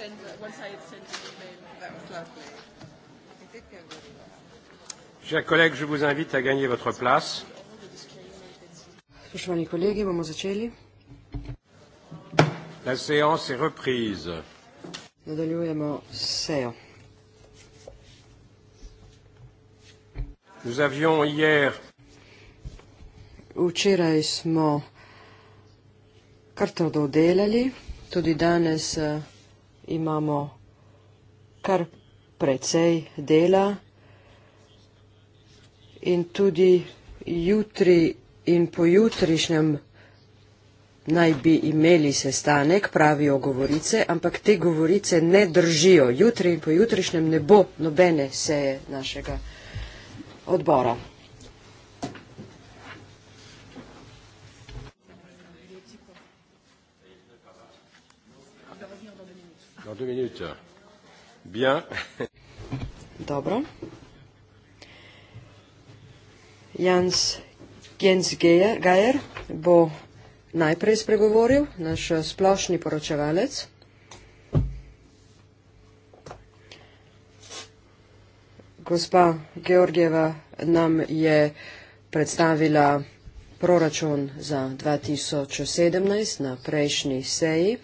send once I had sent you the email. That was lovely. It did go really well. Chers collègues, je vous invite à gagner votre place. La séance est reprise. Nous avions hier smo delali, tudi danes, uh, imamo kar precej dela in tudi jutri in pojutrišnjem naj bi imeli sestanek, pravijo govorice, ampak te govorice ne držijo. Jutri in pojutrišnjem ne bo nobene seje našega odbora. Dobro. Jans Gens Geier bo najprej spregovoril, naš splošni poročevalec. Gospa Georgieva nam je predstavila proračun za 2017 na prejšnji seji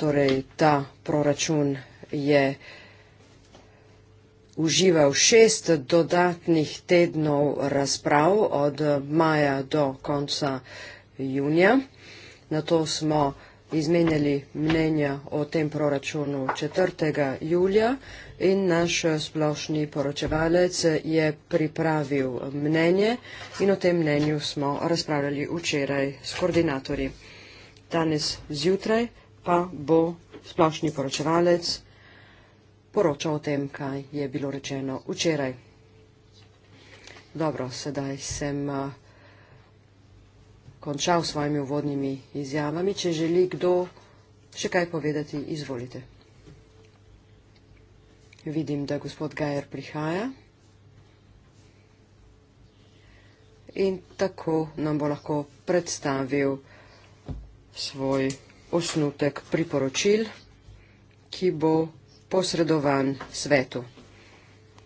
torej ta proračun je užival šest dodatnih tednov razprav od maja do konca junija. Na to smo izmenjali mnenja o tem proračunu 4. julija in naš splošni poročevalec je pripravil mnenje in o tem mnenju smo razpravljali včeraj s koordinatorji. Danes zjutraj pa bo splošni poročevalec poročal o tem, kaj je bilo rečeno včeraj. Dobro, sedaj sem končal s svojimi uvodnimi izjavami. Če želi kdo še kaj povedati, izvolite. Vidim, da gospod Gajer prihaja. In tako nam bo lahko predstavil svoj osnutek priporočil, ki bo posredovan svetu,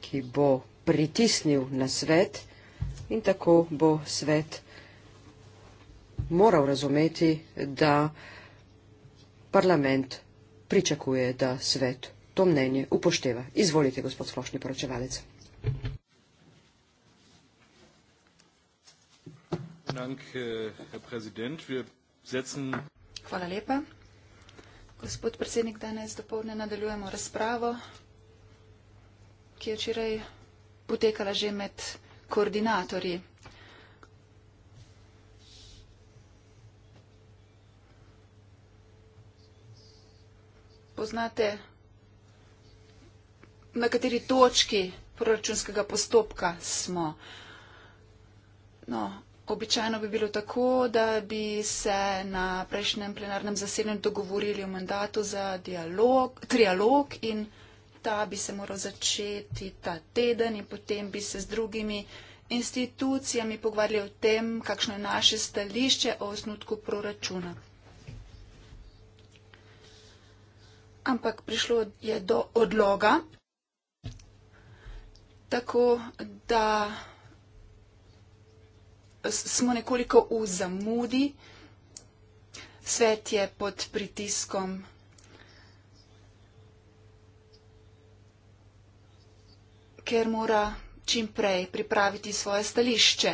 ki bo pritisnil na svet in tako bo svet moral razumeti, da parlament pričakuje, da svet to mnenje upošteva. Izvolite, gospod splošni poročevalec. Dank, eh, Herr Präsident. Wir setzen Hvala lepa. Gospod predsednik, danes dopolne nadaljujemo razpravo, ki je včeraj potekala že med koordinatorji. Poznate, na kateri točki proračunskega postopka smo. No, Običajno bi bilo tako, da bi se na prejšnjem plenarnem zasedanju dogovorili o mandatu za dialog, trialog in ta bi se moral začeti ta teden in potem bi se z drugimi institucijami pogovarjali o tem, kakšno je naše stališče o osnutku proračuna. Ampak prišlo je do odloga, tako da smo nekoliko v zamudi, svet je pod pritiskom. ker mora čim prej pripraviti svoje stališče.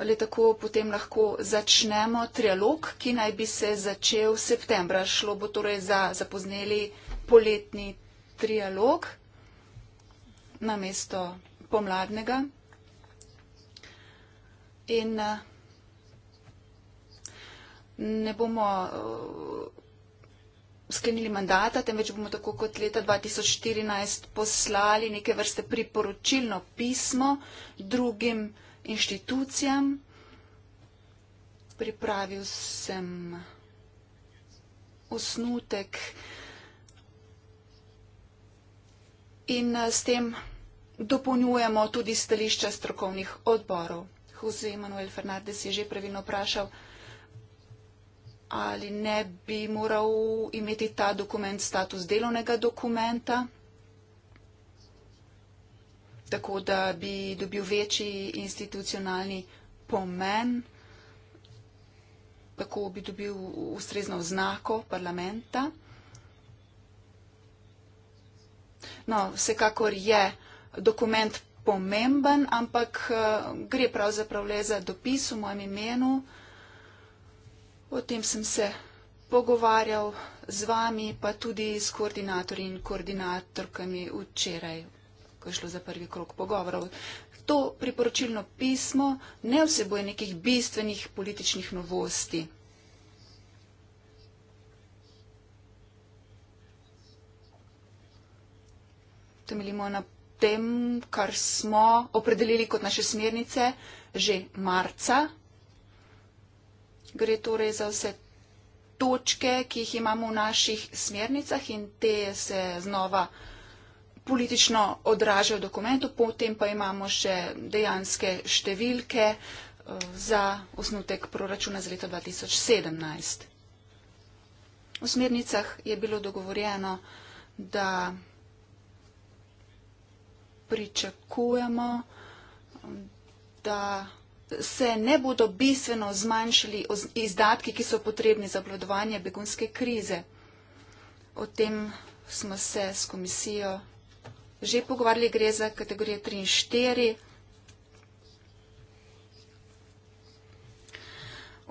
Le tako potem lahko začnemo trialog, ki naj bi se začel septembra. Šlo bo torej za zapozneli poletni trialog na mesto pomladnega in eh, ne bomo eh, sklenili mandata, temveč bomo tako kot leta 2014 poslali neke vrste priporočilno pismo drugim inštitucijam. Pripravil sem osnutek in eh, s tem dopolnjujemo tudi stališča strokovnih odborov. Jose Manuel Fernandez je že pravilno vprašal, ali ne bi moral imeti ta dokument status delovnega dokumenta, tako da bi dobil večji institucionalni pomen, tako bi dobil ustrezno znako parlamenta. No, vsekakor je dokument pomemben, ampak eh, gre pravzaprav le za dopis v mojem imenu. O tem sem se pogovarjal z vami, pa tudi s koordinatorji in koordinatorkami včeraj, ko je šlo za prvi krok pogovorov. To priporočilno pismo ne vseboje nekih bistvenih političnih novosti. Temeljimo na tem, kar smo opredelili kot naše smernice, že marca. Gre torej za vse točke, ki jih imamo v naših smernicah in te se znova politično odražajo v dokumentu, potem pa imamo še dejanske številke eh, za osnutek proračuna za leto 2017. V smernicah je bilo dogovorjeno, da pričakujemo, da se ne bodo bistveno zmanjšali izdatki, ki so potrebni za obvladovanje begunske krize. O tem smo se s komisijo že pogovarjali, gre za kategorije 3 in 4.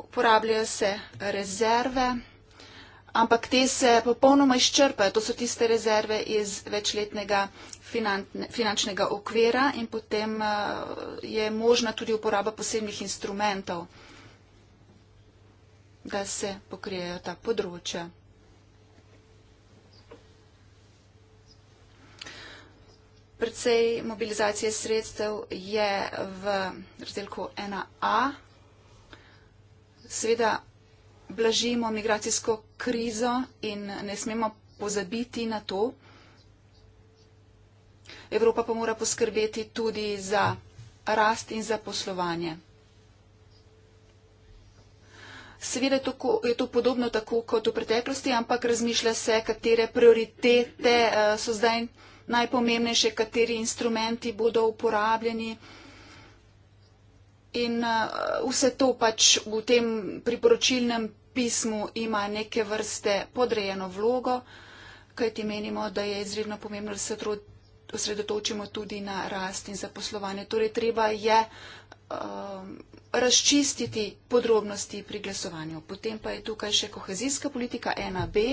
Uporabljajo se rezerve ampak te se popolnoma izčrpajo. To so tiste rezerve iz večletnega finančnega okvira in potem eh, je možna tudi uporaba posebnih instrumentov, da se pokrijejo ta področja. Predvsej mobilizacije sredstev je v razdelku 1a. Seveda blažimo migracijsko krizo in ne smemo pozabiti na to. Evropa pa mora poskrbeti tudi za rast in za poslovanje. Seveda je to, je to podobno tako kot v preteklosti, ampak razmišlja se, katere prioritete eh, so zdaj najpomembnejše, kateri instrumenti bodo uporabljeni. In eh, vse to pač v tem priporočilnem pismu ima neke vrste podrejeno vlogo, kajti menimo, da je izredno pomembno, da se osredotočimo tudi na rast in zaposlovanje. Torej, treba je um, razčistiti podrobnosti pri glasovanju. Potem pa je tukaj še kohezijska politika 1B.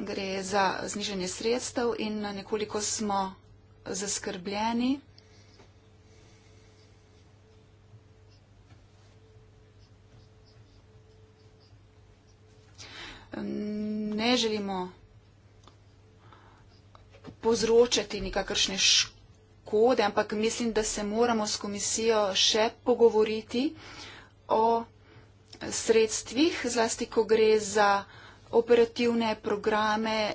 Gre za znižanje sredstev in nekoliko smo zaskrbljeni. ne želimo povzročati nikakršne škode, ampak mislim, da se moramo s komisijo še pogovoriti o sredstvih, zlasti ko gre za operativne programe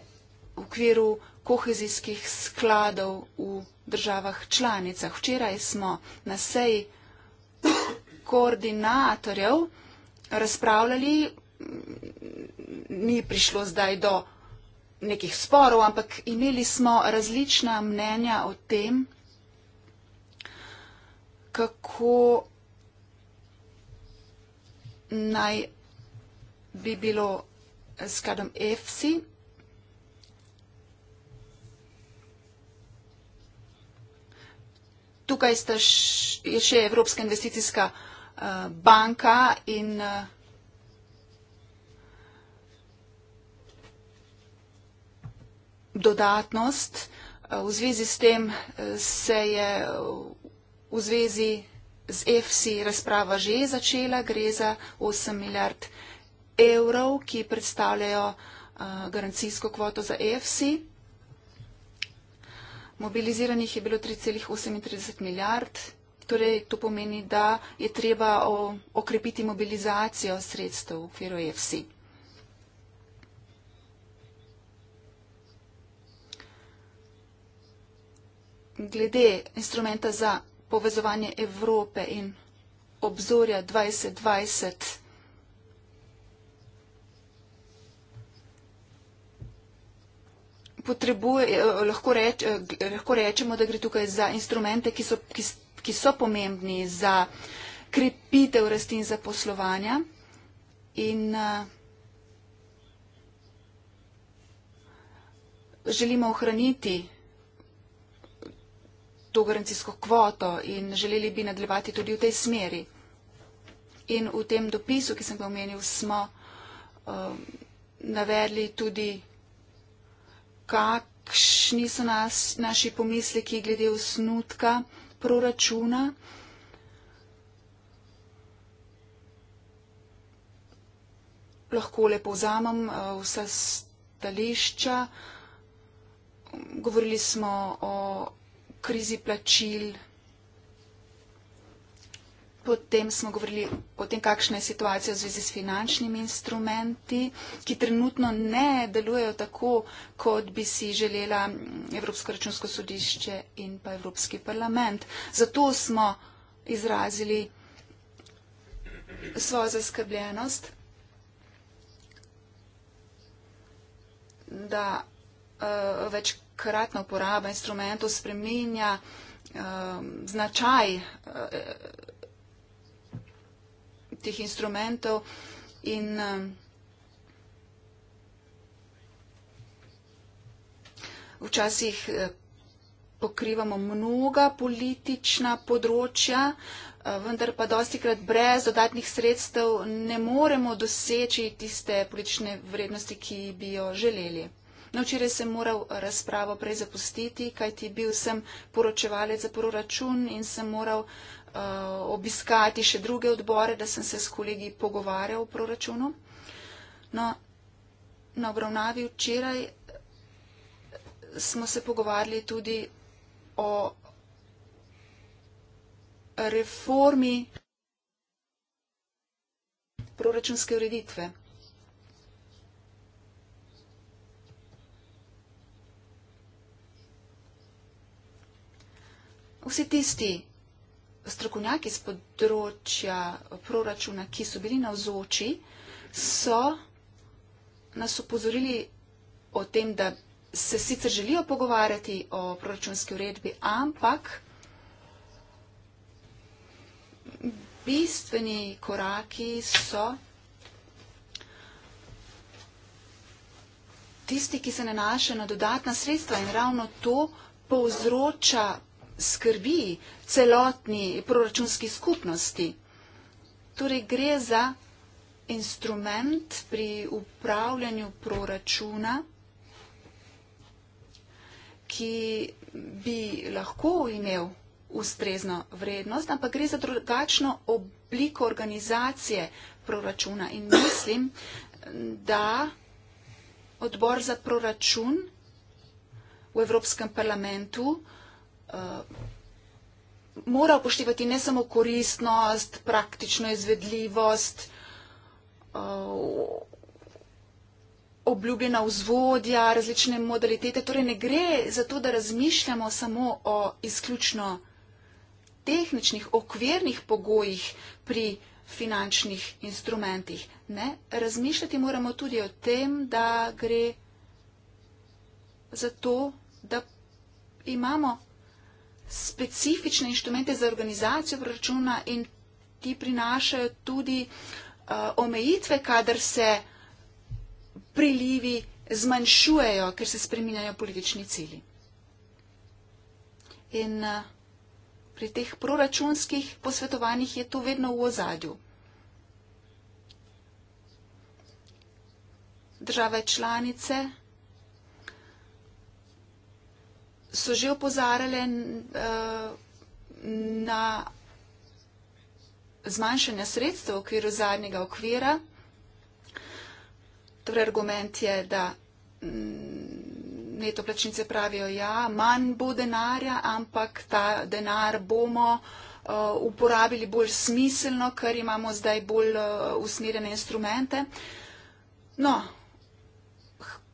v okviru kohezijskih skladov v državah članicah. Včeraj smo na seji koordinatorjev razpravljali ni prišlo zdaj do nekih sporov, ampak imeli smo različna mnenja o tem, kako naj bi bilo s kadom EFSI. Tukaj je še Evropska investicijska eh, banka in eh, dodatnost. Eh, v zvezi s tem eh, se je v zvezi z EFSI razprava že začela. Gre za 8 milijard evrov, ki predstavljajo eh, garancijsko kvoto za EFSI. Mobiliziranih je bilo 3,38 milijard. Torej, to pomeni, da je treba okrepiti mobilizacijo sredstev v okviru EFSI. glede instrumenta za povezovanje Evrope in obzorja 2020. Potrebuje, eh, lahko, reč, eh, lahko rečemo, da gre tukaj za instrumente, ki so, ki, ki so pomembni za krepitev rasti in zaposlovanja. In uh, želimo ohraniti to garancijsko kvoto in želeli bi nadaljevati tudi v tej smeri. In v tem dopisu, ki sem ga omenil, smo um, navedli tudi, kakšni so nas, naši pomisleki glede osnutka proračuna. Lahko le povzamem uh, vsa stališča. Govorili smo o krizi plačil. Potem smo govorili o tem, kakšna je situacija v zvezi s finančnimi instrumenti, ki trenutno ne delujejo tako, kot bi si želela Evropsko računsko sodišče in pa Evropski parlament. Zato smo izrazili svojo zaskrbljenost, da uh, eh, večkrat kratna uporaba instrumentov spremenja uh, um, značaj uh, teh instrumentov in uh, včasih uh, pokrivamo mnoga politična področja, uh, vendar pa dosti krat brez dodatnih sredstev ne moremo doseči tiste politične vrednosti, ki bi jo želeli. No, včeraj sem moral razpravo prej zapustiti, kajti bil sem poročevalec za proračun in sem moral uh, obiskati še druge odbore, da sem se s kolegi pogovarjal o proračunu. No, na obravnavi včeraj eh, smo se pogovarjali tudi o reformi proračunske ureditve. vsi tisti strokovnjaki z področja proračuna, ki so bili na vzoči, so nas upozorili o tem, da se sicer želijo pogovarjati o proračunski uredbi, ampak bistveni koraki so tisti, ki se nanaše na dodatna sredstva in ravno to povzroča skrbi celotni proračunski skupnosti. Torej gre za instrument pri upravljanju proračuna, ki bi lahko imel ustrezno vrednost, ampak gre za drugačno obliko organizacije proračuna. In mislim, da odbor za proračun v Evropskem parlamentu uh, Eh, mora upoštevati ne samo koristnost, praktično izvedljivost, eh, obljubljena vzvodja, različne modalitete. Torej ne gre za to, da razmišljamo samo o izključno tehničnih, okvirnih pogojih pri finančnih instrumentih. Ne? Razmišljati moramo tudi o tem, da gre za to, da imamo specifične inštrumente za organizacijo računa in ti prinašajo tudi uh, omejitve, kadar se prilivi zmanjšujejo, ker se spreminjajo politični cili. In uh, pri teh proračunskih posvetovanjih je to vedno v ozadju. Države članice so že opozarjale eh, na zmanjšanje sredstev v okviru zadnjega okvira. Torej argument je, da mm, neto plačnice pravijo, ja, manj bo denarja, ampak ta denar bomo eh, uporabili bolj smiselno, ker imamo zdaj bolj eh, usmerjene instrumente. No,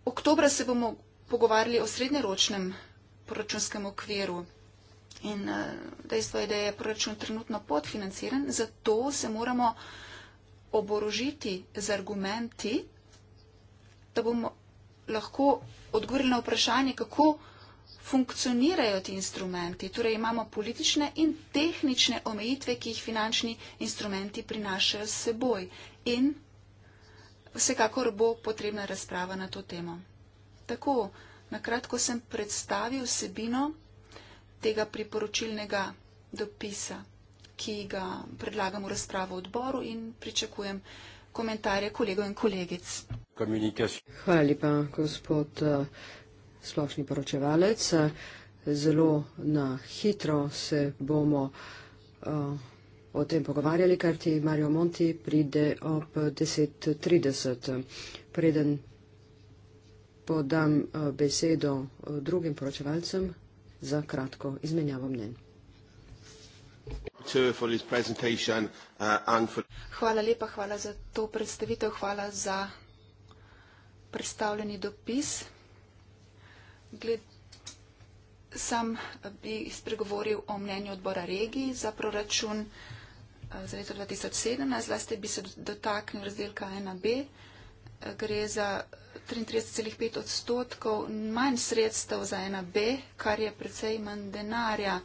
oktobra se bomo pogovarjali o srednjeročnem proračunskem okviru. In eh, dejstvo je, da je proračun trenutno podfinanciran, zato se moramo oborožiti z argumenti, da bomo lahko odgovorili na vprašanje, kako funkcionirajo ti instrumenti. Torej imamo politične in tehnične omejitve, ki jih finančni instrumenti prinašajo s seboj. In vsekakor bo potrebna razprava na to temo. Tako. Na kratko sem predstavil vsebino tega priporočilnega dopisa, ki ga predlagam v razpravo odboru in pričakujem komentarje kolegov in kolegic. Hvala lepa, gospod eh, splošni poročevalec. Zelo na hitro se bomo eh, o tem pogovarjali, kar ti Mario Monti pride ob 10.30. Preden podam eh, besedo eh, drugim poročevalcem za kratko izmenjavo mnenj. Uh, hvala lepa, hvala za to predstavitev, hvala za predstavljeni dopis. Gled, sam eh, bi spregovoril o mnenju odbora regij za proračun za leto 2017, zlasti bi se dotaknil razdelka 1b. Gre za 33,5 odstotkov manj sredstev za ena B, kar je precej manj denarja.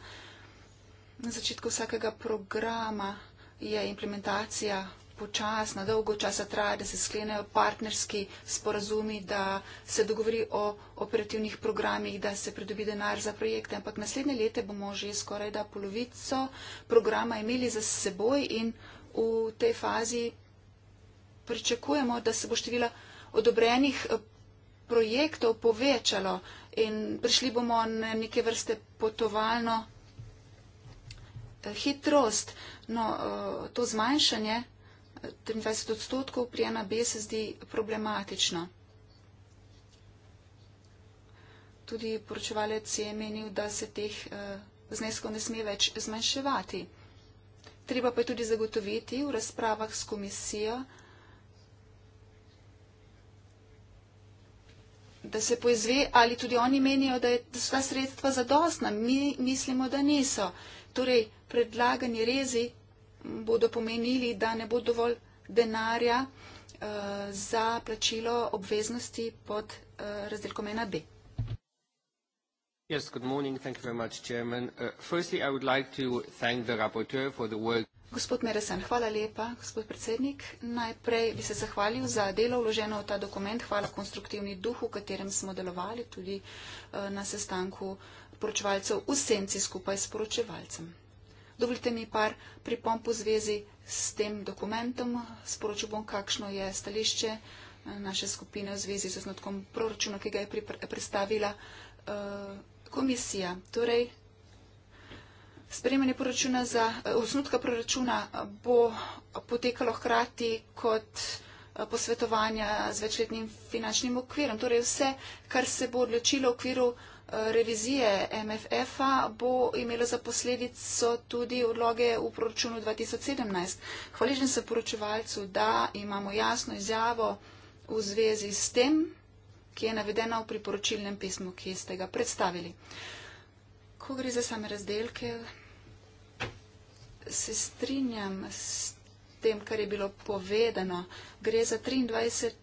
Na začetku vsakega programa je implementacija počasna, dolgo časa traja, da se sklenejo partnerski sporazumi, da se dogovori o operativnih programih, da se pridobi denar za projekte, ampak naslednje lete bomo že skoraj da polovico programa imeli za seboj in v tej fazi pričakujemo, da se bo število odobrenih eh, projektov povečalo in prišli bomo na neke vrste potovalno eh, hitrost. No, eh, to zmanjšanje 23 odstotkov pri NAB se zdi problematično. Tudi poročevalec je menil, da se teh zneskov ne sme več zmanjševati. Treba pa je tudi zagotoviti v razpravah s komisijo, da se poizve, ali tudi oni menijo, da, je, da so ta sredstva zadostna. Mi mislimo, da niso. Torej, predlagani rezi bodo pomenili, da ne bo dovolj denarja uh, za plačilo obveznosti pod uh, razdelkom 1B. Yes, good morning. Thank you very much, Chairman. Uh, firstly, I would like to thank the rapporteur for the work. Gospod Meresen, hvala lepa, gospod predsednik. Najprej bi se zahvalil za delo vloženo v ta dokument. Hvala konstruktivni duhu, v katerem smo delovali tudi uh, na sestanku poročevalcev v senci skupaj s poročevalcem. Dovolite mi par pripomp v zvezi s tem dokumentom. Sporočil bom, kakšno je stališče uh, naše skupine v zvezi z osnotkom proračuna, ki ga je predstavila. Pri uh, komisija, torej spremenje proračuna za, eh, osnutka proračuna eh, bo potekalo hkrati kot eh, posvetovanja z večletnim finančnim okvirom. Torej vse, kar se bo odločilo v okviru revizije MFF-a, bo imelo za posledico tudi odloge v proračunu 2017. Hvaležen sem poročevalcu, da imamo jasno izjavo v zvezi s tem ki je navedena v priporočilnem pismu, ki ste ga predstavili. Ko gre za same razdelke, se strinjam s tem, kar je bilo povedano. Gre za 23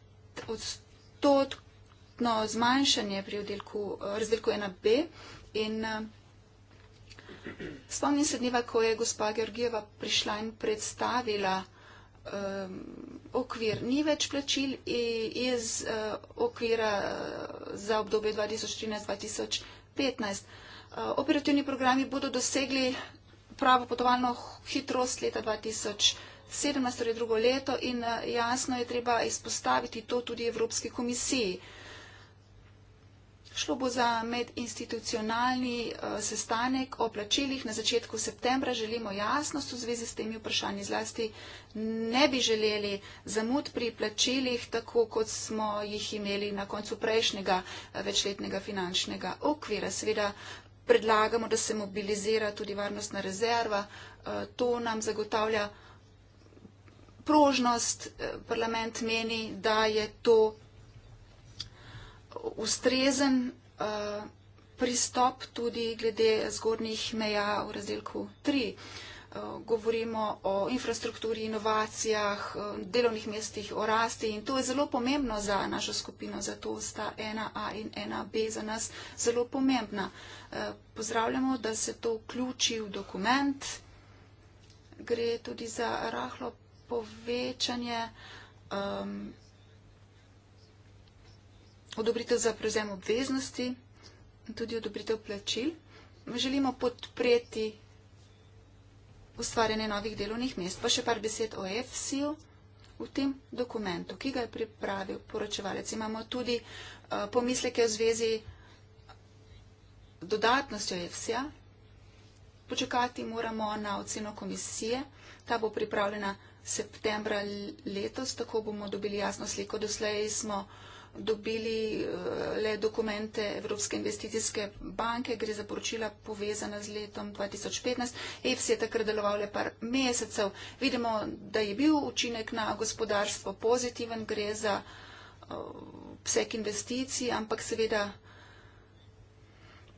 odstotno zmanjšanje pri oddelku, razdelku 1b. In spomnim se dneva, ko je gospa Georgijeva prišla in predstavila um, okvir ni več plačil iz eh, okvira eh, za obdobje 2013-2015. Eh, operativni programi bodo dosegli pravo potovalno hitrost leta 2017, torej drugo leto in jasno je treba izpostaviti to tudi Evropski komisiji. Šlo bo za medinstitucionalni eh, sestanek o plačilih na začetku septembra. Želimo jasnost v zvezi s temi vprašanji. Zlasti ne bi želeli zamud pri plačilih, tako kot smo jih imeli na koncu prejšnjega eh, večletnega finančnega okvira. Seveda predlagamo, da se mobilizira tudi varnostna rezerva. Eh, to nam zagotavlja prožnost. Parlament meni, da je to ustrezen uh, pristop tudi glede zgornjih meja v razdelku 3. Eh, govorimo o infrastrukturi, inovacijah, eh, delovnih mestih, o rasti in to je zelo pomembno za našo skupino, zato sta 1A in 1B za nas zelo pomembna. Pozdravljamo, da se to vključi v dokument. Gre tudi za rahlo povečanje. Um, odobritev za prevzem obveznosti in tudi odobritev plačil. Želimo podpreti ustvarjanje novih delovnih mest. Pa še par besed o EFSI-ju v tem dokumentu, ki ga je pripravil poročevalec. Imamo tudi eh, pomisleke v zvezi dodatnostjo EFSI-ja. Počakati moramo na oceno komisije. Ta bo pripravljena septembra letos, tako bomo dobili jasno sliko. Doslej smo uh, dobili eh, le dokumente Evropske investicijske banke, gre za poročila povezana z letom 2015. EFS je takrat deloval le par mesecev. Vidimo, da je bil učinek na gospodarstvo pozitiven, gre za vsek eh, investicij, ampak seveda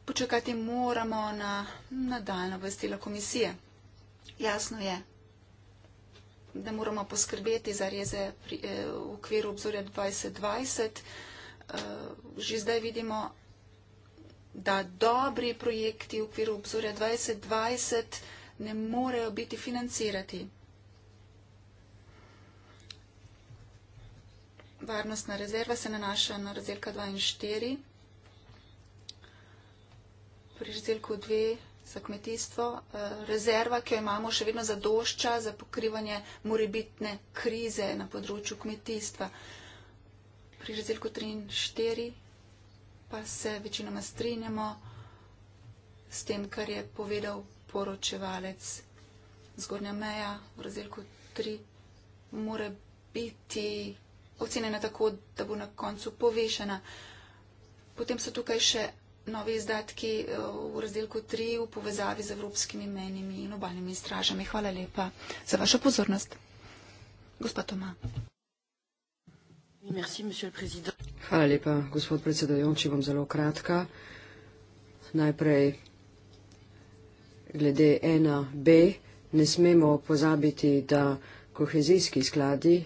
počakati moramo na nadaljno vestila komisije. Jasno je da moramo poskrbeti za reze pri, eh, v okviru obzorja 2020. Eh, že zdaj vidimo, da dobri projekti v okviru obzorja 2020 ne morejo biti financirati. Varnostna rezerva se nanaša na rezervka 2 in 4. Pri rezervku 2 za kmetijstvo. Eh, rezerva, ki jo imamo, še vedno zadošča za pokrivanje morebitne krize na področju kmetijstva. Pri razdelku 3 in 4 pa se večinoma strinjamo s tem, kar je povedal poročevalec. Zgornja meja v razdelku 3 mora biti ocenjena tako, da bo na koncu povešena. Potem so tukaj še novi izdatki eh, v razdelku 3 v povezavi z evropskimi menjimi in obaljnimi stražami. Hvala lepa za vašo pozornost. Gospod Toma. Hvala lepa, gospod predsedajoči, bom zelo kratka. Najprej glede 1b ne smemo pozabiti, da kohezijski skladi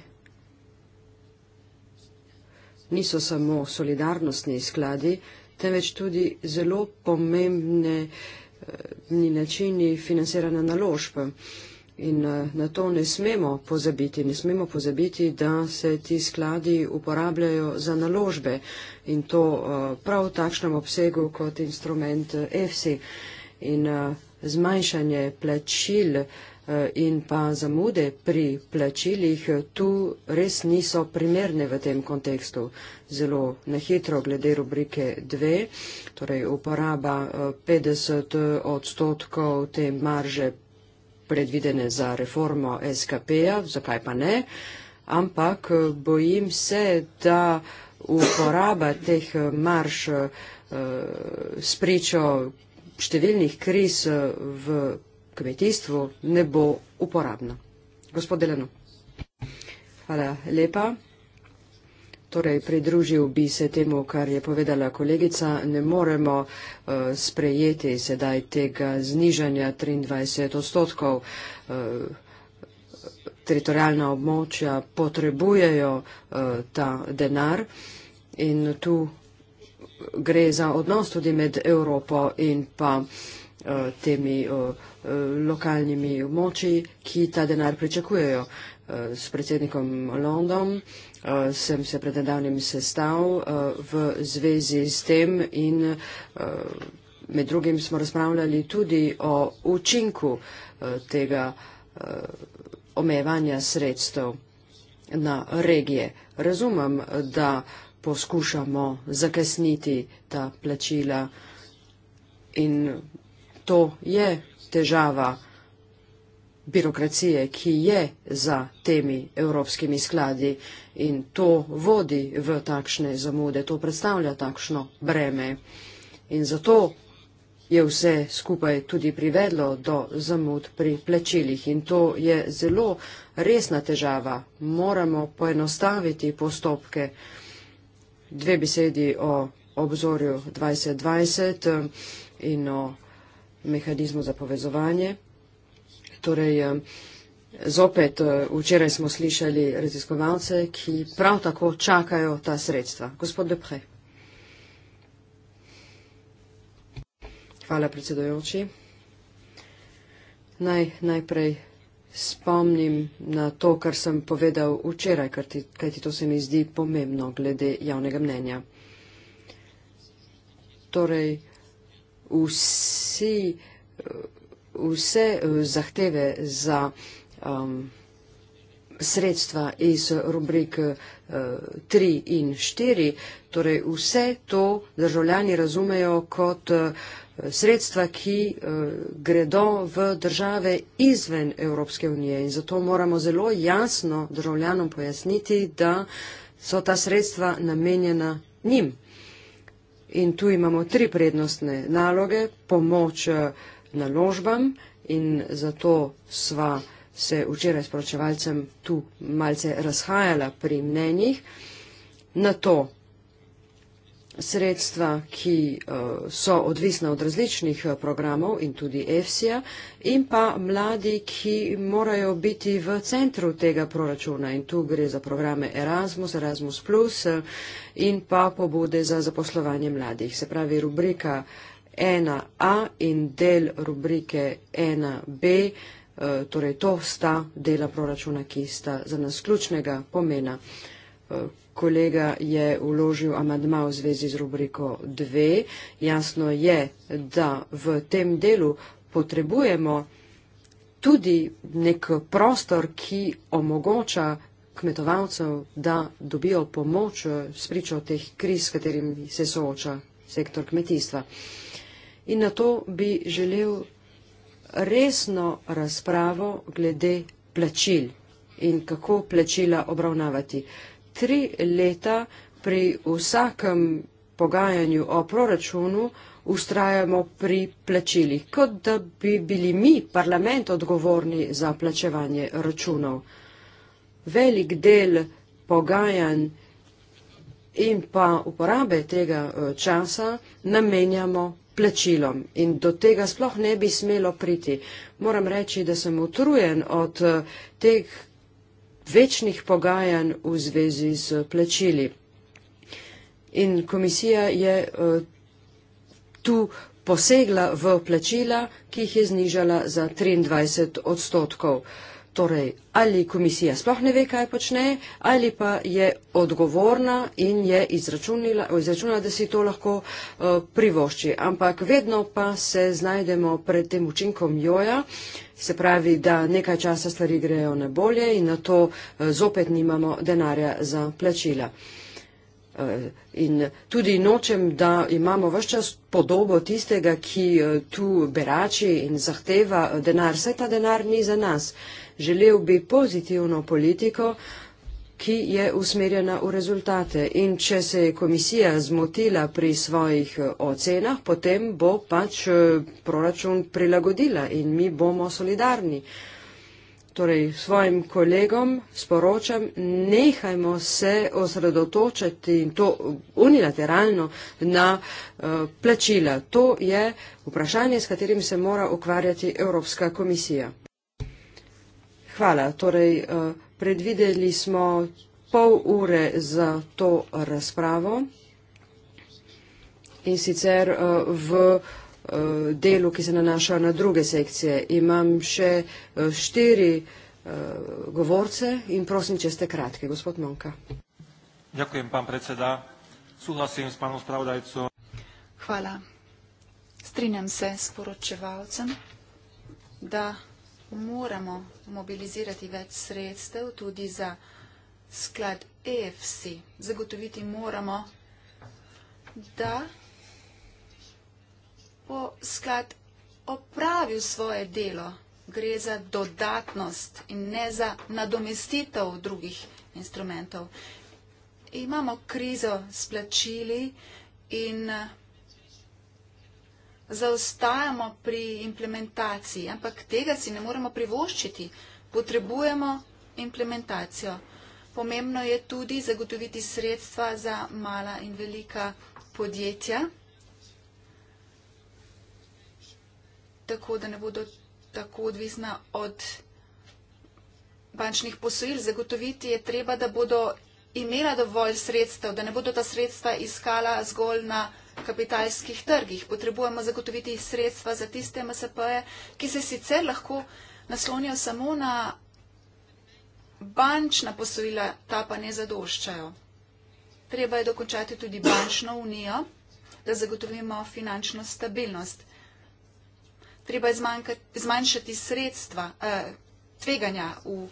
niso samo solidarnostni skladi, temveč tudi zelo pomembne eh, ni načini financiranja naložb. In eh, na to ne smemo pozabiti, ne smemo pozabiti, da se ti skladi uporabljajo za naložbe in to eh, prav v takšnem obsegu kot instrument EFSI. In zmanjšanje plačil Eh, in pa zamude pri plačilih eh, tu res niso primerne v tem kontekstu. Zelo nehitro glede rubrike 2, torej uporaba 50 eh, odstotkov te marže predvidene za reformo SKP-ja, zakaj pa ne, ampak bojim se, da uporaba teh marš spričo številnih kriz v kmetijstvu ne bo uporabna. Gospod Deleno. Hvala lepa. Torej, pridružil bi se temu, kar je povedala kolegica. Ne moremo uh, sprejeti sedaj tega znižanja 23 odstotkov. Uh, eh, teritorijalna območja potrebujejo uh, ta denar in tu gre za odnos tudi med Evropo in pa uh, Eh, temi eh, eh, lokalnimi območji, ki ta denar pričakujejo. S predsednikom Londom sem se pred nedavnim sestav v zvezi s tem in med drugim smo razpravljali tudi o učinku tega omejevanja sredstev na regije. Razumem, da poskušamo zakasniti ta plačila in to je težava birokracije, ki je za temi evropskimi skladi in to vodi v takšne zamude, to predstavlja takšno breme. In zato je vse skupaj tudi privedlo do zamud pri plačilih in to je zelo resna težava. Moramo poenostaviti postopke. Dve besedi o obzorju 2020 eh, in o mehanizmu za povezovanje. Torej, eh, zopet eh, včeraj smo slišali raziskovalce, ki prav tako čakajo ta sredstva. Gospod Depre. Hvala, predsedojoči. Naj, najprej spomnim na to, kar sem povedal včeraj, kajti to se mi zdi pomembno glede javnega mnenja. Torej, vsi, eh, vse eh, zahteve za um, sredstva iz rubrik uh, eh, 3 in 4, torej vse to državljani razumejo kot uh, sredstva, ki uh, gredo v države izven Evropske unije. In zato moramo zelo jasno državljanom pojasniti, da so ta sredstva namenjena njim, In tu imamo tri prednostne naloge, pomoč eh, naložbam in zato sva se včeraj s poročevalcem tu malce razhajala pri mnenjih. Na to sredstva, ki eh, so odvisna od različnih eh, programov in tudi EFSI-ja, in pa mladi, ki morajo biti v centru tega proračuna. In tu gre za programe Erasmus, Erasmus, eh, in pa pobude za zaposlovanje mladih. Se pravi, rubrika 1A in del rubrike 1B, torej to sta dela proračuna, ki sta za nas ključnega pomena kolega je uložil amadma v zvezi z rubriko 2. Jasno je, da v tem delu potrebujemo tudi nek prostor, ki omogoča kmetovalcev, da dobijo pomoč eh, s pričo teh kriz, s katerimi se sooča sektor kmetijstva. In na to bi želel resno razpravo glede plačil in kako plačila obravnavati tri leta pri vsakem pogajanju o proračunu ustrajamo pri plačilih, kot da bi bili mi, parlament, odgovorni za plačevanje računov. Velik del pogajanj in pa uporabe tega eh, časa namenjamo plačilom in do tega sploh ne bi smelo priti. Moram reči, da sem utrujen od eh, teh večnih pogajanj v zvezi z plačili. In komisija je eh, tu posegla v plačila, ki jih je znižala za 23 odstotkov. Torej, ali komisija sploh ne ve, kaj počne, ali pa je odgovorna in je izračunila, izračunila da si to lahko uh, privošči. Ampak vedno pa se znajdemo pred tem učinkom joja, se pravi, da nekaj časa stvari grejo na bolje in na to uh, zopet nimamo denarja za plačila. Eh, in tudi nočem, da imamo vse čas podobo tistega, ki tu berači in zahteva denar. Vse ta denar ni za nas. Želel bi pozitivno politiko, ki je usmerjena v rezultate. In če se je komisija zmotila pri svojih ocenah, potem bo pač eh, proračun prilagodila in mi bomo solidarni. Torej, svojim kolegom sporočam, nehajmo se osredotočati in to unilateralno na uh, plačila. To je vprašanje, s katerim se mora ukvarjati Evropska komisija. Hvala. Torej, eh, predvideli smo pol ure za to razpravo in sicer eh, v eh, delu, ki se nanaša na druge sekcije. Imam še štiri govorce in prosim, če ste kratki. Gospod Monka. Ďakujem, pán predseda. Súhlasím s pánom spravodajcom. Hvala. Strinjam se s poročevalcem, da moramo mobilizirati več sredstev tudi za sklad EFC. Zagotoviti moramo, da bo sklad opravil svoje delo. Gre za dodatnost in ne za nadomestitev drugih instrumentov. Imamo krizo s plačili in zaostajamo pri implementaciji, ampak tega si ne moremo privoščiti. Potrebujemo implementacijo. Pomembno je tudi zagotoviti sredstva za mala in velika podjetja, tako da ne bodo tako odvisna od bančnih posojil. Zagotoviti je treba, da bodo imela dovolj sredstev, da ne bodo ta sredstva iskala zgolj na kapitalskih trgih. Potrebujemo zagotoviti sredstva za tiste MSP-je, ki se sicer lahko naslonijo samo na bančna posojila, ta pa ne zadoščajo. Treba je dokončati tudi bančno unijo, da zagotovimo finančno stabilnost. Treba je zmanjšati sredstva, eh, tveganja v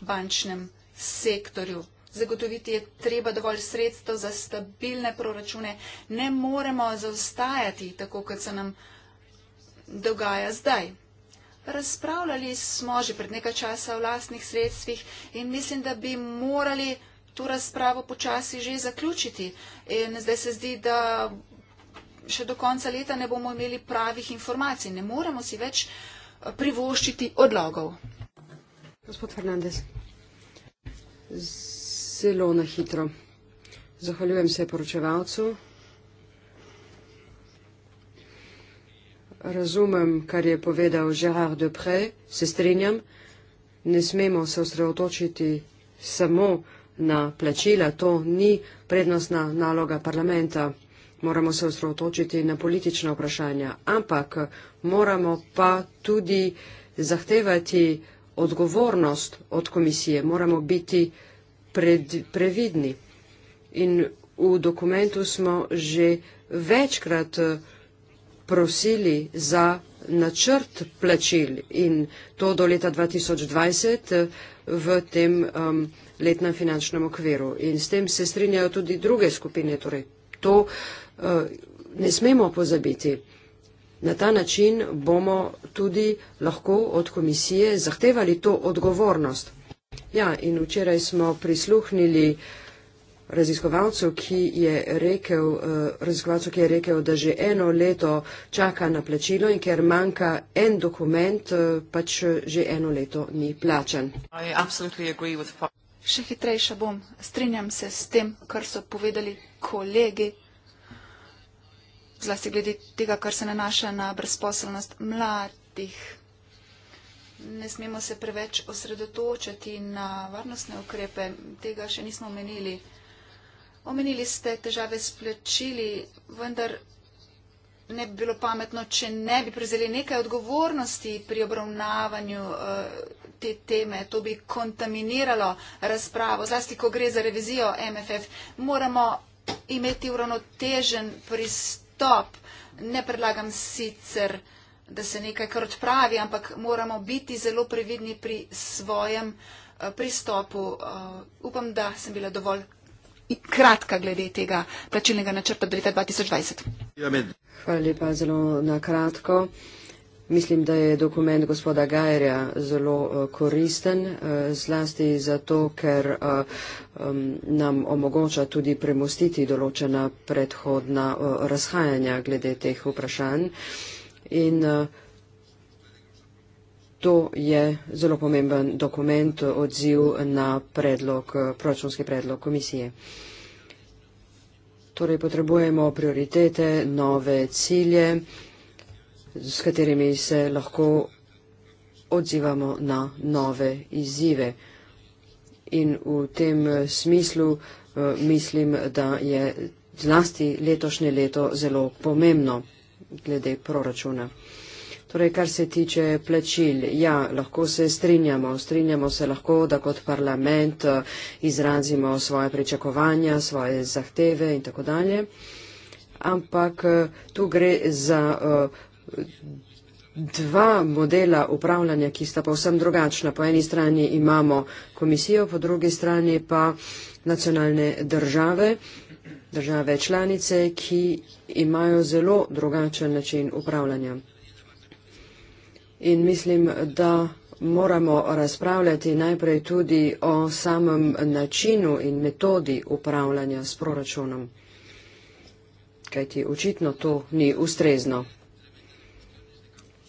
bančnem sektorju zagotoviti je treba dovolj sredstev za stabilne proračune. Ne moremo zaostajati, tako kot se nam dogaja zdaj. Razpravljali smo že pred nekaj časa o lastnih sredstvih in mislim, da bi morali to razpravo počasi že zaključiti. In zdaj se zdi, da še do konca leta ne bomo imeli pravih informacij. Ne moremo si več eh, privoščiti odlogov. Gospod Fernandez. Z zelo na hitro. Zahvaljujem se poročevalcu. Razumem, kar je povedal Gerard de Pre, se strinjam. Ne smemo se osredotočiti samo na plačila, to ni prednostna naloga parlamenta. Moramo se osredotočiti na politična vprašanja, ampak moramo pa tudi zahtevati odgovornost od komisije. Moramo biti pred, previdni. In v dokumentu smo že večkrat eh, prosili za načrt plačil in to do leta 2020 eh, v tem um, letnem finančnem okviru. In s tem se strinjajo tudi druge skupine. Torej, to uh, ne smemo pozabiti. Na ta način bomo tudi lahko od komisije zahtevali to odgovornost. Ja, in včeraj smo prisluhnili raziskovalcu, ki je rekel, eh, raziskovalcu, ki je rekel, da že eno leto čaka na plačilo in ker manjka en dokument, eh, pač že eno leto ni plačan. Še hitrejša bom. Strinjam se s tem, kar so povedali kolegi, zlasti glede tega, kar se nanaša na brezposelnost mladih ne smemo se preveč osredotočiti na varnostne ukrepe. Tega še nismo omenili. Omenili ste težave s plačili, vendar ne bi bilo pametno, če ne bi prevzeli nekaj odgovornosti pri obravnavanju eh, te teme. To bi kontaminiralo razpravo, zlasti, ko gre za revizijo MFF. Moramo imeti uravnotežen pristop. Ne predlagam sicer da se nekaj kar odpravi, ampak moramo biti zelo previdni pri svojem eh, pristopu. Eh, upam, da sem bila dovolj kratka glede tega plačilnega načrta do leta 2020. Hvala lepa zelo na kratko. Mislim, da je dokument gospoda Gajerja zelo eh, koristen, zlasti zato, ker nam omogoča tudi premostiti določena predhodna razhajanja glede teh vprašanj in eh, to je zelo pomemben dokument odziv na predlog, eh, proračunski predlog komisije. Torej potrebujemo prioritete, nove cilje, s katerimi se lahko odzivamo na nove izzive. In v tem eh, smislu mislim, da je zlasti letošnje leto zelo pomembno glede proračuna. Torej, kar se tiče plačil, ja, lahko se strinjamo. Strinjamo se lahko, da kot parlament eh, izrazimo svoje pričakovanja, svoje zahteve in tako dalje. Ampak eh, tu gre za eh, dva modela upravljanja, ki sta povsem drugačna. Po eni strani imamo komisijo, po drugi strani pa nacionalne države države članice, ki imajo zelo drugačen način upravljanja. In mislim, da moramo razpravljati najprej tudi o samem načinu in metodi upravljanja s proračunom, kajti očitno to ni ustrezno.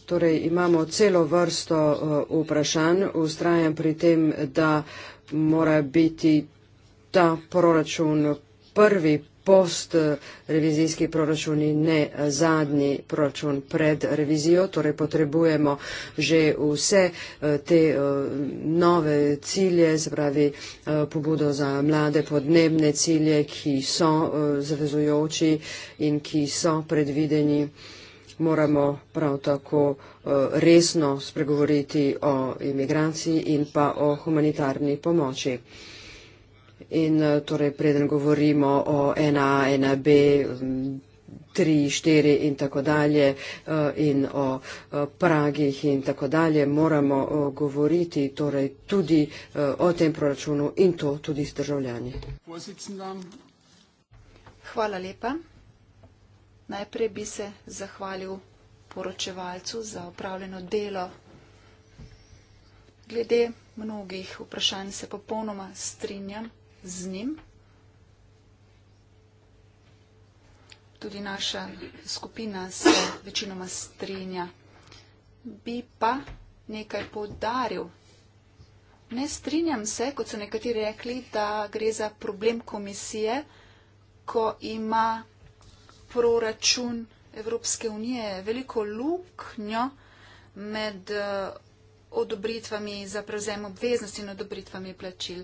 Torej imamo celo vrsto eh, vprašanj, ustrajam pri tem, da mora biti ta proračun prvi post-revizijski proračun in ne zadnji proračun pred revizijo. Torej potrebujemo že vse eh, te eh, nove cilje, se pravi eh, pobudo za mlade podnebne cilje, ki so zavezujoči in ki so predvideni. Moramo prav tako resno spregovoriti o imigraciji in pa o humanitarni pomoči. In eh, torej, preden govorimo o 1A, 1B, 3, 4 in tako dalje eh, in o eh, pragih in tako dalje, moramo govoriti torej tudi o tem proračunu in to tudi s državljani. Hvala lepa. Najprej bi se zahvalil poročevalcu za upravljeno delo. Glede mnogih vprašanj se popolnoma strinjam z njim. Tudi naša skupina se večinoma strinja. Bi pa nekaj podaril. Ne strinjam se, kot so nekateri rekli, da gre za problem komisije, ko ima proračun Evropske unije veliko luknjo med eh, odobritvami za prevzem obveznosti in odobritvami plačil.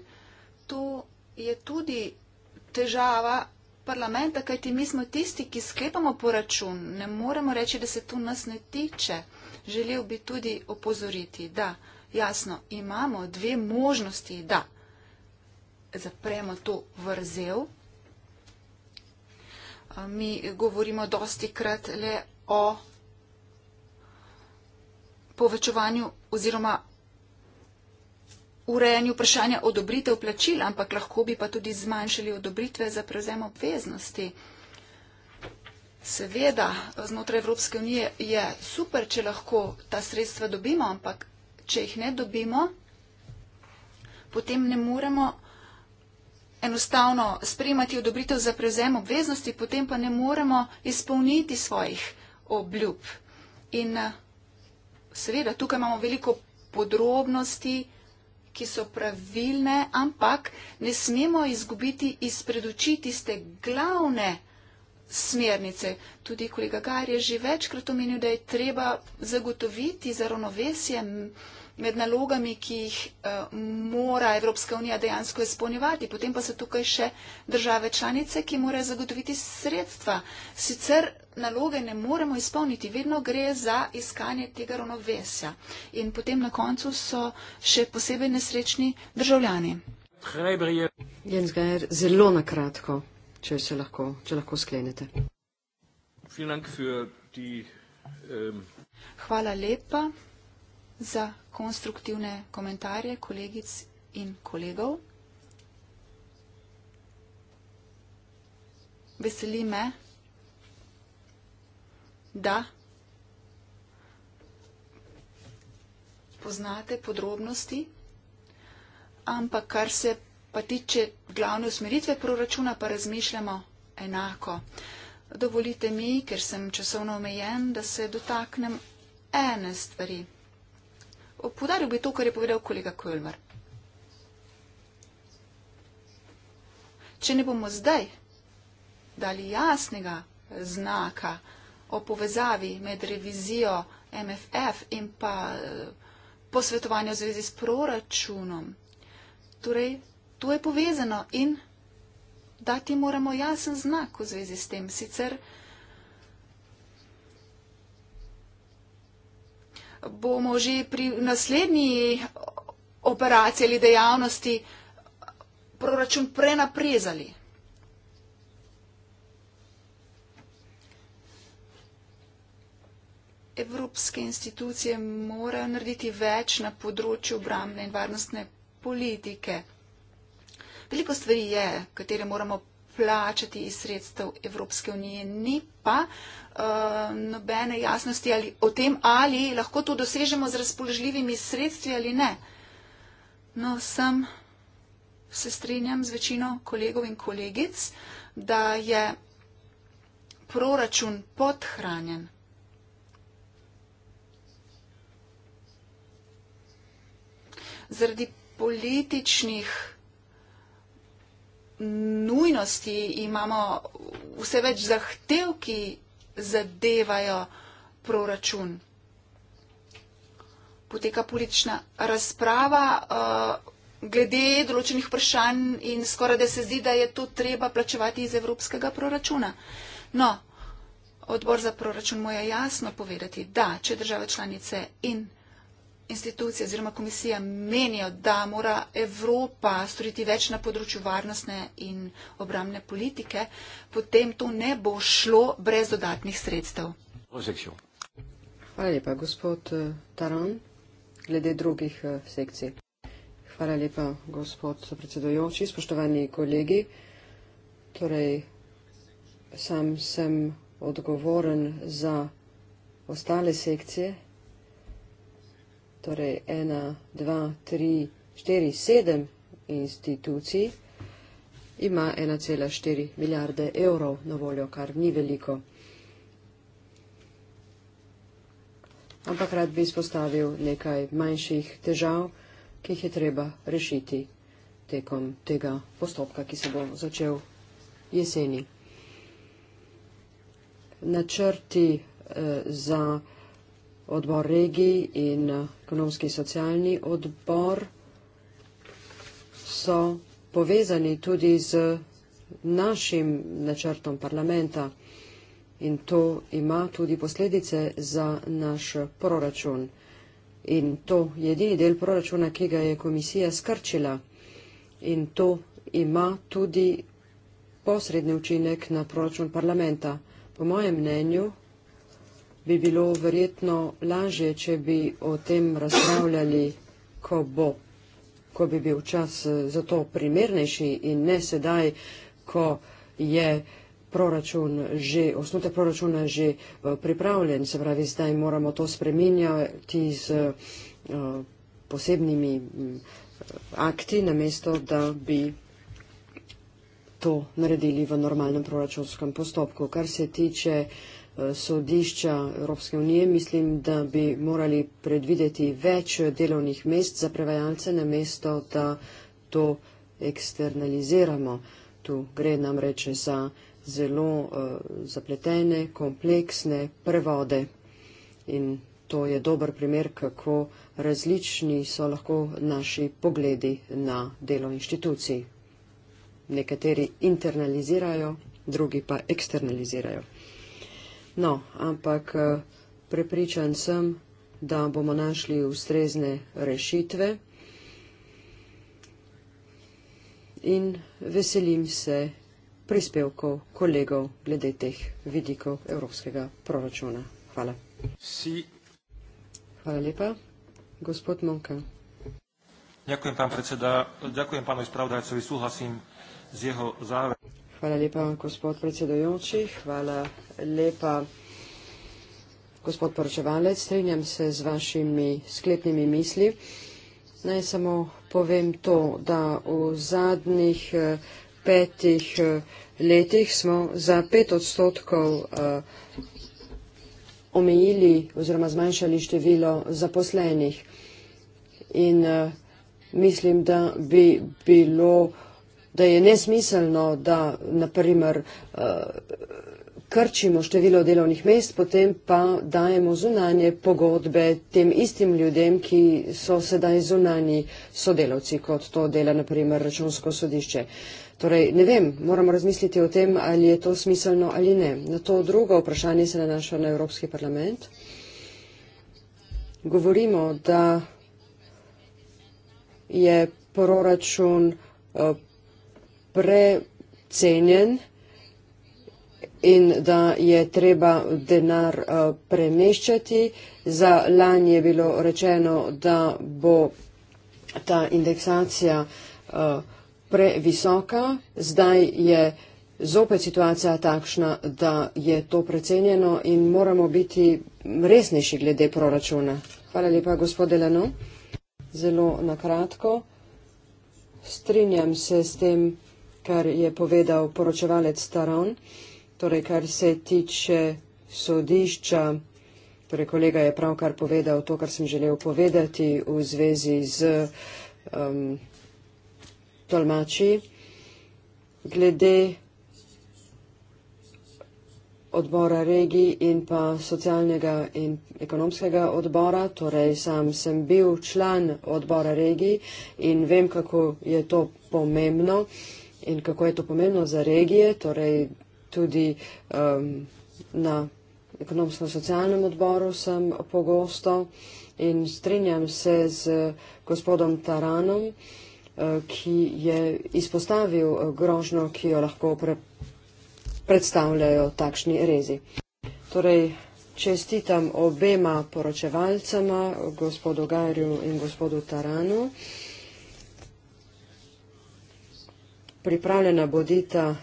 To je tudi težava parlamenta, kajti mi smo tisti, ki sklepamo poračun. Ne moremo reči, da se tu nas ne tiče. Želel bi tudi opozoriti, da jasno imamo dve možnosti, da zapremo to vrzel. Mi govorimo dosti krat le o povečovanju oziroma urejanju vprašanja odobritev plačil, ampak lahko bi pa tudi zmanjšali odobritve za prevzem obveznosti. Seveda, znotraj Evropske unije je super, če lahko ta sredstva dobimo, ampak če jih ne dobimo, potem ne moremo enostavno sprejemati odobritev za prevzem obveznosti, potem pa ne moremo izpolniti svojih obljub. In seveda, tukaj imamo veliko podrobnosti, ki so pravilne, ampak ne smemo izgubiti izpred oči tiste glavne smernice. Tudi kolega Gar je že večkrat omenil, da je treba zagotoviti za ravnovesje med nalogami, ki jih eh, mora Evropska unija dejansko izpolnjevati. Potem pa so tukaj še države članice, ki morajo zagotoviti sredstva. Sicer naloge ne moremo izpolniti, vedno gre za iskanje tega ravnovesja. In potem na koncu so še posebej nesrečni državljani. Jens Geier, zelo na kratko, če se lahko, če lahko sklenete. Ähm, Hvala lepa za konstruktivne komentarje kolegic in kolegov. Veseli me, da poznate podrobnosti, ampak kar se pa tiče glavne usmeritve proračuna, pa razmišljamo enako. Dovolite mi, ker sem časovno omejen, da se dotaknem ene stvari. Podaril bi to, kar je povedal kolega Kölmer. Če ne bomo zdaj dali jasnega znaka, o povezavi med revizijo MFF in pa eh, posvetovanje v zvezi s proračunom. Torej, to je povezano in dati moramo jasen znak v zvezi s tem. Sicer bomo že pri naslednji operaciji ali dejavnosti proračun prenaprezali. evropske institucije morajo narediti več na področju obramne in varnostne politike. Veliko stvari je, katere moramo plačati iz sredstev Evropske unije, ni pa uh, nobene jasnosti ali, o tem, ali lahko to dosežemo z razpoložljivimi sredstvi ali ne. No, sem se strinjam z večino kolegov in kolegic, da je proračun podhranjen. zaradi političnih nujnosti imamo vse več zahtev, ki zadevajo proračun. Poteka politična razprava uh, glede določenih vprašanj in skoraj da se zdi, da je to treba plačevati iz evropskega proračuna. No, odbor za proračun mu je jasno povedati, da če države članice in institucije oziroma komisija menijo, da mora Evropa storiti več na področju varnostne in obramne politike, potem to ne bo šlo brez dodatnih sredstev. Hvala lepa, gospod eh, Taran, glede drugih eh, sekcij. Hvala lepa, gospod predsedojoči, spoštovani kolegi. Torej, sam sem odgovoren za ostale sekcije torej ena, dva, tri, štiri, sedem institucij ima 1,4 milijarde evrov na voljo, kar ni veliko. Ampak rad bi izpostavil nekaj manjših težav, ki jih je treba rešiti tekom tega postopka, ki se bo začel jeseni. Načrti eh, za odbor regij in eh, ekonomski socialni odbor so povezani tudi z našim načrtom parlamenta in to ima tudi posledice za naš proračun. In to je edini del proračuna, ki ga je komisija skrčila in to ima tudi posredni učinek na proračun parlamenta. Po mojem mnenju bi bilo verjetno lažje, če bi o tem razpravljali, ko bo, ko bi bil čas eh, za to primernejši in ne sedaj, ko je proračun že, osnutek proračuna že eh, pripravljen, se pravi, zdaj moramo to spreminjati z eh, posebnimi mm, akti, namesto da bi to naredili v normalnem proračunskem postopku. Kar se tiče uh, sodišča Evropske unije. Mislim, da bi morali predvideti več delovnih mest za prevajalce na mesto, da to eksternaliziramo. Tu gre namreč za zelo uh, zapletene, kompleksne prevode. In to je dober primer, kako različni so lahko naši pogledi na delo inštitucij. Nekateri internalizirajo, drugi pa eksternalizirajo. No, ampak eh, prepričan sem, da bomo našli ustrezne rešitve in veselim se prispevkov kolegov glede teh vidikov evropskega proračuna. Hvala. Si. Hvala lepa. Gospod Monka. Ďakujem, pán predseda. Ďakujem pánovi spravodajcovi. Súhlasím s jeho záverom. Hvala lepa, gospod predsedojoči. Hvala lepa, gospod poročevalec. Strinjam se z vašimi sklepnimi misli. Naj samo povem to, da v zadnjih eh, petih eh, letih smo za pet odstotkov eh, omejili oziroma zmanjšali število zaposlenih. In mislim, da bi bilo da je nesmiselno, da naprimer eh, krčimo število delovnih mest, potem pa dajemo zunanje pogodbe tem istim ljudem, ki so sedaj zunani sodelavci, kot to dela naprimer računsko sodišče. Torej, ne vem, moramo razmisliti o tem, ali je to smiselno ali ne. Na to drugo vprašanje se nanaša na Evropski parlament. Govorimo, da je proračun eh, precenjen in da je treba denar eh, premeščati. Za lani je bilo rečeno, da bo ta indeksacija eh, previsoka. Zdaj je zopet situacija takšna, da je to precenjeno in moramo biti resnejši glede proračuna. Hvala lepa, gospod Delano. Zelo nakratko. Strinjam se s tem kar je povedal poročevalec Taron, torej kar se tiče sodišča, torej kolega je pravkar povedal to, kar sem želel povedati v zvezi z um, tolmači, glede odbora regij in pa socialnega in ekonomskega odbora, torej sam sem bil član odbora regij in vem, kako je to pomembno in kako je to pomembno za regije, torej tudi um, na ekonomsko-socialnem odboru sem pogosto in strinjam se z gospodom Taranom, uh, ki je izpostavil uh, grožno, ki jo lahko pre predstavljajo takšni rezi. Torej, čestitam obema poročevalcama, gospodu Gajru in gospodu Taranu. pripravljena bodita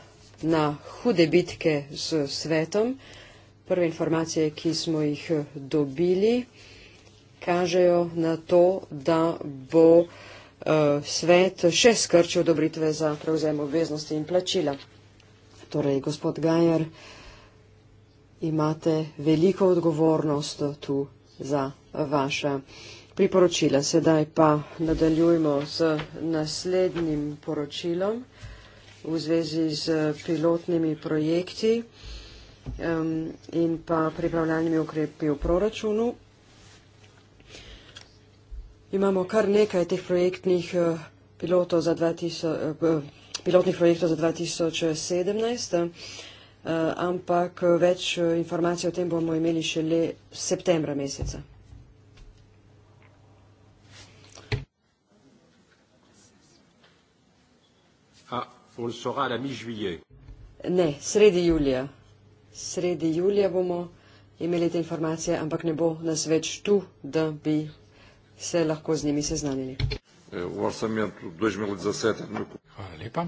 na hude bitke s svetom. Prve informacije, ki smo jih eh, dobili, kažejo na to, da bo eh, svet še skrčil dobritve za prevzem obveznosti in plačila. Torej, gospod Gajer, imate veliko odgovornost tu za vaša priporočila. Sedaj pa nadaljujmo z naslednjim poročilom v zvezi z eh, pilotnimi projekti um, in pa pripravljalnimi ukrepi v proračunu. Imamo kar nekaj teh projektnih uh, pilotov za 2000. Uh, eh, pilotnih projektov za 2017, ampak več informacij o tem bomo imeli šele septembra meseca. On le saura à la mi-juillet. Ne, sredi julija. Sredi julija bomo imeli te informacije, ampak ne bo nas več tu, da bi se lahko z njimi seznanili. Eh, Hvala lepa.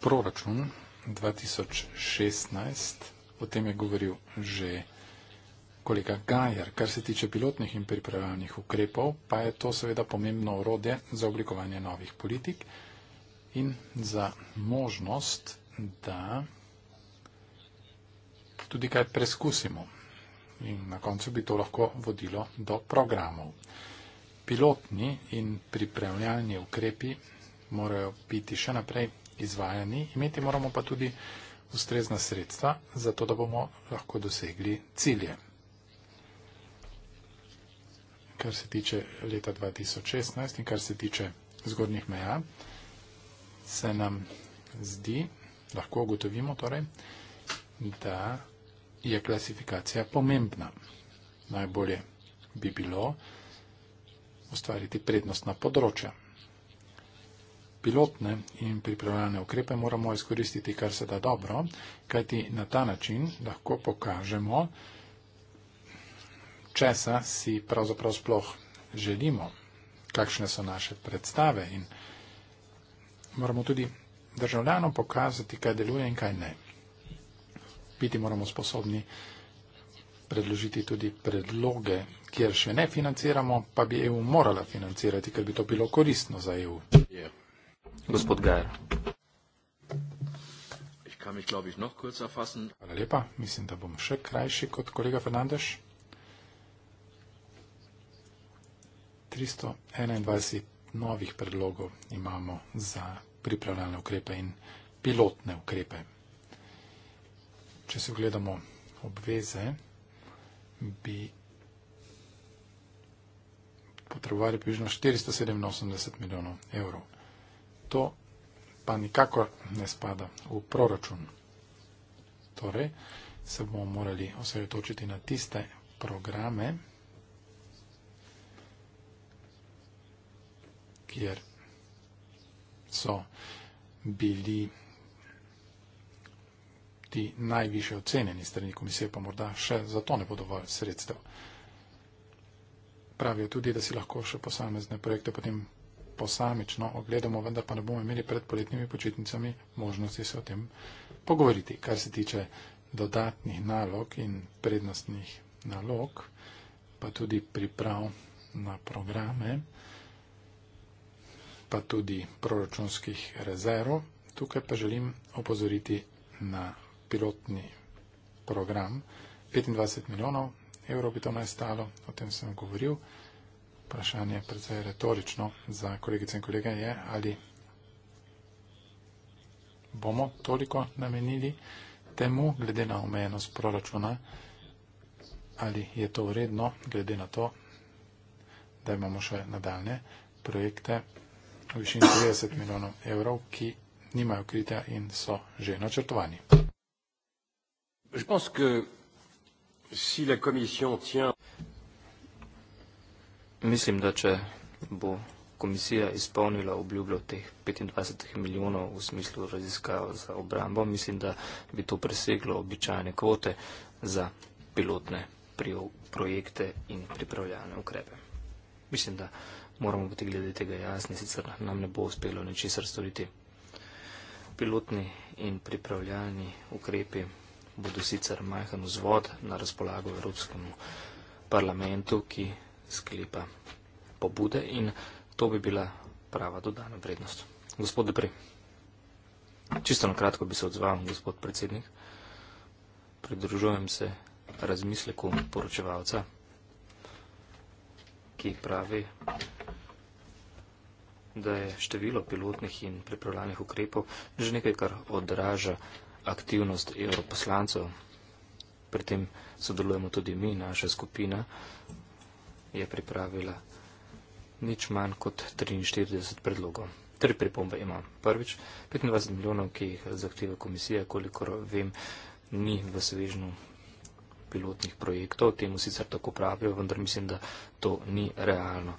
Proračun 2016, o tem je govoril že kolega Gajer, kar se tiče pilotnih in pripravljalnih ukrepov, pa je to seveda pomembno orodje za oblikovanje novih politik in za možnost, da tudi kaj preskusimo. In na koncu bi to lahko vodilo do programov. Pilotni in pripravljalni ukrepi morajo biti še naprej izvajani, imeti moramo pa tudi ustrezna sredstva, zato da bomo lahko dosegli cilje. Kar se tiče leta 2016 in kar se tiče zgornjih meja, se nam zdi, lahko ugotovimo torej, da je klasifikacija pomembna. Najbolje bi bilo ustvariti prednostna področja. Pilotne in pripravljene ukrepe moramo izkoristiti kar se da dobro, kajti na ta način lahko pokažemo, česa si pravzaprav sploh želimo, kakšne so naše predstave in predstave moramo tudi državljanom pokazati, kaj deluje in kaj ne. Biti moramo sposobni predložiti tudi predloge, kjer še ne financiramo, pa bi EU morala financirati, ker bi to bilo koristno za EU. Gospod Gajer. Hvala lepa. Mislim, da bom še krajši kot kolega Fernandeš. 321 novih predlogov imamo za pripravljalne ukrepe in pilotne ukrepe. Če se gledamo obveze, bi potrebovali približno 487 milijonov evrov. To pa nikako ne spada v proračun. Torej, se bomo morali osredotočiti na tiste programe, kjer so bili ti najviše ocenjeni strani komisije, pa morda še za to ne bo dovolj sredstev. Pravijo tudi, da si lahko še posamezne projekte potem posamično ogledamo, vendar pa ne bomo imeli pred poletnimi počitnicami možnosti se o tem pogovoriti. Kar se tiče dodatnih nalog in prednostnih nalog, pa tudi priprav na programe pa tudi proračunskih rezerv. Tukaj pa želim opozoriti na pilotni program. 25 milijonov evrov bi to naj stalo, o tem sem govoril. Vprašanje je predvsej retorično za kolegice in kolege je, ali bomo toliko namenili temu, glede na omejenost proračuna, ali je to vredno, glede na to, da imamo še nadaljne projekte v višini 30 milijonov evrov, ki nimajo kritja in so že načrtovani. Mislim, da če bo komisija izpolnila obljubo teh 25 milijonov v smislu raziskav za obrambo, mislim, da bi to preseglo običajne kvote za pilotne projekte in pripravljane ukrepe. Mislim, da moramo biti glede tega jasni, sicer nam ne bo uspelo ničesar storiti. Pilotni in pripravljalni ukrepi bodo sicer majhen vzvod na razpolago Evropskemu parlamentu, ki sklepa pobude in to bi bila prava dodana vrednost. Gospod Depri, čisto na kratko bi se odzval, gospod predsednik, pridružujem se razmisleku poročevalca ki pravi, da je število pilotnih in pripravljanih ukrepov že nekaj, kar odraža aktivnost europoslancev. Pri tem sodelujemo tudi mi, naša skupina je pripravila nič manj kot 43 predlogov. Tri pripombe imam. Prvič, 25 milijonov, ki jih zahteva komisija, kolikor vem, ni v svežnu pilotnih projektov, temu sicer tako pravijo, vendar mislim, da to ni realno.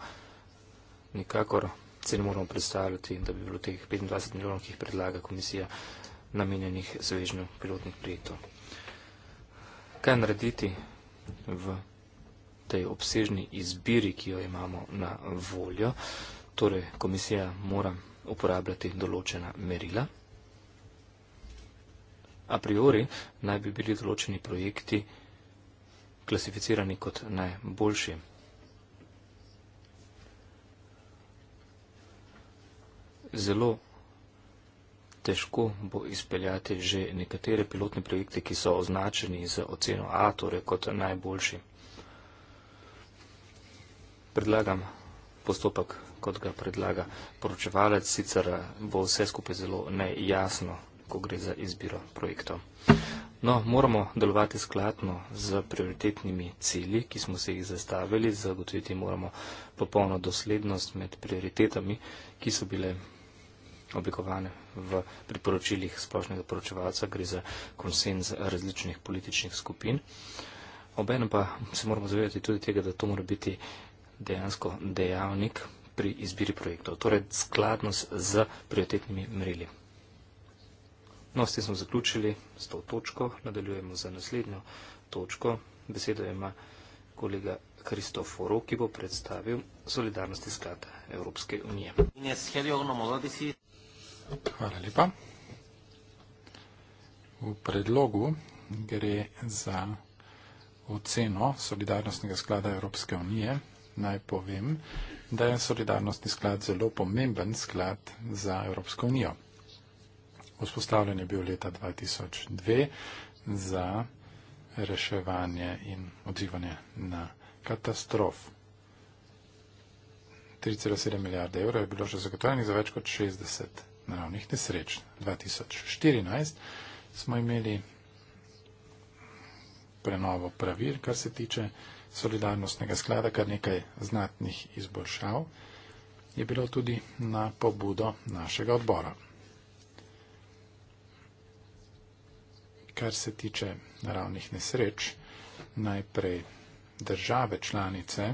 Nikakor se ne moramo predstavljati, da bi bilo teh 25 milijonov, ki jih predlaga komisija, namenjenih svežnju pilotnih projektov. Kaj narediti v tej obsežni izbiri, ki jo imamo na voljo? Torej, komisija mora uporabljati določena merila. A priori naj bi bili določeni projekti klasificirani kot najboljši. Zelo težko bo izpeljati že nekatere pilotne projekte, ki so označeni z oceno A, torej kot najboljši. Predlagam postopek, kot ga predlaga poročevalec, sicer bo vse skupaj zelo nejasno, ko gre za izbiro projektov. No, moramo delovati skladno z prioritetnimi cilji, ki smo se jih zastavili, zagotoviti moramo popolno doslednost med prioritetami, ki so bile oblikovane v priporočilih splošnega poročevalca, gre za konsens različnih političnih skupin. Obenem pa se moramo zavedati tudi tega, da to mora biti dejansko dejavnik pri izbiri projektov, torej skladnost z prioritetnimi merili. No, s tem smo zaključili s to točko. Nadaljujemo za naslednjo točko. Besedo ima kolega Kristoforo, ki bo predstavil solidarnosti sklada Evropske unije. Hvala lepa. V predlogu gre za oceno solidarnostnega sklada Evropske unije. Naj povem, da je solidarnostni sklad zelo pomemben sklad za Evropsko unijo vzpostavljen je bil leta 2002 za reševanje in odzivanje na katastrof. 3,7 milijarde evrov je bilo že zagotovljenih za več kot 60 naravnih nesreč. 2014 smo imeli prenovo pravil, kar se tiče solidarnostnega sklada, kar nekaj znatnih izboljšav je bilo tudi na pobudo našega odbora. kar se tiče naravnih nesreč, najprej države članice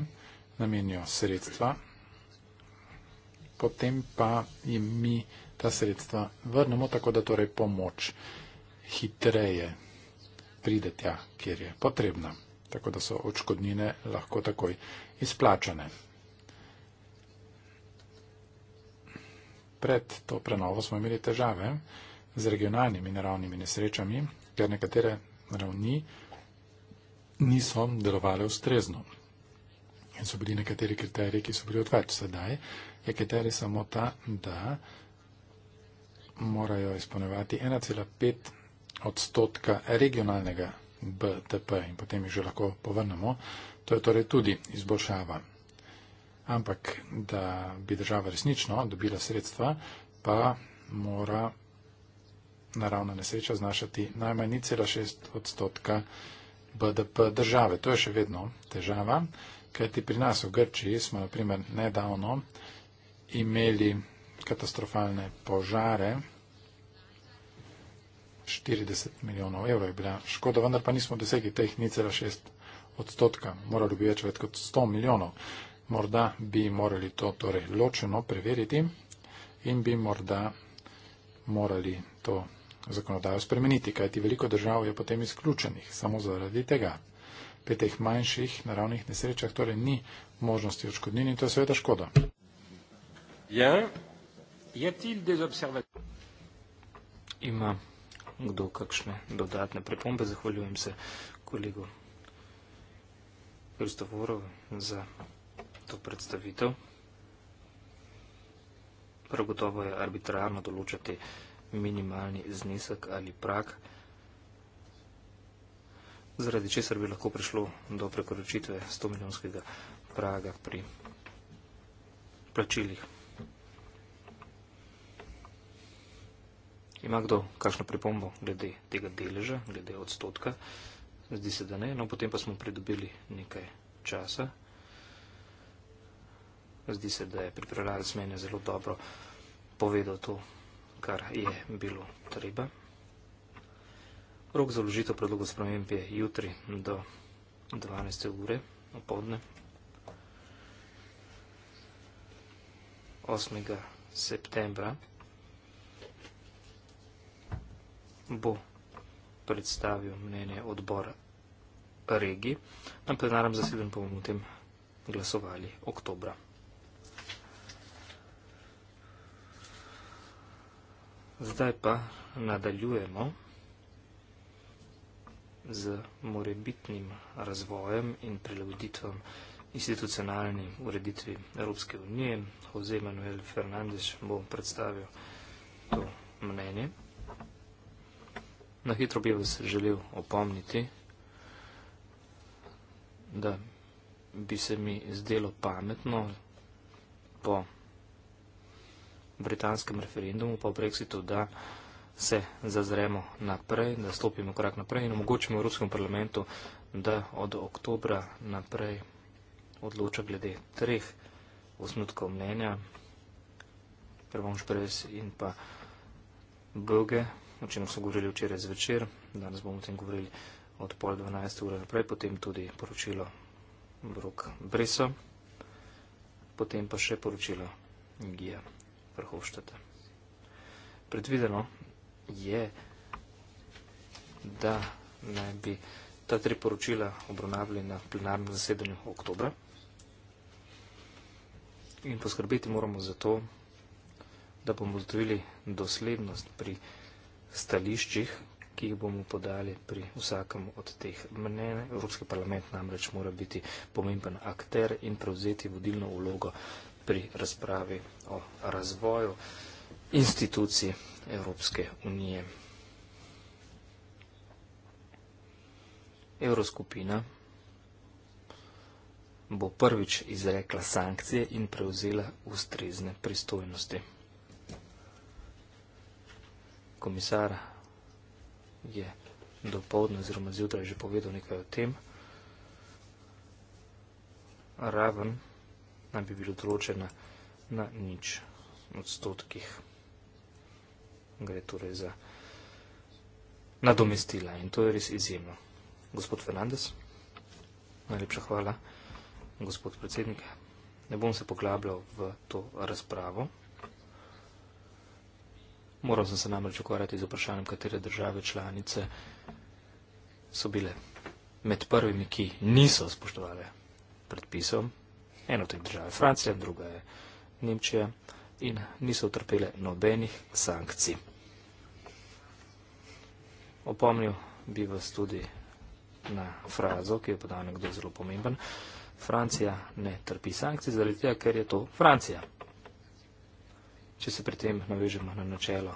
namenijo sredstva, potem pa jim mi ta sredstva vrnemo, tako da torej pomoč hitreje pride tja, kjer je potrebna, tako da so očkodnine lahko takoj izplačane. Pred to prenovo smo imeli težave z regionalnimi naravnimi nesrečami, ker ja, nekatere ravni niso delovale ustrezno. In so bili nekateri kriteriji, ki so bili odveč. Sedaj je kriterij samo ta, da morajo izpolnevati 1,5 odstotka regionalnega BTP in potem jih že lahko povrnemo. To je torej tudi izboljšava. Ampak, da bi država resnično dobila sredstva, pa mora naravna nesreča znašati najmanj 0,6 odstotka BDP države. To je še vedno težava, kajti pri nas v Grčiji smo naprimer nedavno imeli katastrofalne požare. 40 milijonov evrov je bila škoda, vendar pa nismo dosegli teh 0,6 odstotka. Morali bi več več kot 100 milijonov. Morda bi morali to torej ločeno preveriti in bi morda morali to zakonodajo spremeniti, kajti veliko držav je potem izključenih samo zaradi tega. Pri teh manjših naravnih nesrečah torej ni možnosti odškodnin in to je seveda škoda. Ja, je cilj dezobservat. Ima kdo kakšne dodatne pripombe, zahvaljujem se kolegu Kristoforov za to predstavitev. Prav gotovo je arbitrarno določati minimalni znesek ali prak, zaradi česar bi lahko prišlo do prekoračitve 100 milijonskega praga pri plačilih. Ima kdo kakšno pripombo glede tega deleža, glede odstotka? Zdi se, da ne, no potem pa smo pridobili nekaj časa. Zdi se, da je pri prelaz menja zelo dobro povedal to kar je bilo treba. Rok za vložitev predloga sprememb je jutri do 12. ure opodne. 8. septembra bo predstavil mnenje odbora regij. Na plenarnem zasedanju bomo o tem glasovali oktobra. Zdaj pa nadaljujemo z morebitnim razvojem in prilagoditvom institucionalni ureditvi Evropske unije. Jose Manuel Fernandez bo predstavil to mnenje. Na hitro bi vas želel opomniti, da bi se mi zdelo pametno po britanskem referendumu, pa v Brexitu, da se zazremo naprej, da stopimo korak naprej in omogočimo Evropskemu parlamentu, da od oktobra naprej odloča glede treh osnutkov mnenja, prvom šprez in pa bloge, o čem so govorili včeraj zvečer, danes bomo o tem govorili od pol 12. ure naprej, potem tudi poročilo Brok Breso, potem pa še poročilo Gija prhuštate. Predvideno je, da naj bi ta tri poročila obravnavili na plenarnem zasedanju v oktobra. In poskrbeti moramo za to, da bomo zdovili doslednost pri stališčih, ki jih bomo podali pri vsakem od teh mnen. Evropski parlament namreč mora biti pomemben akter in prevzeti vodilno vlogo pri razpravi o razvoju institucij Evropske unije. Evroskupina bo prvič izrekla sankcije in prevzela ustrezne pristojnosti. Komisar je dopoledne oziroma zjutraj že povedal nekaj o tem. Raven naj bi bilo določena na nič odstotkih. Gre torej za nadomestila in to je res izjemno. Gospod Fernandez, najlepša hvala, gospod predsednik. Ne bom se poglabljal v to razpravo. Moral sem se namreč ukvarjati z vprašanjem, katere države članice so bile med prvimi, ki niso spoštovale predpisov. Eno od teh držav je Francija, druga je Nemčija in niso utrpele nobenih sankcij. Opomnil bi vas tudi na frazo, ki je podal nekdo zelo pomemben. Francija ne trpi sankcij zaradi tega, ker je to Francija. Če se pri tem navežemo na načelo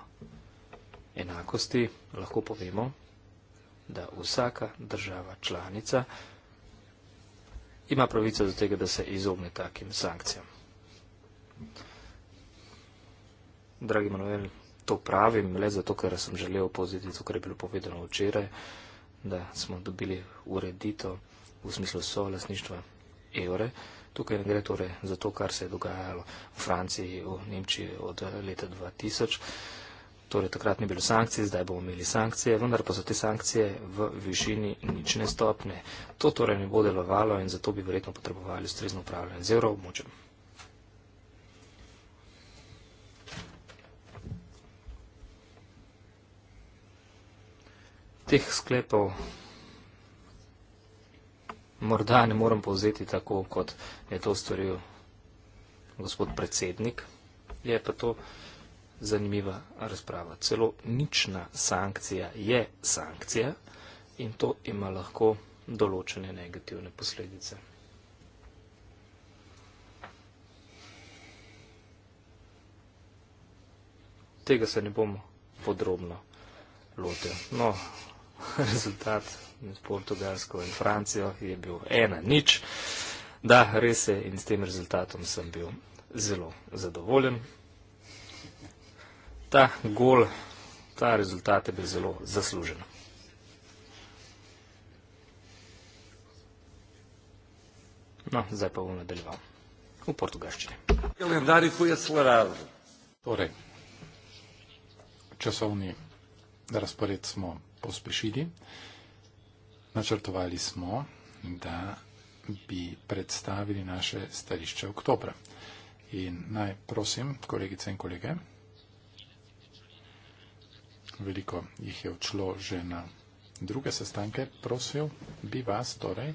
enakosti, lahko povemo, da vsaka država članica ima pravico do tega, da se izogne takim sankcijam. Dragi Manuel, to pravim le zato, ker sem želel opoziti to, kar je bilo povedano včeraj, da smo dobili uredito v smislu solasništva evre. Tukaj ne gre torej za to, kar se je dogajalo v Franciji, v Nemčiji od leta 2000. Torej, takrat ni bilo sankcij, zdaj bomo imeli sankcije, vendar pa so te sankcije v višini nične stopne. To torej ne bo delovalo in zato bi verjetno potrebovali ustrezno upravljanje z evroobmočjem. Teh sklepov morda ne moram povzeti tako, kot je to storil gospod predsednik. Je pa to zanimiva razprava. Celo nična sankcija je sankcija in to ima lahko določene negativne posledice. Tega se ne bom podrobno lotil. No, rezultat med Portugalsko in Francijo je bil ena nič. Da, res je in s tem rezultatom sem bil zelo zadovoljen ta gol, ta rezultat je bil zelo zaslužen. No, zdaj pa bom nadaljeval v portugalščini. Kalendari pojasnjujejo. Torej, časovni razpored smo pospešili. Načrtovali smo, da bi predstavili naše stališče oktobra. In naj prosim, kolegice in kolege, veliko jih je odšlo že na druge sestanke. Prosil bi vas torej,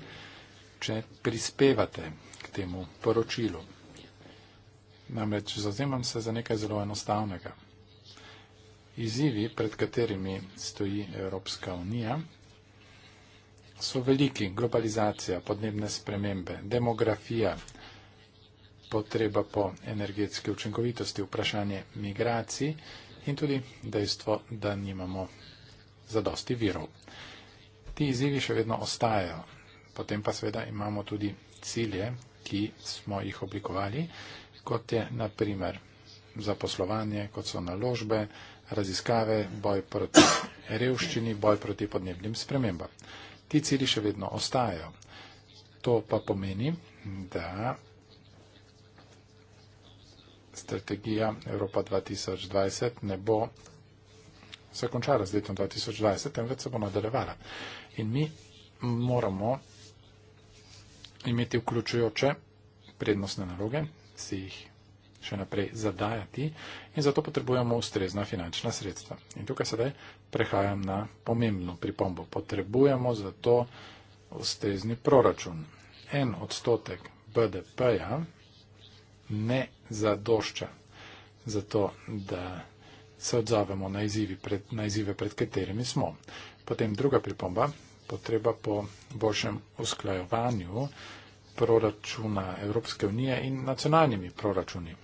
če prispevate k temu poročilu. Namreč zazemam se za nekaj zelo enostavnega. Izivi, pred katerimi stoji Evropska unija, so veliki. Globalizacija, podnebne spremembe, demografija, potreba po energetski učinkovitosti, vprašanje migracij in tudi dejstvo, da nimamo zadosti virov. Ti izzivi še vedno ostajajo. Potem pa seveda imamo tudi cilje, ki smo jih oblikovali, kot je naprimer zaposlovanje, kot so naložbe, raziskave, boj proti revščini, boj proti podnebnim spremembam. Ti cilji še vedno ostajajo. To pa pomeni, da strategija Evropa 2020 ne bo se končala z letom 2020, temveč se bo nadaljevala. In mi moramo imeti vključujoče prednostne naloge, si jih še naprej zadajati in zato potrebujemo ustrezna finančna sredstva. In tukaj sedaj prehajam na pomembno pripombo. Potrebujemo zato ustrezni proračun. En odstotek BDP-ja ne zadošča za to, da se odzovemo na izzive, pred, na izzive, pred katerimi smo. Potem druga pripomba, potreba po boljšem usklajevanju proračuna Evropske unije in nacionalnimi proračuni.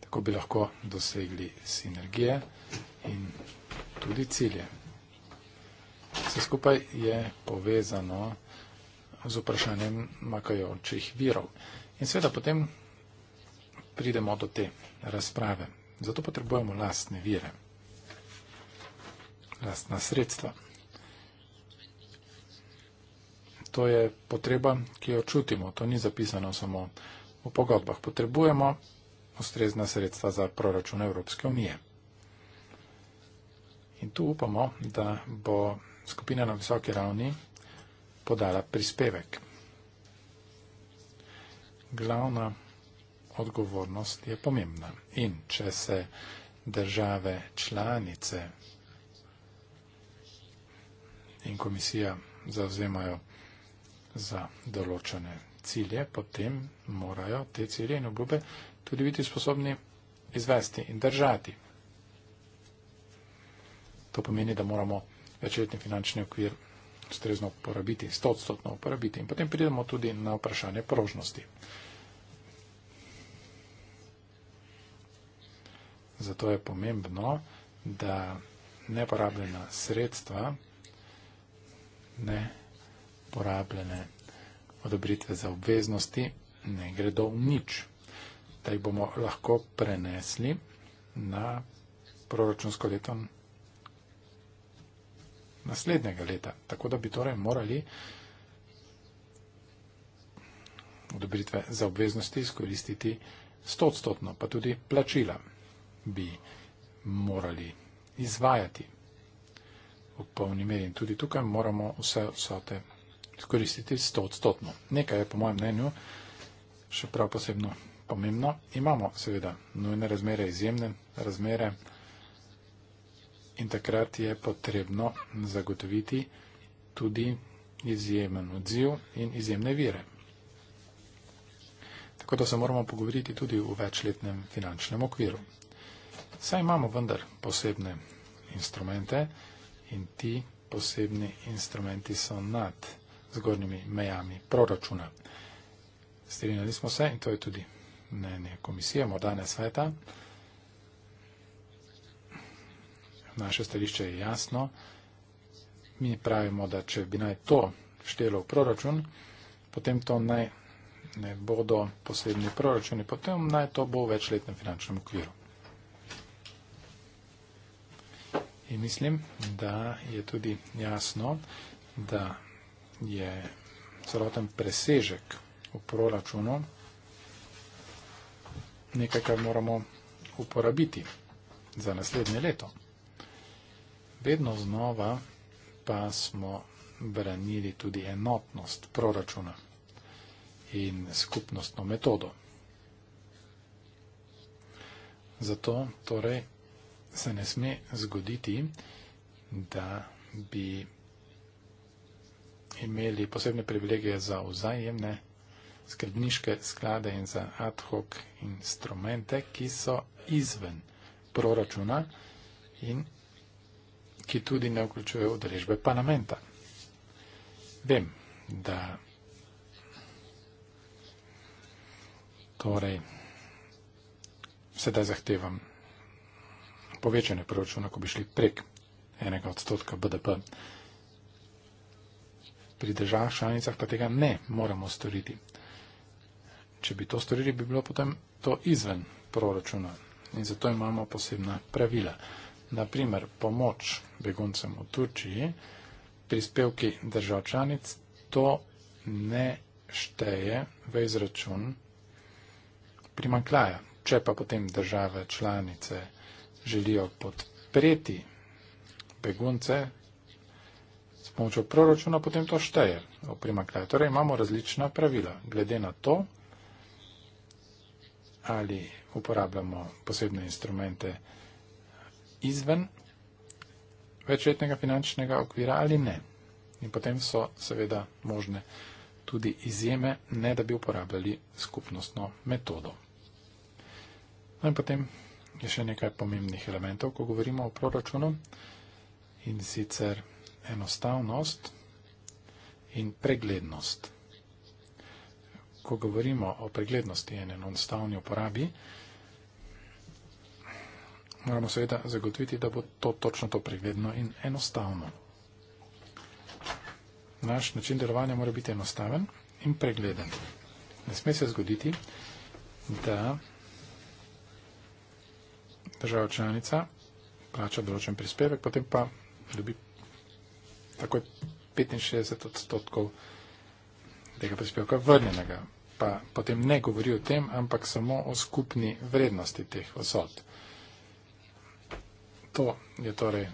Tako bi lahko dosegli sinergije in tudi cilje. Vse skupaj je povezano z vprašanjem makajočih virov. In seveda potem pridemo do te razprave. Zato potrebujemo lastne vire, lastna sredstva. To je potreba, ki jo čutimo, to ni zapisano samo v pogodbah. Potrebujemo ustrezna sredstva za proračun Evropske unije. In tu upamo, da bo skupina na visoki ravni podala prispevek glavna odgovornost je pomembna. In če se države članice in komisija zavzemajo za določene cilje, potem morajo te cilje in obljube tudi biti sposobni izvesti in držati. To pomeni, da moramo večletni finančni okvir ustrezno uporabiti, stotstotno uporabiti. In potem pridemo tudi na vprašanje prožnosti. Zato je pomembno, da neporabljena sredstva, neporabljene odobritve za obveznosti ne gredo v nič. Da jih bomo lahko prenesli na proračunsko leto 2021 naslednjega leta. Tako da bi torej morali odobritve za obveznosti izkoristiti stotstotno, pa tudi plačila bi morali izvajati v polni meri. In tudi tukaj moramo vse vsote izkoristiti stotstotno. Nekaj je po mojem mnenju še prav posebno pomembno. Imamo seveda nujne razmere, izjemne razmere. In takrat je potrebno zagotoviti tudi izjemen odziv in izjemne vire. Tako da se moramo pogovoriti tudi v večletnem finančnem okviru. Saj imamo vendar posebne instrumente in ti posebni instrumenti so nad zgornjimi mejami proračuna. Strinjali smo se in to je tudi mnenje komisije, morda ne sveta. naše stališče je jasno. Mi pravimo, da če bi naj to štelo v proračun, potem to naj ne bodo posebni proračuni, potem naj to bo v večletnem finančnem okviru. In mislim, da je tudi jasno, da je celoten presežek v proračunu nekaj, kar moramo uporabiti za naslednje leto vedno znova pa smo branili tudi enotnost proračuna in skupnostno metodo. Zato torej se ne sme zgoditi, da bi imeli posebne privilegije za vzajemne skrbniške sklade in za ad hoc instrumente, ki so izven proračuna in ki tudi ne vključuje udeležbe parlamenta. Vem, da torej sedaj zahtevam povečanje proračuna, ko bi šli prek enega odstotka BDP. Pri državah članicah pa tega ne moramo storiti. Če bi to storili, bi bilo potem to izven proračuna. In zato imamo posebna pravila naprimer pomoč beguncem v Turčiji, prispevki državčanic, to ne šteje v izračun primankljaja. Če pa potem države članice želijo podpreti begunce s pomočjo proračuna, potem to šteje v primankljaju. Torej imamo različna pravila. Glede na to, ali uporabljamo posebne instrumente, izven večletnega finančnega okvira ali ne. In potem so seveda možne tudi izjeme, ne da bi uporabljali skupnostno metodo. No in potem je še nekaj pomembnih elementov, ko govorimo o proračunu in sicer enostavnost in preglednost. Ko govorimo o preglednosti in enostavni uporabi, Moramo seveda zagotoviti, da bo to točno to pregledno in enostavno. Naš način delovanja mora biti enostaven in pregleden. Ne sme se zgoditi, da država članica plača določen prispevek, potem pa dobi takoj 65 odstotkov tega prispevka vrnenega. Pa potem ne govori o tem, ampak samo o skupni vrednosti teh osod to je torej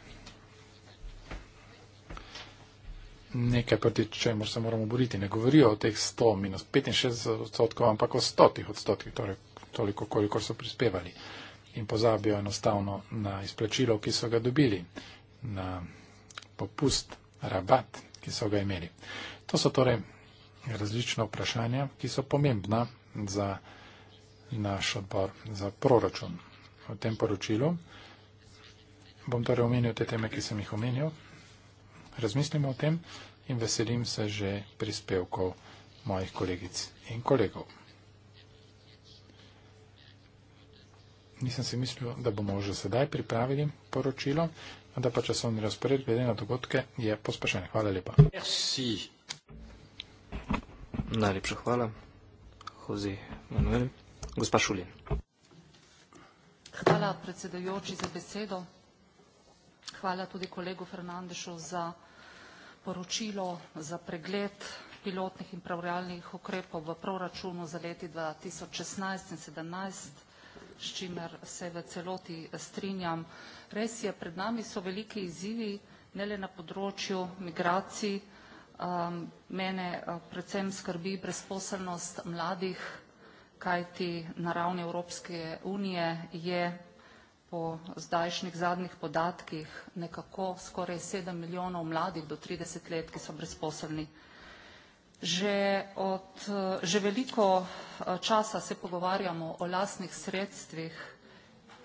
nekaj, proti čemu se moramo boriti. Ne govorijo o teh 100 minus 65 odstotkov, ampak o 100 odstotkih, torej toliko, koliko so prispevali. In pozabijo enostavno na izplačilo, ki so ga dobili, na popust, rabat, ki so ga imeli. To so torej različna vprašanja, ki so pomembna za naš odbor za proračun. V tem poročilu bom torej omenil te teme, ki sem jih omenil. Razmislimo o tem in veselim se že prispevkov mojih kolegic in kolegov. Nisem si mislil, da bomo že sedaj pripravili poročilo, da pa časovni razpored glede na dogodke je pospešen. Hvala lepa. Merci. Najlepša hvala, Jose Manuel. Gospa Šulin. Hvala predsedajoči za besedo. Hvala tudi kolegu Fernandešu za poročilo, za pregled pilotnih in pravorealnih ukrepov v proračunu za leti 2016 in 2017, s čimer se v celoti strinjam. Res je, pred nami so veliki izzivi, ne le na področju migracij, um, mene uh, predvsem skrbi brezposelnost mladih, kajti na ravni Evropske unije je po zdajšnjih zadnjih podatkih nekako skoraj 7 milijonov mladih do 30 let, ki so brezposobni. Že, od, že veliko eh, časa se pogovarjamo o lastnih sredstvih,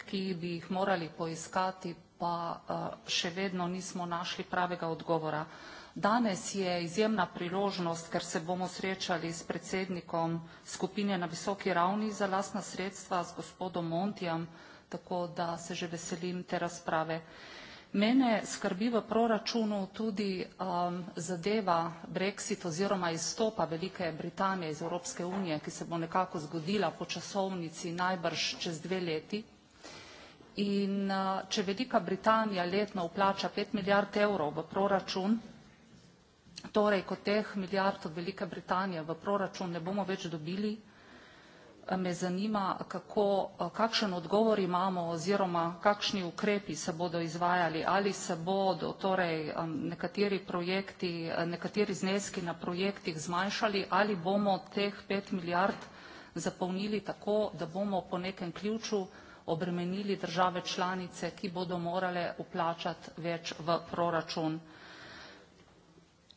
ki bi jih morali poiskati, pa eh, še vedno nismo našli pravega odgovora. Danes je izjemna priložnost, ker se bomo srečali s predsednikom skupine na visoki ravni za lastna sredstva, s gospodom Montijem, tako da se že veselim te razprave. Mene skrbi v proračunu tudi um, zadeva Brexit oziroma izstopa Velike Britanije iz Evropske unije, ki se bo nekako zgodila po časovnici najbrž čez dve leti. In uh, če Velika Britanija letno uplača 5 milijard evrov v proračun, torej ko teh milijard od Velike Britanije v proračun ne bomo več dobili, me zanima, kako, kakšen odgovor imamo oziroma kakšni ukrepi se bodo izvajali, ali se bodo torej um, nekateri projekti, nekateri zneski na projektih zmanjšali, ali bomo teh pet milijard zapolnili tako, da bomo po nekem ključu obremenili države članice, ki bodo morale uplačati več v proračun.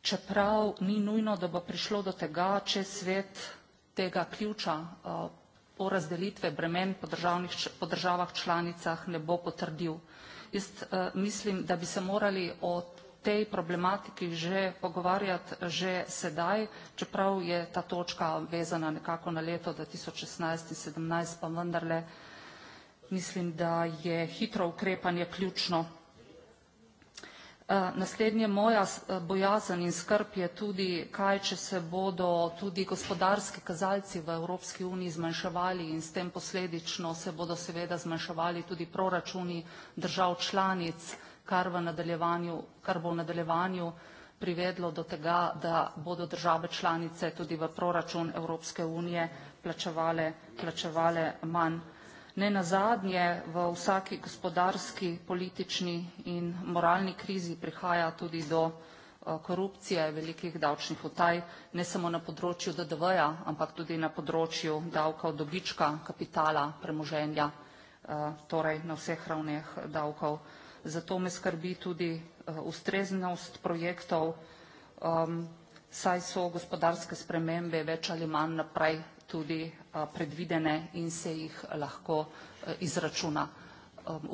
Čeprav ni nujno, da bo prišlo do tega, če svet tega ključa uh, o razdelitve bremen po, državnih, po državah članicah ne bo potrdil. Jaz uh, mislim, da bi se morali o tej problematiki že pogovarjati že sedaj, čeprav je ta točka vezana nekako na leto 2016 in 2017, pa vendarle mislim, da je hitro ukrepanje ključno Eh, naslednje moja eh, bojazen in skrb je tudi, kaj če se bodo tudi gospodarski kazalci v Evropski uniji zmanjševali in s tem posledično se bodo seveda zmanjševali tudi proračuni držav članic, kar, v nadaljevanju, kar bo v nadaljevanju privedlo do tega, da bodo države članice tudi v proračun Evropske unije plačevale, plačevale manj. Ne nazadnje v vsaki gospodarski, politični in moralni krizi prihaja tudi do eh, korupcije velikih davčnih utaj, ne samo na področju DDV-ja, ampak tudi na področju davkov dobička, kapitala, premoženja, eh, torej na vseh ravneh davkov. Zato me skrbi tudi eh, ustreznost projektov, ehm, saj so gospodarske spremembe več ali manj naprej tudi eh, predvidene in se jih eh, lahko eh, izračuna.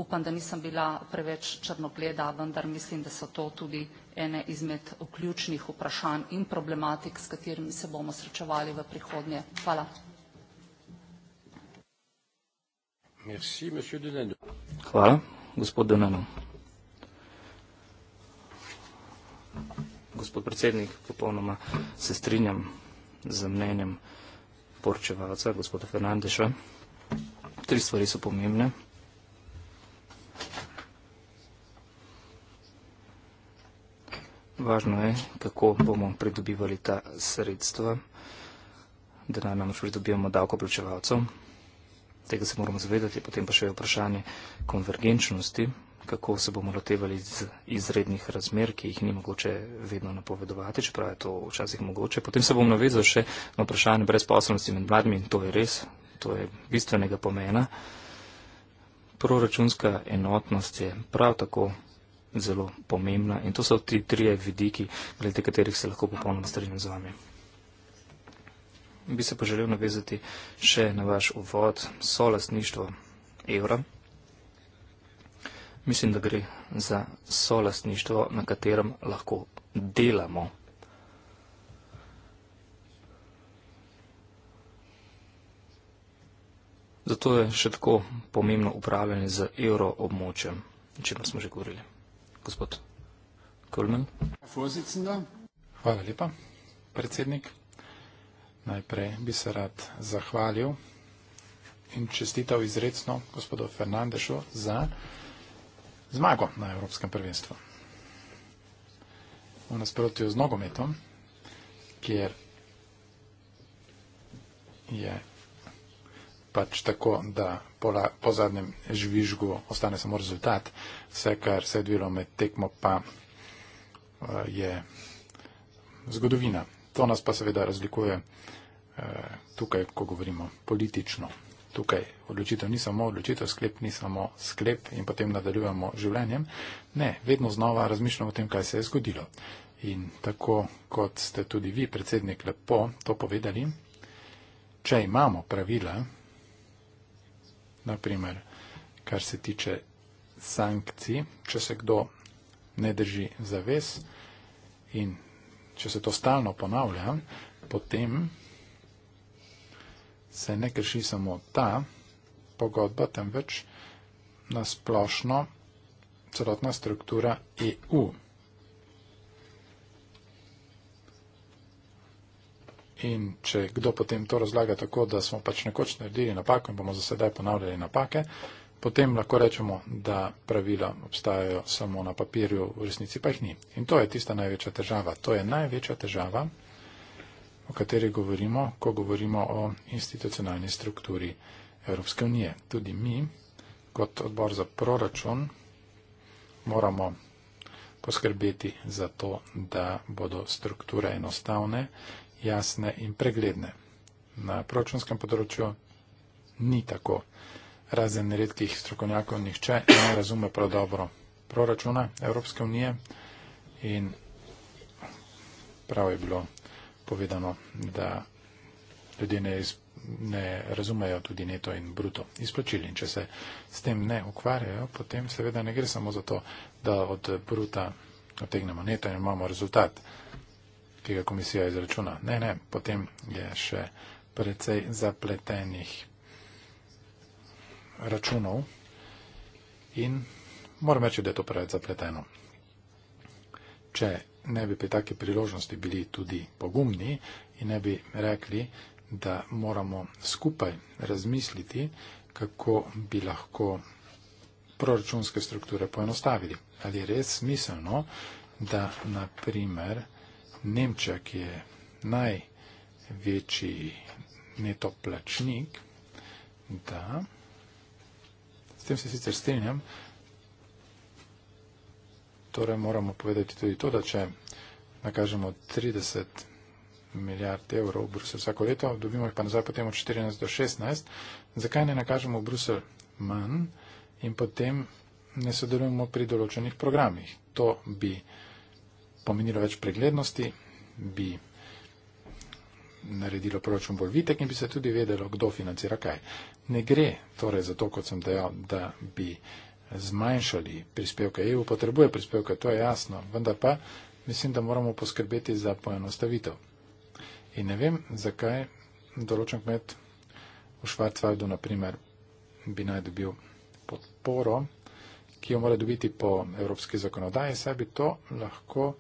Upam, da nisem bila preveč črnogleda, vendar mislim, da so to tudi ene izmed vključnih vprašanj in problematik, s katerimi se bomo srečevali v prihodnje. Hvala. Hvala. Gospod Denano. Gospod predsednik, popolnoma se strinjam z mnenjem vsega, porčevalca, gospoda Fernandeša. Tri stvari so pomembne. Važno je, kako bomo pridobivali ta sredstva, da naj namreč pridobivamo davkoplačevalcev. Tega se moramo zavedati, potem pa še je vprašanje konvergenčnosti, kako se bomo lotevali iz izrednih razmer, ki jih ni mogoče vedno napovedovati, čeprav je to včasih mogoče. Potem se bom navezal še na vprašanje brezposobnosti med mladimi in to je res, to je bistvenega pomena. Proračunska enotnost je prav tako zelo pomembna in to so ti trije vidiki, glede katerih se lahko popolnoma strinjam z vami. Bi se pa želel navezati še na vaš uvod, so lastništvo evra. Mislim, da gre za solastništvo, na katerem lahko delamo. Zato je še tako pomembno upravljanje z evroobmočjem, o čem smo že govorili. Gospod Kulmen. Hvala lepa, predsednik. Najprej bi se rad zahvalil in čestital izredno gospodu Fernandešu za zmago na Evropskem prvenstvu. V nasprotju z nogometom, kjer je pač tako, da po, la, po zadnjem žvižgu ostane samo rezultat, vse, kar se je dvilo med tekmo, pa uh, je zgodovina. To nas pa seveda razlikuje uh, tukaj, ko govorimo politično tukaj odločitev ni samo odločitev, sklep ni samo sklep in potem nadaljujemo življenjem. Ne, vedno znova razmišljamo o tem, kaj se je zgodilo. In tako kot ste tudi vi, predsednik, lepo to povedali, če imamo pravila, naprimer, kar se tiče sankcij, če se kdo ne drži zaves in če se to stalno ponavlja, potem se ne krši samo ta pogodba, temveč nasplošno celotna struktura EU. In če kdo potem to razlaga tako, da smo pač nekoč naredili napako in bomo za sedaj ponavljali napake, potem lahko rečemo, da pravila obstajajo samo na papirju, v resnici pa jih ni. In to je tista največja težava. To je največja težava o kateri govorimo, ko govorimo o institucionalni strukturi Evropske unije. Tudi mi, kot odbor za proračun, moramo poskrbeti za to, da bodo strukture enostavne, jasne in pregledne. Na proračunskem področju ni tako. Razen redkih strokovnjakov nihče ne razume prav dobro proračuna Evropske unije in prav je bilo povedano, da ljudje ne, iz, ne razumejo tudi neto in bruto izplačil. In če se s tem ne ukvarjajo, potem seveda ne gre samo za to, da od bruta otegnemo neto in imamo rezultat, ki ga komisija izračuna. Ne, ne, potem je še precej zapletenih računov in moram reči, da je to preveč zapleteno. Če ne bi pri taki priložnosti bili tudi pogumni in ne bi rekli, da moramo skupaj razmisliti, kako bi lahko proračunske strukture poenostavili. Ali je res smiselno, da naprimer Nemčija, ki je največji netoplačnik, da, s tem se sicer strinjam, Torej moramo povedati tudi to, da če nakažemo 30 milijard evrov v Bruselj vsako leto, dobimo jih pa nazaj potem od 14 do 16, zakaj ne nakažemo v Bruselj manj in potem ne sodelujemo pri določenih programih. To bi pomenilo več preglednosti, bi naredilo proračun bolj vitek in bi se tudi vedelo, kdo financira kaj. Ne gre torej za to, kot sem dejal, da bi zmanjšali prispevke. EU potrebuje prispevke, to je jasno, vendar pa mislim, da moramo poskrbeti za poenostavitev. In ne vem, zakaj določen kmet v Švarcvaldu, naprimer, bi naj dobil podporo, ki jo mora dobiti po evropski zakonodaji, saj bi to lahko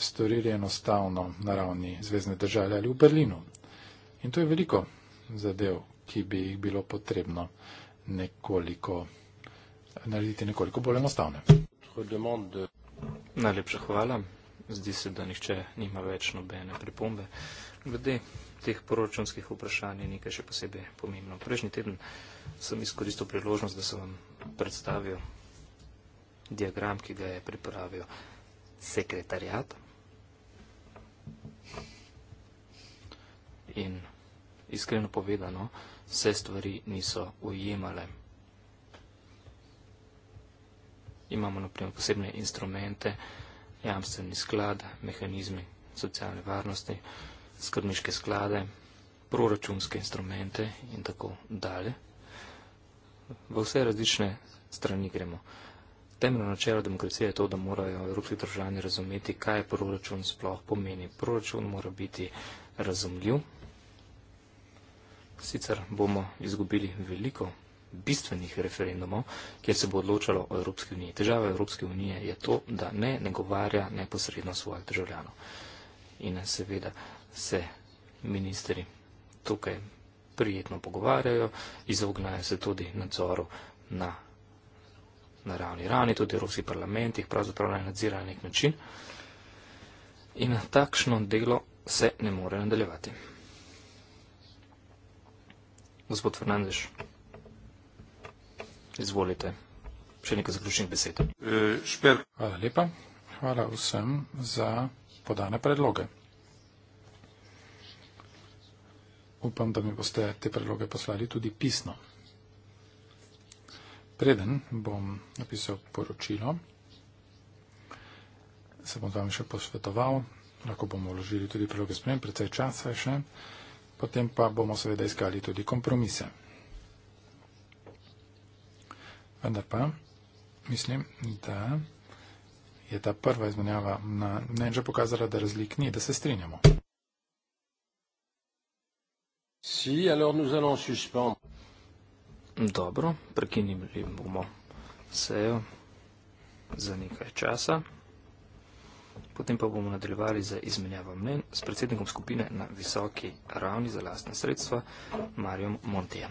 storili enostavno na ravni Zvezdne države ali v Berlinu. In to je veliko zadev, ki bi jih bilo potrebno nekoliko narediti nekoliko bolj enostavne. Najlepša hvala. Zdi se, da nihče nima več nobene pripombe. Glede teh poročanskih vprašanj je nekaj še posebej pomembno. Prejšnji teden sem izkoristil priložnost, da sem vam predstavil diagram, ki ga je pripravil sekretarjat in iskreno povedano, vse stvari niso ujemale. imamo naprimer posebne instrumente, jamstveni sklad, mehanizmi socialne varnosti, skrbniške sklade, proračunske instrumente in tako dalje. V vse različne strani gremo. Temeljno načelo demokracije je to, da morajo evropski državljani razumeti, kaj proračun sploh pomeni. Proračun mora biti razumljiv, sicer bomo izgubili veliko bistvenih referendumov, kjer se bo odločalo o Evropski uniji. Težava Evropske unije je to, da ne negovarja neposredno svojih državljanov. In seveda se ministri tukaj prijetno pogovarjajo, izognajo se tudi nadzoru na naravni rani, tudi Evropski parlament jih pravzaprav nadzira na nek način. In takšno delo se ne more nadaljevati. Gospod Fernandez. Izvolite. Še nekaj zaključnih besed. Eh, Hvala lepa. Hvala vsem za podane predloge. Upam, da mi boste te predloge poslali tudi pisno. Preden bom napisal poročilo, se bom z vami še posvetoval, lahko bomo vložili tudi predloge sprem, predvsej časa še, potem pa bomo seveda iskali tudi kompromise vendar pa mislim, da je ta prva izmenjava na mnenje pokazala, da razlik ni, da se strinjamo. Si, alors nous allons suspendre. Dobro, prekinili bomo sejo za nekaj časa. Potem pa bomo nadaljevali z izmenjavo mnen s predsednikom skupine na visoki ravni za lastne sredstva, Marijom Montijem.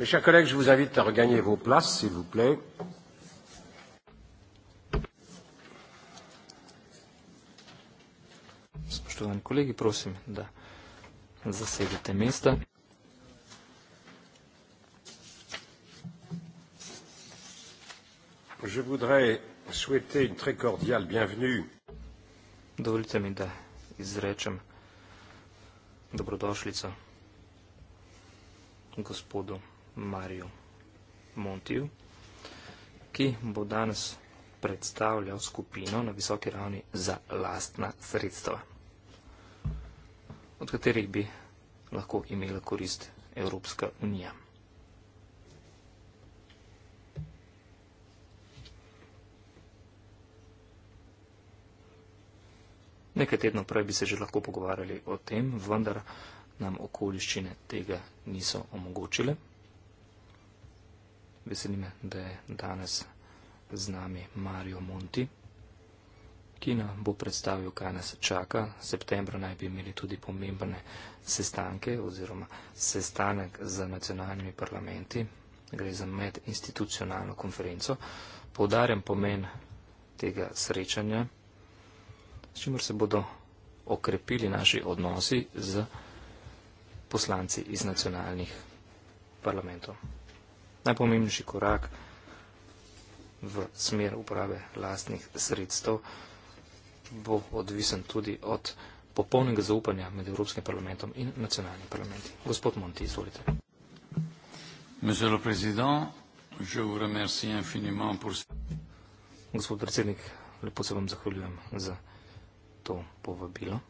Mes chers collègues, je vous invite à regagner vos places, s'il vous plaît. Spoštovani kolegi, prosim, da zasedete mesta. Je voudrais souhaiter une très cordiale bienvenue. Dovolite mi, da izrečem dobrodošlico gospodu Mariju Montiju, ki bo danes predstavljal skupino na visoki ravni za lastna sredstva, od katerih bi lahko imela korist Evropska unija. Nekaj tednov prej bi se že lahko pogovarjali o tem, vendar nam okoliščine tega niso omogočile. Veseli me, da je danes z nami Mario Monti, ki nam bo predstavil, kaj nas čaka. V septembru naj bi imeli tudi pomembne sestanke oziroma sestanek z nacionalnimi parlamenti. Gre za medinstitucionalno konferenco. Povdarjam pomen tega srečanja, s čimer se bodo okrepili naši odnosi z poslanci iz nacionalnih parlamentov najpomembnejši korak v smer uporabe lastnih sredstev bo odvisen tudi od popolnega zaupanja med Evropskim parlamentom in nacionalnim parlamentom. Gospod Monti, izvolite. Monsieur le Président, je vous remercie infiniment pour... Gospod predsednik, lepo se vam zahvaljujem za to povabilo.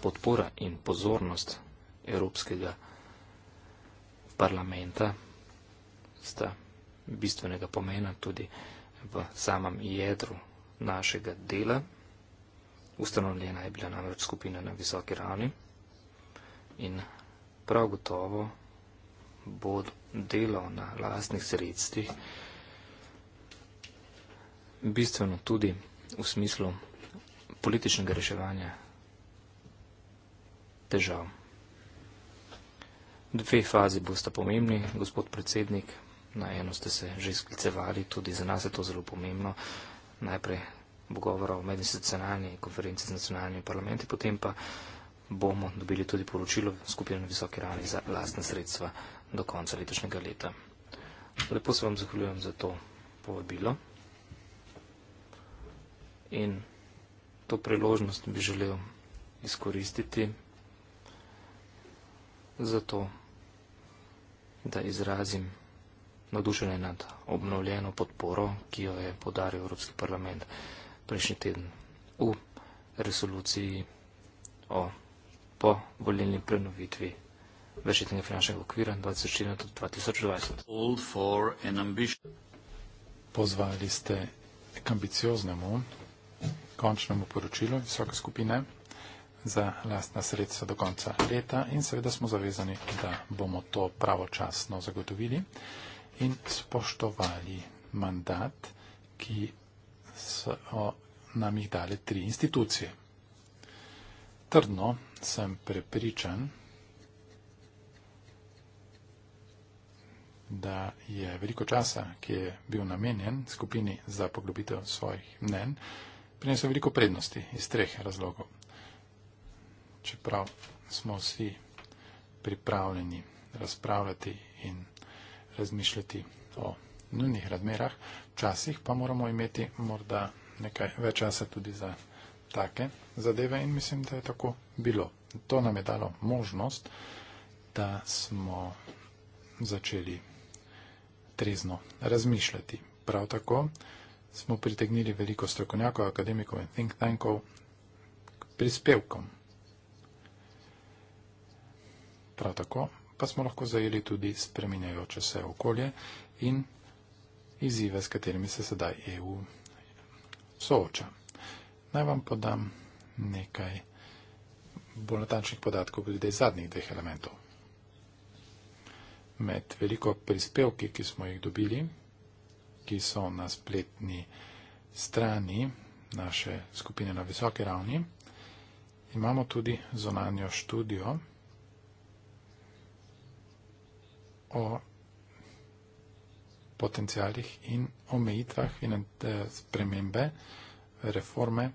podpora in pozornost Evropskega parlamenta sta bistvenega pomena tudi v samem jedru našega dela. Ustanovljena je bila namreč skupina na visoki ravni in prav gotovo bo delo na lastnih sredstvih bistveno tudi v smislu političnega reševanja težav. Dve fazi boste pomembni, gospod predsednik. Na eno ste se že sklicevali, tudi za nas je to zelo pomembno. Najprej bo govora o medinstitucionalni konferenci z nacionalnimi parlamenti, potem pa bomo dobili tudi poročilo skupine visoke ravni za lastne sredstva do konca letošnjega leta. Lepo se vam zahvaljujem za to povabilo in to priložnost bi želel izkoristiti zato, da izrazim nadušenje nad obnovljeno podporo, ki jo je podaril Evropski parlament prejšnji teden v resoluciji o povoljeni prenovitvi večetnega finančnega okvira 2014-2020. Pozvali ste k ambicioznemu končnemu poročilu visoke skupine za lastna sredstva do konca leta in seveda smo zavezani, da bomo to pravočasno zagotovili in spoštovali mandat, ki so nam jih dali tri institucije. Trdno sem prepričan, da je veliko časa, ki je bil namenjen skupini za poglobitev svojih mnen, prinesel veliko prednosti iz treh razlogov čeprav smo vsi pripravljeni razpravljati in razmišljati o nujnih razmerah, včasih pa moramo imeti morda nekaj več časa tudi za take zadeve in mislim, da je tako bilo. To nam je dalo možnost, da smo začeli trezno razmišljati. Prav tako smo pritegnili veliko strokovnjakov, akademikov in think tankov prispevkom Prav tako pa smo lahko zajeli tudi spreminjajoče se okolje in izzive, s katerimi se sedaj EU sooča. Naj vam podam nekaj bolj natančnih podatkov glede zadnjih dveh elementov. Med veliko prispevki, ki smo jih dobili, ki so na spletni strani naše skupine na visoke ravni, imamo tudi zonanjo študijo, o potencijalih in omejitvah in eh, spremembe reforme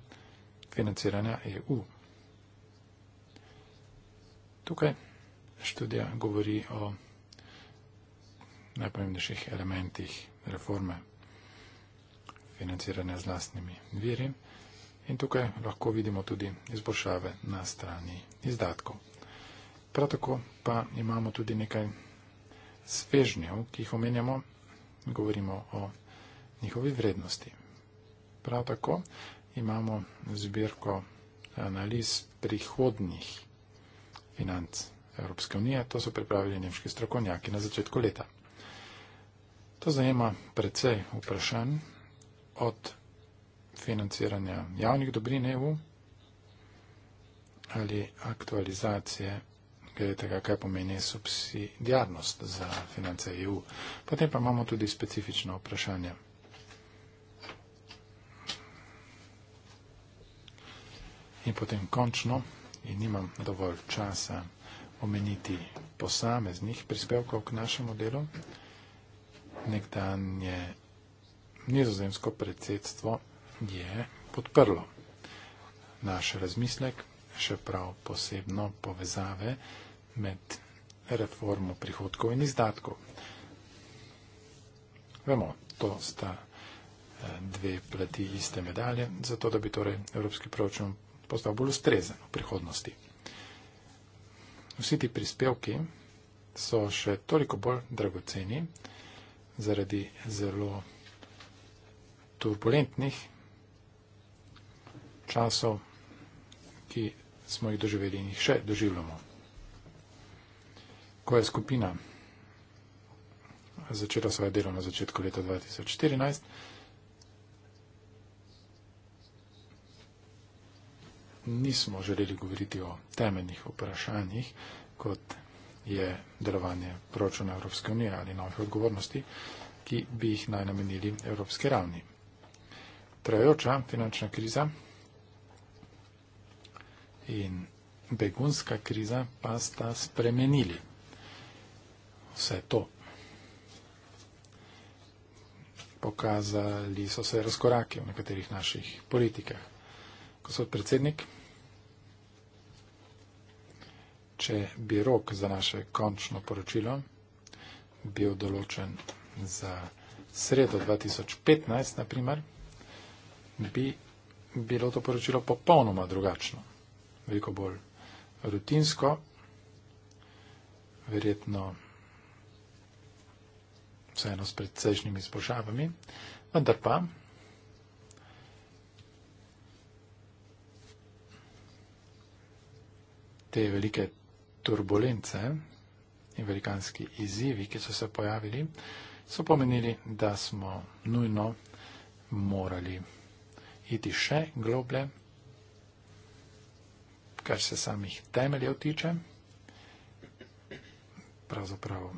financiranja EU. Tukaj študija govori o najpomembnejših elementih reforme financiranja z lastnimi viri in tukaj lahko vidimo tudi izboljšave na strani izdatkov. Prav tako pa imamo tudi nekaj svežnjev, ki jih omenjamo, govorimo o njihovi vrednosti. Prav tako imamo zbirko analiz prihodnih financ Evropske unije, to so pripravili nemški strokovnjaki na začetku leta. To zajema precej vprašanj od financiranja javnih dobrin EU ali aktualizacije glede tega, kaj pomeni subsidijarnost za finance EU. Potem pa imamo tudi specifično vprašanje. In potem končno, in nimam dovolj časa omeniti posameznih prispevkov k našemu delu, nekdanje nizozemsko predsedstvo je podprlo naš razmislek, še prav posebno povezave med reformo prihodkov in izdatkov. Vemo, to sta eh, dve plati iste medalje, zato da bi torej evropski proračun postal bolj ustrezen v prihodnosti. Vsi ti prispevki so še toliko bolj dragoceni zaradi zelo turbulentnih časov, ki smo jih doživeli in jih še doživljamo ko je skupina začela svoje delo na začetku leta 2014, nismo želeli govoriti o temeljnih vprašanjih, kot je delovanje proračuna Evropske unije ali novih odgovornosti, ki bi jih naj namenili evropski ravni. Trajajoča finančna kriza in begunska kriza pa sta spremenili vse to. Pokazali so se razkorake v nekaterih naših politikah. Ko so predsednik, če bi rok za naše končno poročilo bil določen za sredo 2015, naprimer, bi bilo to poročilo popolnoma drugačno, veliko bolj rutinsko, verjetno vseeno s precejšnjimi izboljšavami, vendar pa te velike turbulence in velikanski izzivi, ki so se pojavili, so pomenili, da smo nujno morali iti še globlje, kar se samih temeljev tiče, pravzaprav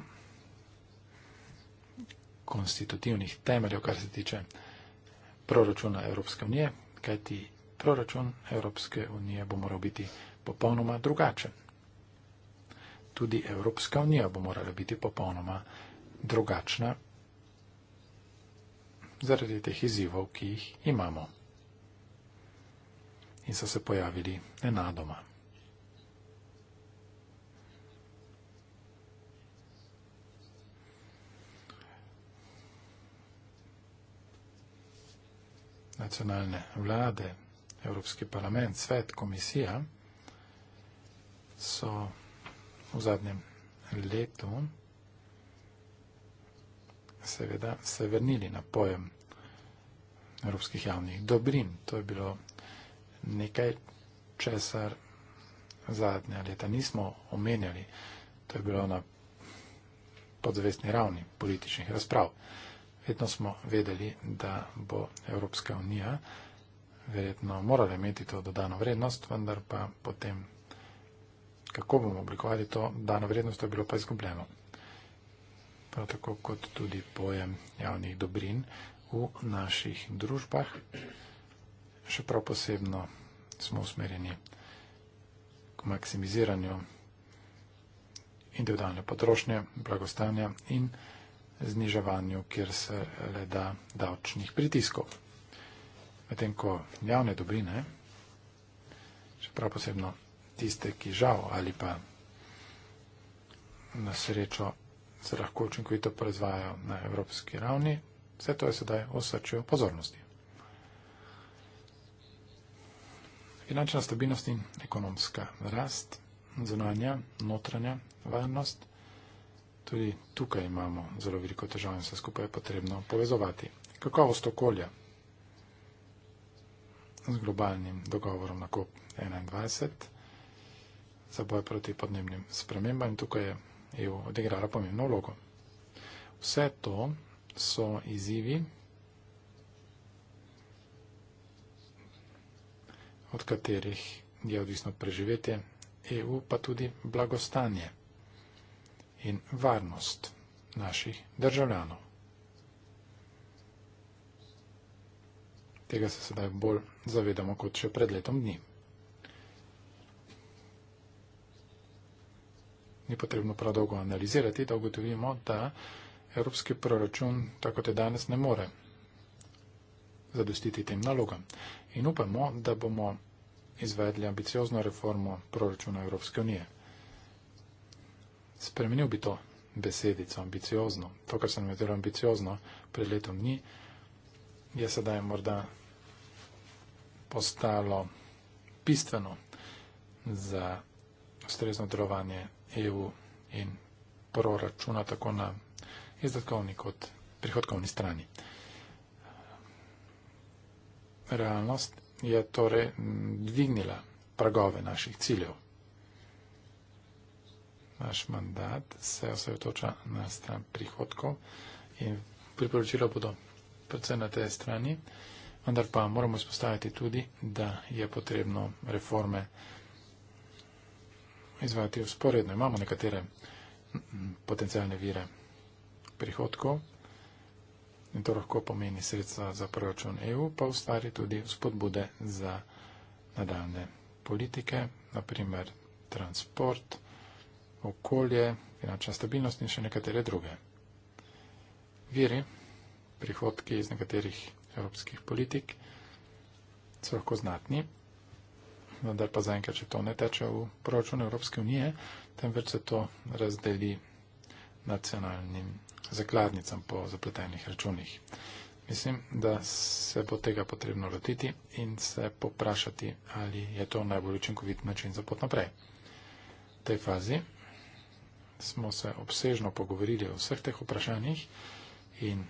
konstitutivnih temeljev, kar se tiče proračuna Evropske unije, kajti proračun Evropske unije bo moral biti popolnoma drugačen. Tudi Evropska unija bo morala biti popolnoma drugačna zaradi teh izzivov, ki jih imamo in so se pojavili nenadoma. nacionalne vlade, Evropski parlament, svet, komisija so v zadnjem letu seveda se vrnili na pojem evropskih javnih dobrin. To je bilo nekaj česar zadnja leta nismo omenjali. To je bilo na podzvestni ravni političnih razprav vedno smo vedeli, da bo Evropska unija verjetno morala imeti to dodano vrednost, vendar pa potem, kako bomo oblikovali to dodano vrednost, to je bilo pa izgubljeno. Prav tako kot tudi pojem javnih dobrin v naših družbah, še prav posebno smo usmerjeni k maksimiziranju individualne potrošnje, blagostanja in potrošnje zniževanju, kjer se le da davčnih pritiskov. Medtem ko javne dobrine, čeprav posebno tiste, ki žal ali pa na srečo se lahko učinkovito proizvajajo na evropski ravni, vse to je sedaj v srčju pozornosti. Finančna stabilnost in ekonomska rast, zunanja, notranja, varnost. Tudi tukaj imamo zelo veliko težav in vse skupaj je potrebno povezovati. Kakovost okolja z globalnim dogovorom na COP21 za boj proti podnebnim spremembam in tukaj je EU odigrala pomembno vlogo. Vse to so izzivi, od katerih je odvisno preživetje EU, pa tudi blagostanje in varnost naših državljanov. Tega se sedaj bolj zavedamo kot še pred letom dni. Ni potrebno prav dolgo analizirati, da ugotovimo, da evropski proračun, tako kot je danes, ne more zadostiti tem nalogam. In upamo, da bomo izvedli ambiciozno reformo proračuna Evropske unije spremenil bi to besedico ambiciozno, to, kar sem imel ambiciozno pred letom dni, je sedaj morda postalo bistveno za ustrezno delovanje EU in proračuna tako na izdatkovni kot prihodkovni strani. Realnost je torej dvignila pragove naših ciljev naš mandat se osredotoča na stran prihodkov in priporočila bodo predvsem na tej strani, vendar pa moramo izpostaviti tudi, da je potrebno reforme izvajati usporedno. Imamo nekatere potencijalne vire prihodkov in to lahko pomeni sredstva za proračun EU, pa ustvari tudi spodbude za nadaljne politike, naprimer transport, transport, okolje, finančna stabilnost in še nekatere druge. Viri, prihodki iz nekaterih evropskih politik so lahko znatni, vendar pa zaenkrat, če to ne teče v proračun Evropske unije, temveč se to razdeli nacionalnim zakladnicam po zapletenih računih. Mislim, da se bo tega potrebno lotiti in se poprašati, ali je to najbolj učinkovit način za pot naprej. V tej fazi smo se obsežno pogovorili o vseh teh vprašanjih in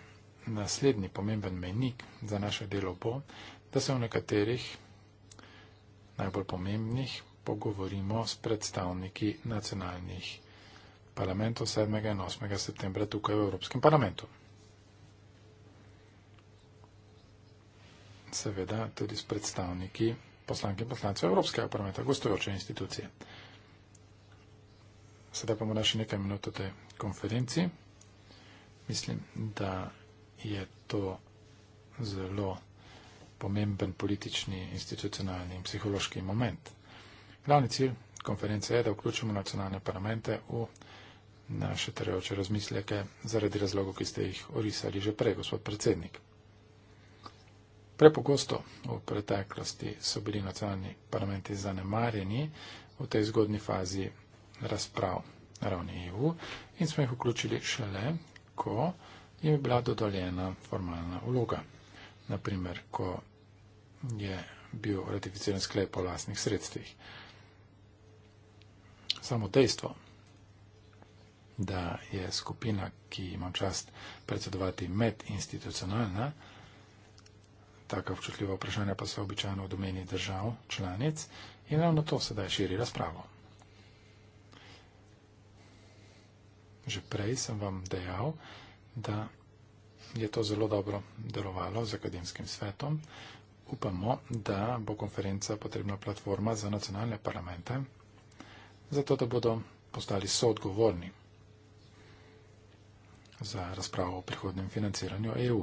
naslednji pomemben menik za naše delo bo, da se v nekaterih najbolj pomembnih pogovorimo s predstavniki nacionalnih parlamentov 7. in 8. septembra tukaj v Evropskem parlamentu. Seveda tudi s predstavniki poslanke in poslancev Evropskega parlamenta, gostujoče institucije. Sedaj pa bomo našli nekaj minut o tej konferenci. Mislim, da je to zelo pomemben politični, institucionalni in psihološki moment. Glavni cilj konference je, da vključimo nacionalne parlamente v naše trajoče razmisleke zaradi razlogov, ki ste jih orisali že prej, gospod predsednik. Prepogosto v preteklosti so bili nacionalni parlamenti zanemarjeni, v tej zgodni fazi razprav na ravni EU in smo jih vključili šele, ko je bila dodoljena formalna vloga. Naprimer, ko je bil ratificiran sklep o vlastnih sredstvih. Samo dejstvo, da je skupina, ki imam čast predsedovati medinstitucionalna, taka občutljiva vprašanja pa so običajno v domeni držav, članic, in ravno to sedaj širi razpravo. že prej sem vam dejal, da je to zelo dobro delovalo z akademskim svetom. Upamo, da bo konferenca potrebna platforma za nacionalne parlamente, zato da bodo postali soodgovorni za razpravo o prihodnem financiranju EU.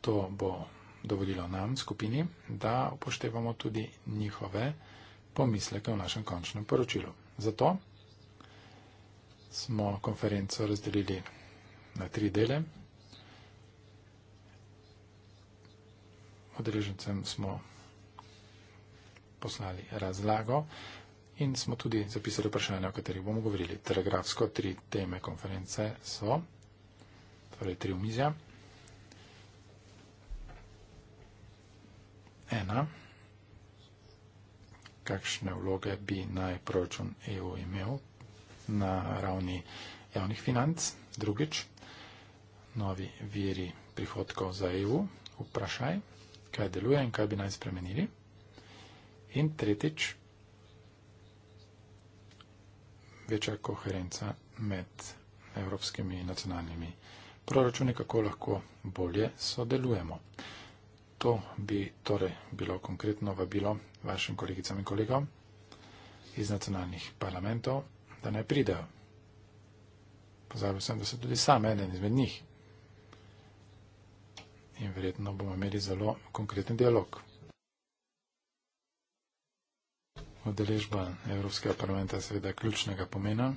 To bo dovolilo nam, skupini, da upoštevamo tudi njihove pomisleke v našem končnem poročilu. Zato smo konferenco razdelili na tri dele. Odrežencem smo poslali razlago in smo tudi zapisali vprašanje, o katerih bomo govorili. Telegrafsko tri teme konference so, torej tri omizja. Ena, kakšne vloge bi naj proračun EU imel na ravni javnih financ. Drugič, novi viri prihodkov za EU, vprašaj, kaj deluje in kaj bi naj spremenili. In tretjič, večja koherenca med evropskimi in nacionalnimi proračuni, kako lahko bolje sodelujemo. To bi torej bilo konkretno vabilo vašim kolegicam in kolegom iz nacionalnih parlamentov da ne pridejo. Pozabil sem, da so tudi sam eden izmed njih. In verjetno bomo imeli zelo konkreten dialog. Odeležba Evropskega parlamenta je seveda ključnega pomena.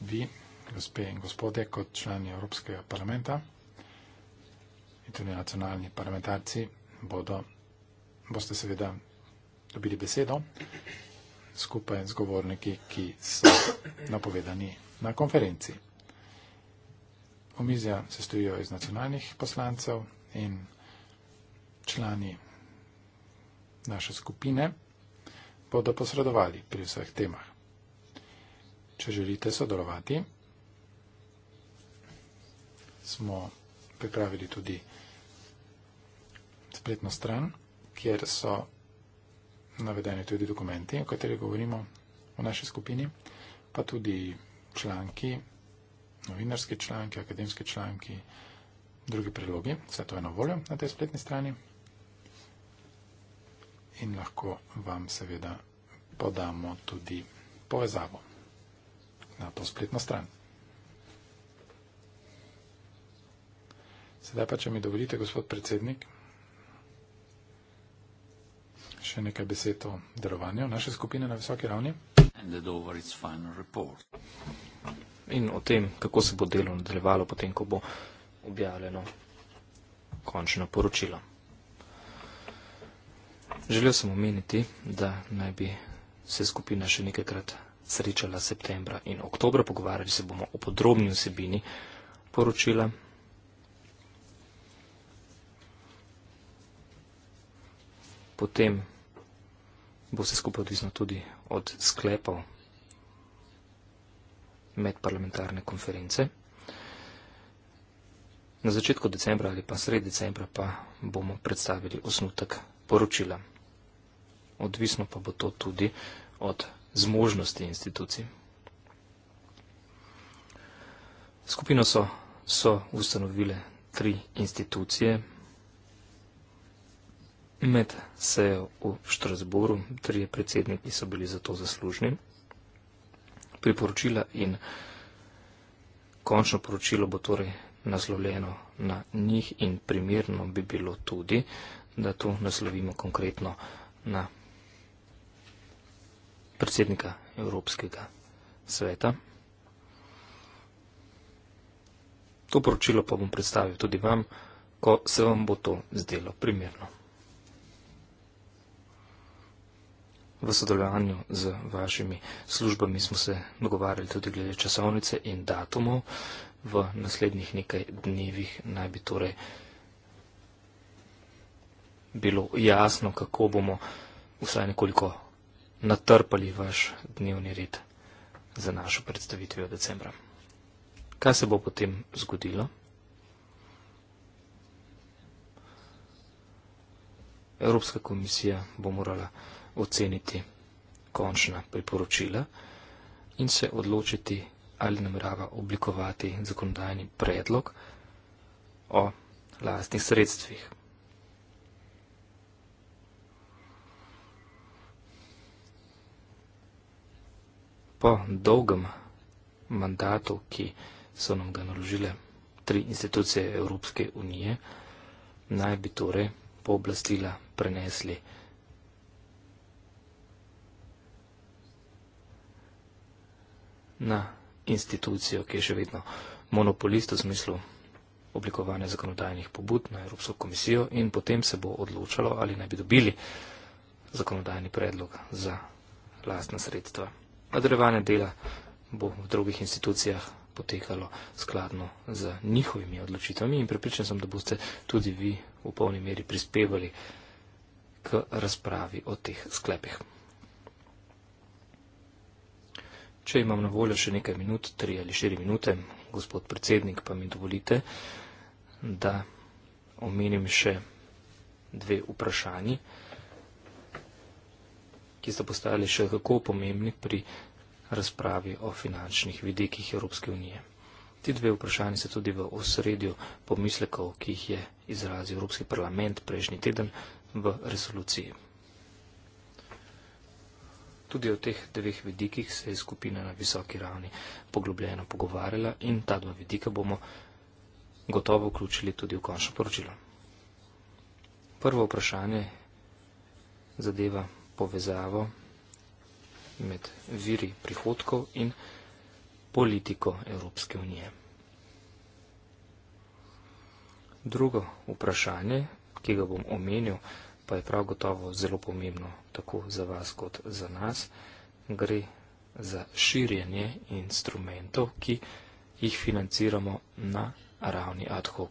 Vi, gospe in gospode, kot člani Evropskega parlamenta in tudi nacionalni parlamentarci, bodo, boste seveda dobili besedo skupaj z govorniki, ki so napovedani na konferenci. Omizja se stojijo iz nacionalnih poslancev in člani naše skupine bodo posredovali pri vseh temah. Če želite sodelovati, smo pripravili tudi spletno stran, kjer so navedeni tudi dokumenti, o katerih govorimo v naši skupini, pa tudi članki, novinarski članki, akademski članki, drugi predlogi. Vse to je na voljo na tej spletni strani in lahko vam seveda podamo tudi povezavo na to spletno stran. Sedaj pa, če mi dovolite, gospod predsednik še nekaj besed o delovanju naše skupine na visoki ravni. In o tem, kako se bo delo nadaljevalo, potem, ko bo objavljeno končno poročilo. Želel sem omeniti, da naj bi se skupina še nekajkrat srečala septembra in oktobra, pogovarjali se bomo o podrobni vsebini poročila. Potem bo vse skupaj odvisno tudi od sklepov medparlamentarne konference. Na začetku decembra ali pa sred decembra pa bomo predstavili osnutek poročila. Odvisno pa bo to tudi od zmožnosti institucij. Skupino so, so ustanovile tri institucije, med sejo v Štrasburu, trije predsedniki so bili za to zaslužni. Priporočila in končno poročilo bo torej naslovljeno na njih in primerno bi bilo tudi, da to naslovimo konkretno na predsednika Evropskega sveta. To poročilo pa bom predstavil tudi vam, ko se vam bo to zdelo primerno. V sodelovanju z vašimi službami smo se dogovarjali tudi glede časovnice in datumov. V naslednjih nekaj dnevih naj bi torej bilo jasno, kako bomo vsaj nekoliko natrpali vaš dnevni red za našo predstavitvijo decembra. Kaj se bo potem zgodilo? Evropska komisija bo morala oceniti končna priporočila in se odločiti, ali namerava oblikovati zakonodajni predlog o lastnih sredstvih. Po dolgem mandatu, ki so nam ga naložile tri institucije Evropske unije, naj bi torej pooblastila prenesli. na institucijo, ki je še vedno monopolist v smislu oblikovanja zakonodajnih pobud na Evropsko komisijo in potem se bo odločalo, ali naj bi dobili zakonodajni predlog za lastna sredstva. Nadrevanje dela bo v drugih institucijah potekalo skladno z njihovimi odločitvami in pripričan sem, da boste tudi vi v polni meri prispevali k razpravi o teh sklepih. Če imam na voljo še nekaj minut, tri ali štiri minute, gospod predsednik, pa mi dovolite, da omenim še dve vprašanji, ki sta postali še kako pomembni pri razpravi o finančnih vidikih Evropske unije. Ti dve vprašanji se tudi v osredju pomislekov, ki jih je izrazil Evropski parlament prejšnji teden v resoluciji. Tudi o teh dveh vidikih se je skupina na visoki ravni poglobljeno pogovarjala in ta dva vidika bomo gotovo vključili tudi v končno poročilo. Prvo vprašanje zadeva povezavo med viri prihodkov in politiko Evropske unije. Drugo vprašanje, ki ga bom omenil, pa je prav gotovo zelo pomembno tako za vas kot za nas, gre za širjenje instrumentov, ki jih financiramo na ravni ad hoc.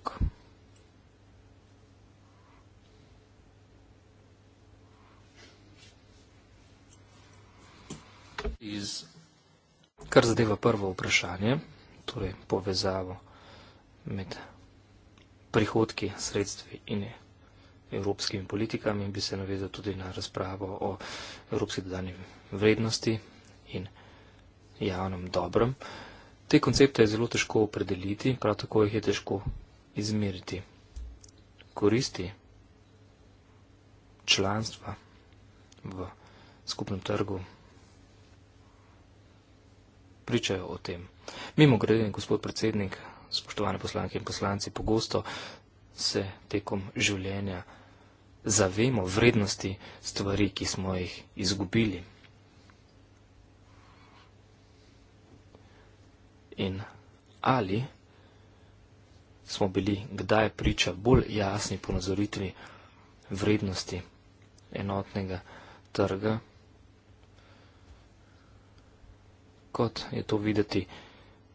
Iz kar zadeva prvo vprašanje, torej povezavo med prihodki, sredstvi in evropskimi politikami in bi se navedel tudi na razpravo o evropski dodani vrednosti in javnem dobrem. Te koncepte je zelo težko opredeliti, prav tako jih je težko izmeriti. Koristi članstva v skupnem trgu pričajo o tem. Mimo grede, gospod predsednik, spoštovane poslanke in poslanci, pogosto se tekom življenja zavemo vrednosti stvari, ki smo jih izgubili. In ali smo bili kdaj priča bolj jasni ponazoritvi vrednosti enotnega trga, kot je to videti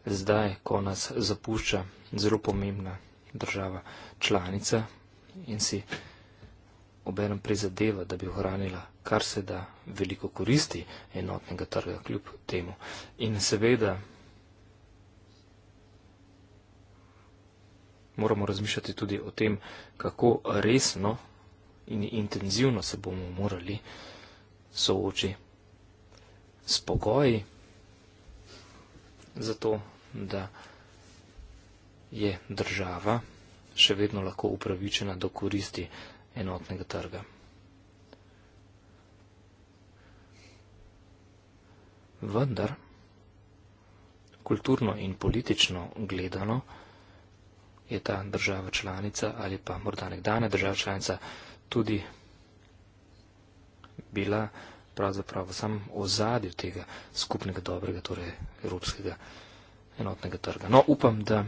zdaj, ko nas zapušča zelo pomembna država članica in si vrednosti obenem prizadeva, da bi ohranila kar se da veliko koristi enotnega trga kljub temu. In seveda moramo razmišljati tudi o tem, kako resno in intenzivno se bomo morali sooči s pogoji za to, da je država še vedno lahko upravičena do koristi enotnega trga. Vendar, kulturno in politično gledano, je ta država članica ali pa morda nekdanja država članica tudi bila pravzaprav v samem ozadju tega skupnega dobrega, torej evropskega enotnega trga. No, upam, da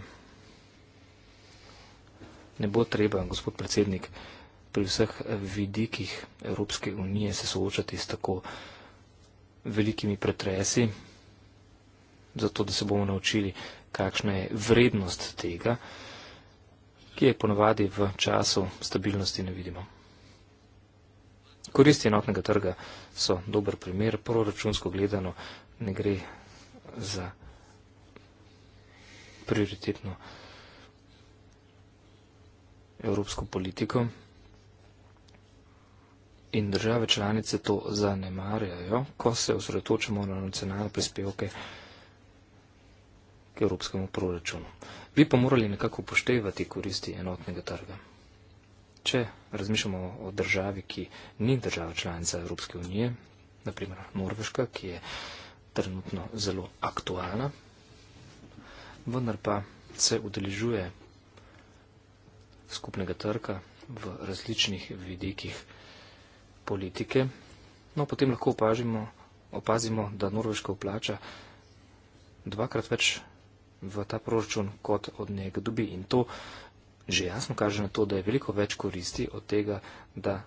ne bo treba, gospod predsednik, pri vseh vidikih Evropske unije se soočati s tako velikimi pretresi, zato da se bomo naučili, kakšna je vrednost tega, ki je ponovadi v času stabilnosti ne vidimo. Koristi enotnega trga so dober primer, proračunsko gledano ne gre za prioritetno evropsko politiko in države članice to zanemarjajo, ko se osredotočamo na nacionalne prispevke k evropskemu proračunu. Bi pa morali nekako upoštevati koristi enotnega trga. Če razmišljamo o državi, ki ni država članica Evropske unije, naprimer Norveška, ki je trenutno zelo aktualna, vendar pa se udeležuje skupnega trga v različnih vidikih politike. No, potem lahko opazimo, opazimo da Norveška vplača dvakrat več v ta proračun, kot od njega dobi. In to že jasno kaže na to, da je veliko več koristi od tega, da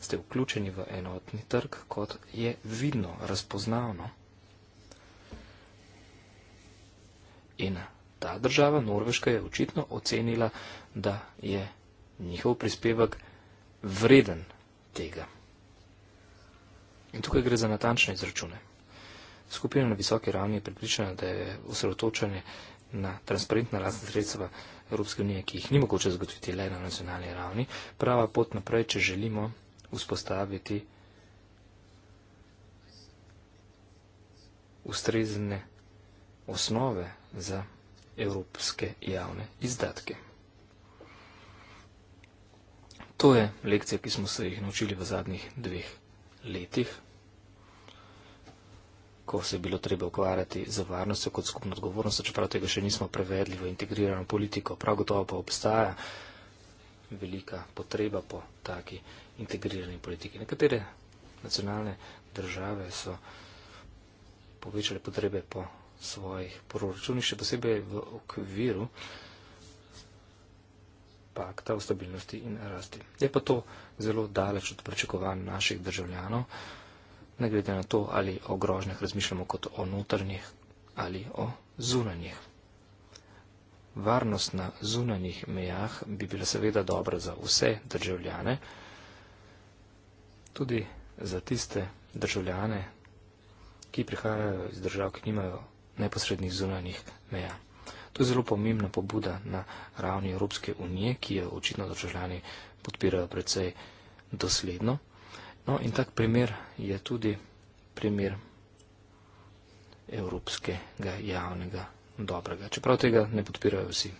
ste vključeni v enotni trg, kot je vidno, razpoznavno. In ta država, Norveška, je očitno ocenila, da je njihov prispevek vreden tega. In tukaj gre za natančne izračune. Skupina na visoki ravni je pripričana, da je osredotočanje na transparentna lastna sredstva Evropske unije, ki jih ni mogoče zagotoviti le na nacionalni ravni, prava pot naprej, če želimo vzpostaviti ustrezne osnove za evropske javne izdatke. To je lekcija, ki smo se jih naučili v zadnjih dveh letih ko se je bilo treba ukvarjati z varnostjo kot skupno odgovornostjo, čeprav tega še nismo prevedli v integrirano politiko. Prav gotovo pa obstaja velika potreba po taki integrirani politiki. Nekatere nacionalne države so povečale potrebe po svojih proračunih, še posebej v okviru pakta o stabilnosti in rasti. Je pa to zelo daleč od pričakovanj naših državljanov ne glede na to, ali o grožnjah razmišljamo kot o notrnih ali o zunanjih. Varnost na zunanjih mejah bi bila seveda dobra za vse državljane, tudi za tiste državljane, ki prihajajo iz držav, ki nimajo neposrednih zunanjih meja. To je zelo pomembna pobuda na ravni Evropske unije, ki jo očitno državljani podpirajo precej dosledno. No, in tak primer je tudi primer evropskega javnega dobrega, čeprav tega ne podpirajo vsi.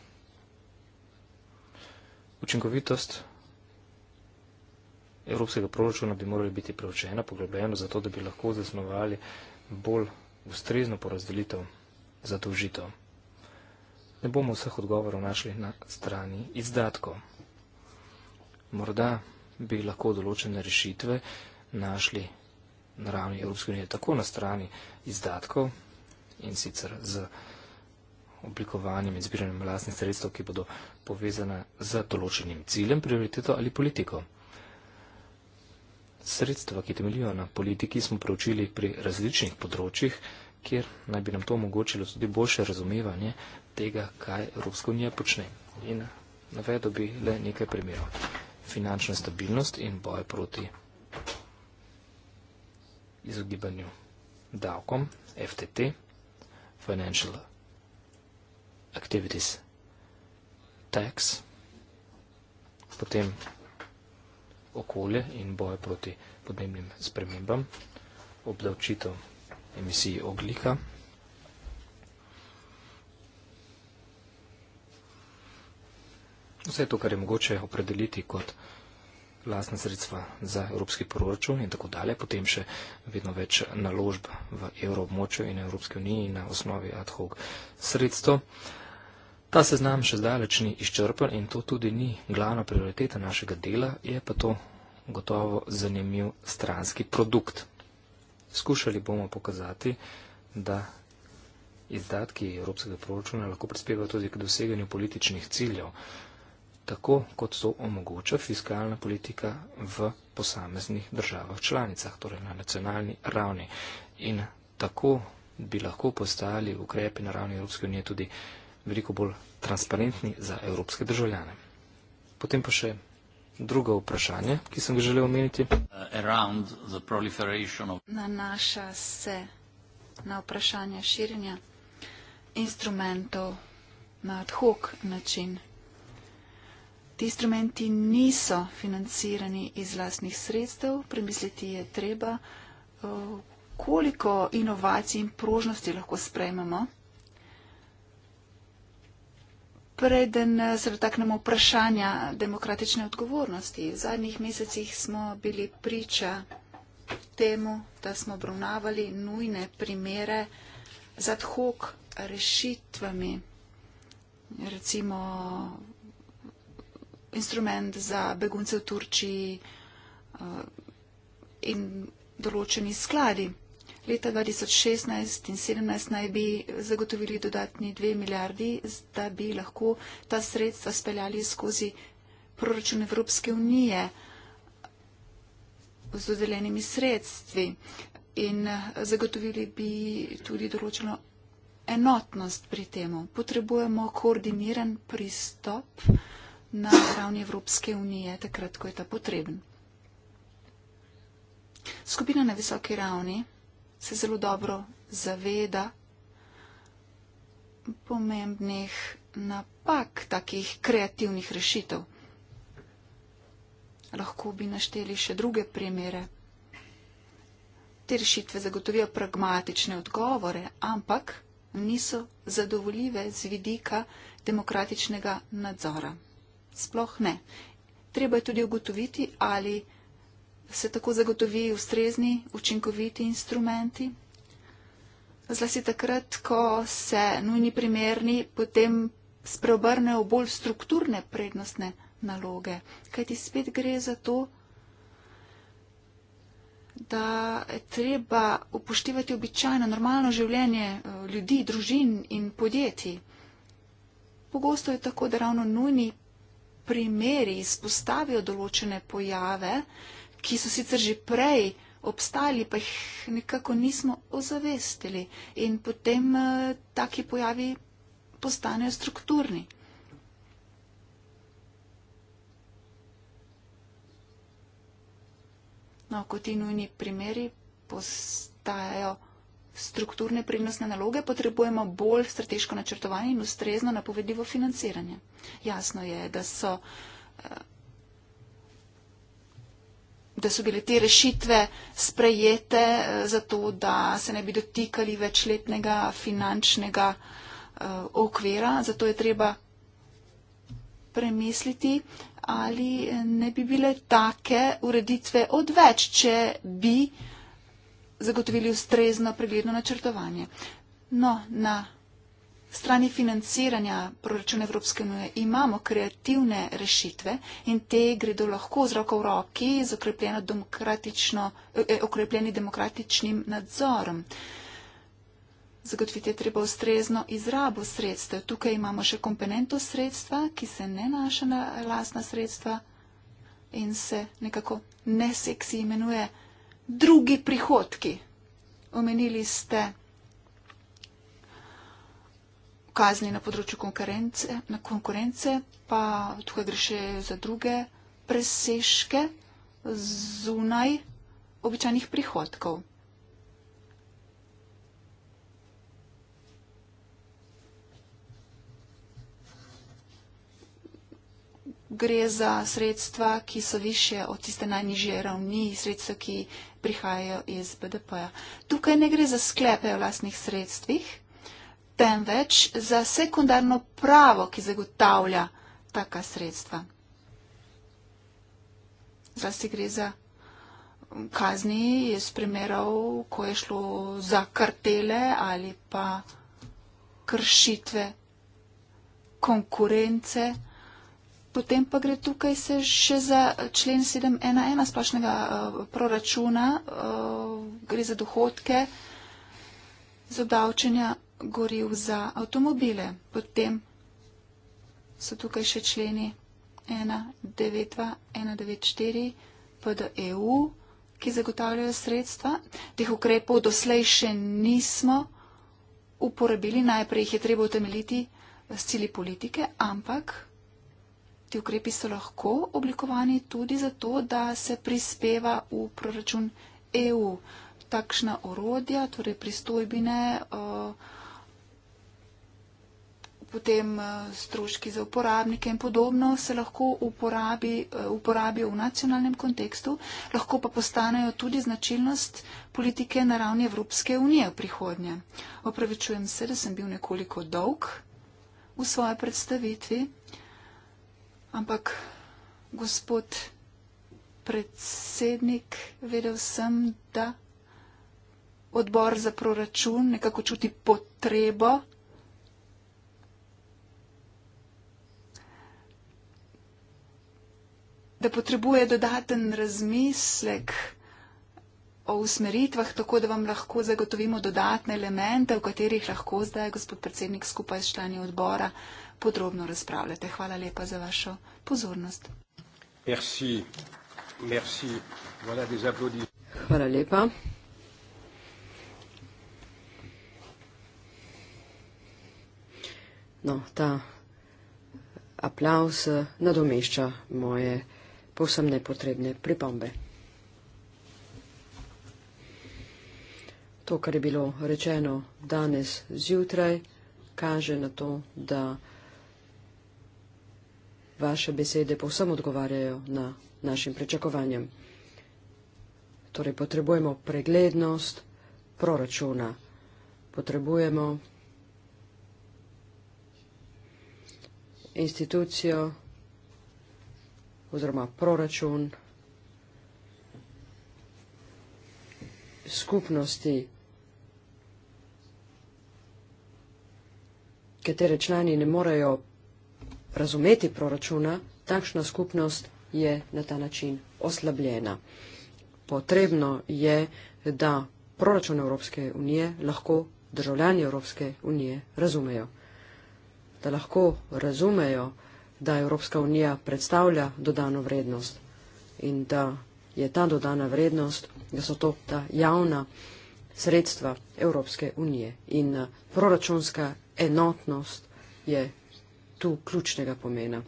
Učinkovitost evropskega proračuna bi morala biti preučena, poglobljena, zato da bi lahko zasnovali bolj ustrezno porazdelitev zadolžitev. Ne bomo vseh odgovorov našli na strani izdatkov. Morda bi lahko določene rešitve našli na ravni Evropske unije, tako na strani izdatkov in sicer z oblikovanjem in zbiranjem vlastnih sredstev, ki bodo povezane z določenim ciljem, prioriteto ali politiko. Sredstva, ki temeljijo na politiki, smo preučili pri različnih področjih, kjer naj bi nam to omogočilo tudi boljše razumevanje tega, kaj Evropska unija počne. In navedo bi le nekaj primerov finančna stabilnost in boj proti izogibanju davkom, FTT, Financial Activities Tax, potem okolje in boj proti podnebnim spremembam, obdavčitev emisij oglika. vse to, kar je mogoče opredeliti kot vlastna sredstva za evropski proračun in tako dalje, potem še vedno več naložb v evroobmočju in Evropske unije na osnovi ad hoc sredstvo. Ta seznam še zdaleč ni izčrpan in to tudi ni glavna prioriteta našega dela, je pa to gotovo zanimiv stranski produkt. Skušali bomo pokazati, da izdatki evropskega proračuna lahko prispevajo tudi k doseganju političnih ciljev tako kot to omogoča fiskalna politika v posameznih državah članicah, torej na nacionalni ravni. In tako bi lahko postali ukrepi na ravni Evropske unije tudi veliko bolj transparentni za evropske državljane. Potem pa še drugo vprašanje, ki sem ga želel omeniti. Uh, of... Nanaša se na vprašanje širjenja instrumentov na odhok način Ti instrumenti niso financirani iz vlastnih sredstev, premisliti je treba, eh, koliko inovacij in prožnosti lahko sprejmemo. Preden eh, se dotaknemo vprašanja demokratične odgovornosti, v zadnjih mesecih smo bili priča temu, da smo obravnavali nujne primere zadhok rešitvami, recimo instrument za begunce v Turčiji eh, in določeni skladi. Leta 2016 in 2017 naj bi zagotovili dodatni dve milijardi, da bi lahko ta sredstva speljali skozi proračun Evropske unije z dodeljenimi sredstvi in eh, zagotovili bi tudi določeno enotnost pri temu. Potrebujemo koordiniran pristop na ravni Evropske unije, takrat, ko je ta potreben. Skupina na visoki ravni se zelo dobro zaveda pomembnih napak takih kreativnih rešitev. Lahko bi našteli še druge primere. Te rešitve zagotovijo pragmatične odgovore, ampak niso zadovoljive z vidika demokratičnega nadzora sploh ne. Treba je tudi ugotoviti, ali se tako zagotovi ustrezni, učinkoviti instrumenti. Zlasti takrat, ko se nujni primerni potem spreobrnejo bolj strukturne prednostne naloge. Kaj ti spet gre za to, da je treba upoštevati običajno normalno življenje eh, ljudi, družin in podjetij. Pogosto je tako, da ravno nujni primeri izpostavijo določene pojave, ki so sicer že prej obstajali, pa jih nekako nismo ozavestili in potem eh, taki pojavi postanejo strukturni. No, kot in nujni primeri postajajo strukturne prednostne naloge, potrebujemo bolj strateško načrtovanje in ustrezno napovedljivo financiranje. Jasno je, da so, eh, da so bile te rešitve sprejete eh, zato, da se ne bi dotikali večletnega finančnega eh, okvira, zato je treba premisliti, ali ne bi bile take ureditve odveč, če bi zagotovili ustrezno pregledno načrtovanje. No, na strani financiranja proračuna Evropske unije imamo kreativne rešitve in te gredo lahko z roko v roki z eh, eh, okrepljenim demokratičnim nadzorom. Zagotoviti je treba ustrezno izrabo sredstev. Tukaj imamo še komponento sredstva, ki se ne naša na lasna sredstva in se nekako neseksi imenuje drugi prihodki. Omenili ste kazni na področju konkurence, na konkurence pa tukaj gre še za druge presežke zunaj običajnih prihodkov. gre za sredstva, ki so više od tiste najnižje ravni, sredstva, ki prihajajo iz BDP-ja. Tukaj ne gre za sklepe o vlastnih sredstvih, temveč za sekundarno pravo, ki zagotavlja taka sredstva. Zlasti gre za kazni iz primerov, ko je šlo za kartele ali pa kršitve konkurence. Potem pa gre tukaj se še za člen 7.1.1 splošnega eh, proračuna, eh, gre za dohodke, za davčenja goriv za avtomobile. Potem so tukaj še členi 1.9.2.1.9.4 PDEU, ki zagotavljajo sredstva. Teh ukrepov doslej še nismo uporabili, najprej jih je treba utemeliti s cili politike, ampak. Ti ukrepi so lahko oblikovani tudi zato, da se prispeva v proračun EU. Takšna orodja, torej pristojbine, eh, potem eh, stroški za uporabnike in podobno se lahko uporabi, eh, uporabijo v nacionalnem kontekstu, lahko pa postanejo tudi značilnost politike na ravni Evropske unije v prihodnje. Opravičujem se, da sem bil nekoliko dolg v svoje predstavitvi. Ampak, gospod predsednik, vedel sem, da odbor za proračun nekako čuti potrebo. da potrebuje dodaten razmislek o usmeritvah, tako da vam lahko zagotovimo dodatne elemente, v katerih lahko zdaj, gospod predsednik, skupaj s člani odbora uh, podrobno razpravljate. Hvala lepa za vašo pozornost. Merci. Merci. Voilà des Hvala lepa. No, ta aplavz eh, nadomešča moje povsem nepotrebne pripombe. To, kar je bilo rečeno danes zjutraj, kaže na to, da vaše besede povsem odgovarjajo na našim pričakovanjem. Torej, potrebujemo preglednost proračuna. Potrebujemo institucijo oziroma proračun skupnosti, katere člani ne morejo razumeti proračuna, takšna skupnost je na ta način oslabljena. Potrebno je, da proračun Evropske unije lahko državljani Evropske unije razumejo. Da lahko razumejo, da Evropska unija predstavlja dodano vrednost in da je ta dodana vrednost, da so to ta javna sredstva Evropske unije. In eh, proračunska enotnost je tu ključnega pomena.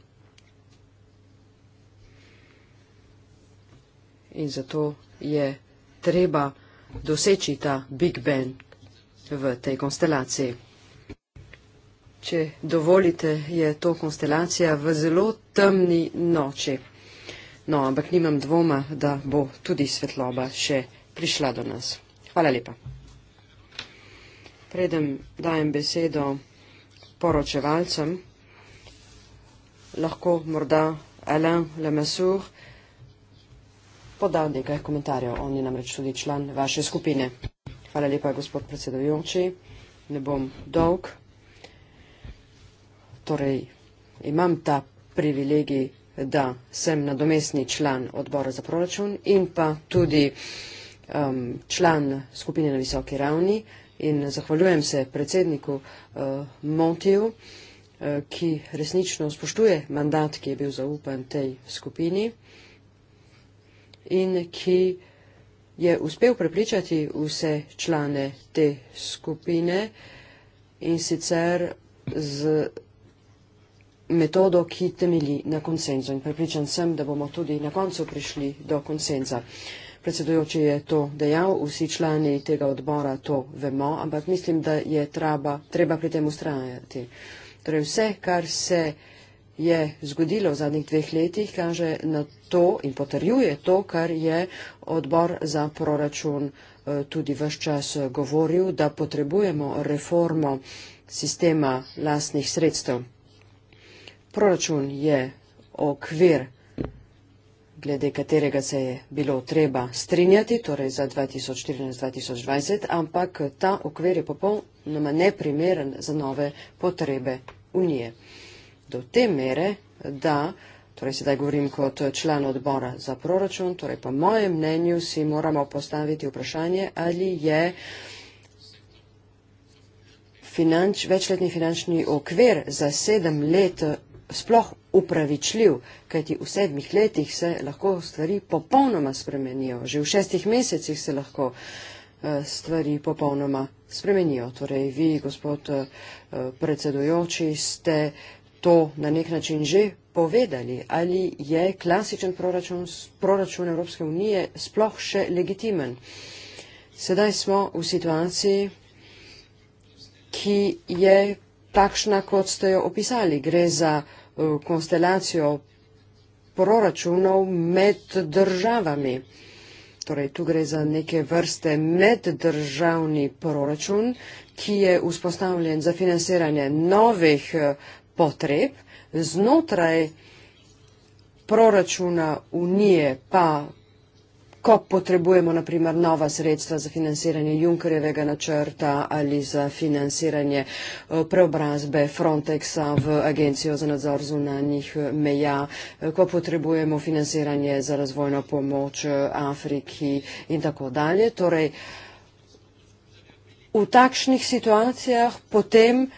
In zato je treba doseči ta Big Ben v tej konstelaciji. Če dovolite, je to konstelacija v zelo temni noči. No, ampak nimam dvoma, da bo tudi svetloba še prišla do nas. Hvala lepa. Predem dajem besedo poročevalcem lahko morda Alain Lemesur poda nekaj komentarjev. On je namreč tudi član vaše skupine. Hvala lepa, gospod predsedujoči. Ne bom dolg. Torej, imam ta privilegij, da sem nadomestni član odbora za proračun in pa tudi um, član skupine na visoki ravni. In zahvaljujem se predsedniku uh, Montiju. Eh, ki resnično spoštuje mandat, ki je bil zaupan tej skupini in ki je uspel prepričati vse člane te skupine in sicer z metodo, ki temelji na konsenzu. In prepričan sem, da bomo tudi na koncu prišli do konsenza. Predsedujoči je to dejal, vsi člani tega odbora to vemo, ampak mislim, da je treba, treba pri tem ustrajati. Uh, Torej vse, kar se je zgodilo v zadnjih dveh letih, kaže na to in potrjuje to, kar je odbor za proračun eh, tudi vse čas eh, govoril, da potrebujemo reformo sistema lastnih sredstev. Proračun je okvir, glede katerega se je bilo treba strinjati, torej za 2014-2020, ampak ta okvir je popolnoma neprimeren za nove potrebe unije. Do te mere, da, torej sedaj govorim kot član odbora za proračun, torej po mojem mnenju si moramo postaviti vprašanje, ali je finanč, večletni finančni okvir za sedem let sploh upravičljiv, kajti v sedmih letih se lahko stvari popolnoma spremenijo, že v šestih mesecih se lahko spremenijo Eh, stvari popolnoma spremenijo. Torej, vi, gospod eh, predsedujoči, ste to na nek način že povedali. Ali je klasičen proračun, proračun Evropske unije sploh še legitimen? Sedaj smo v situaciji, ki je takšna, kot ste jo opisali. Gre za eh, konstelacijo proračunov med državami torej tu gre za neke vrste meddržavni proračun, ki je vzpostavljen za financiranje novih eh, potreb, znotraj proračuna Unije pa ko potrebujemo naprimer nova sredstva za financiranje Junkerjevega načrta ali za financiranje eh, preobrazbe Frontexa v Agencijo za nadzor zunanjih eh, meja, eh, ko potrebujemo financiranje za razvojno pomoč Afriki in tako dalje. Torej, v takšnih situacijah potem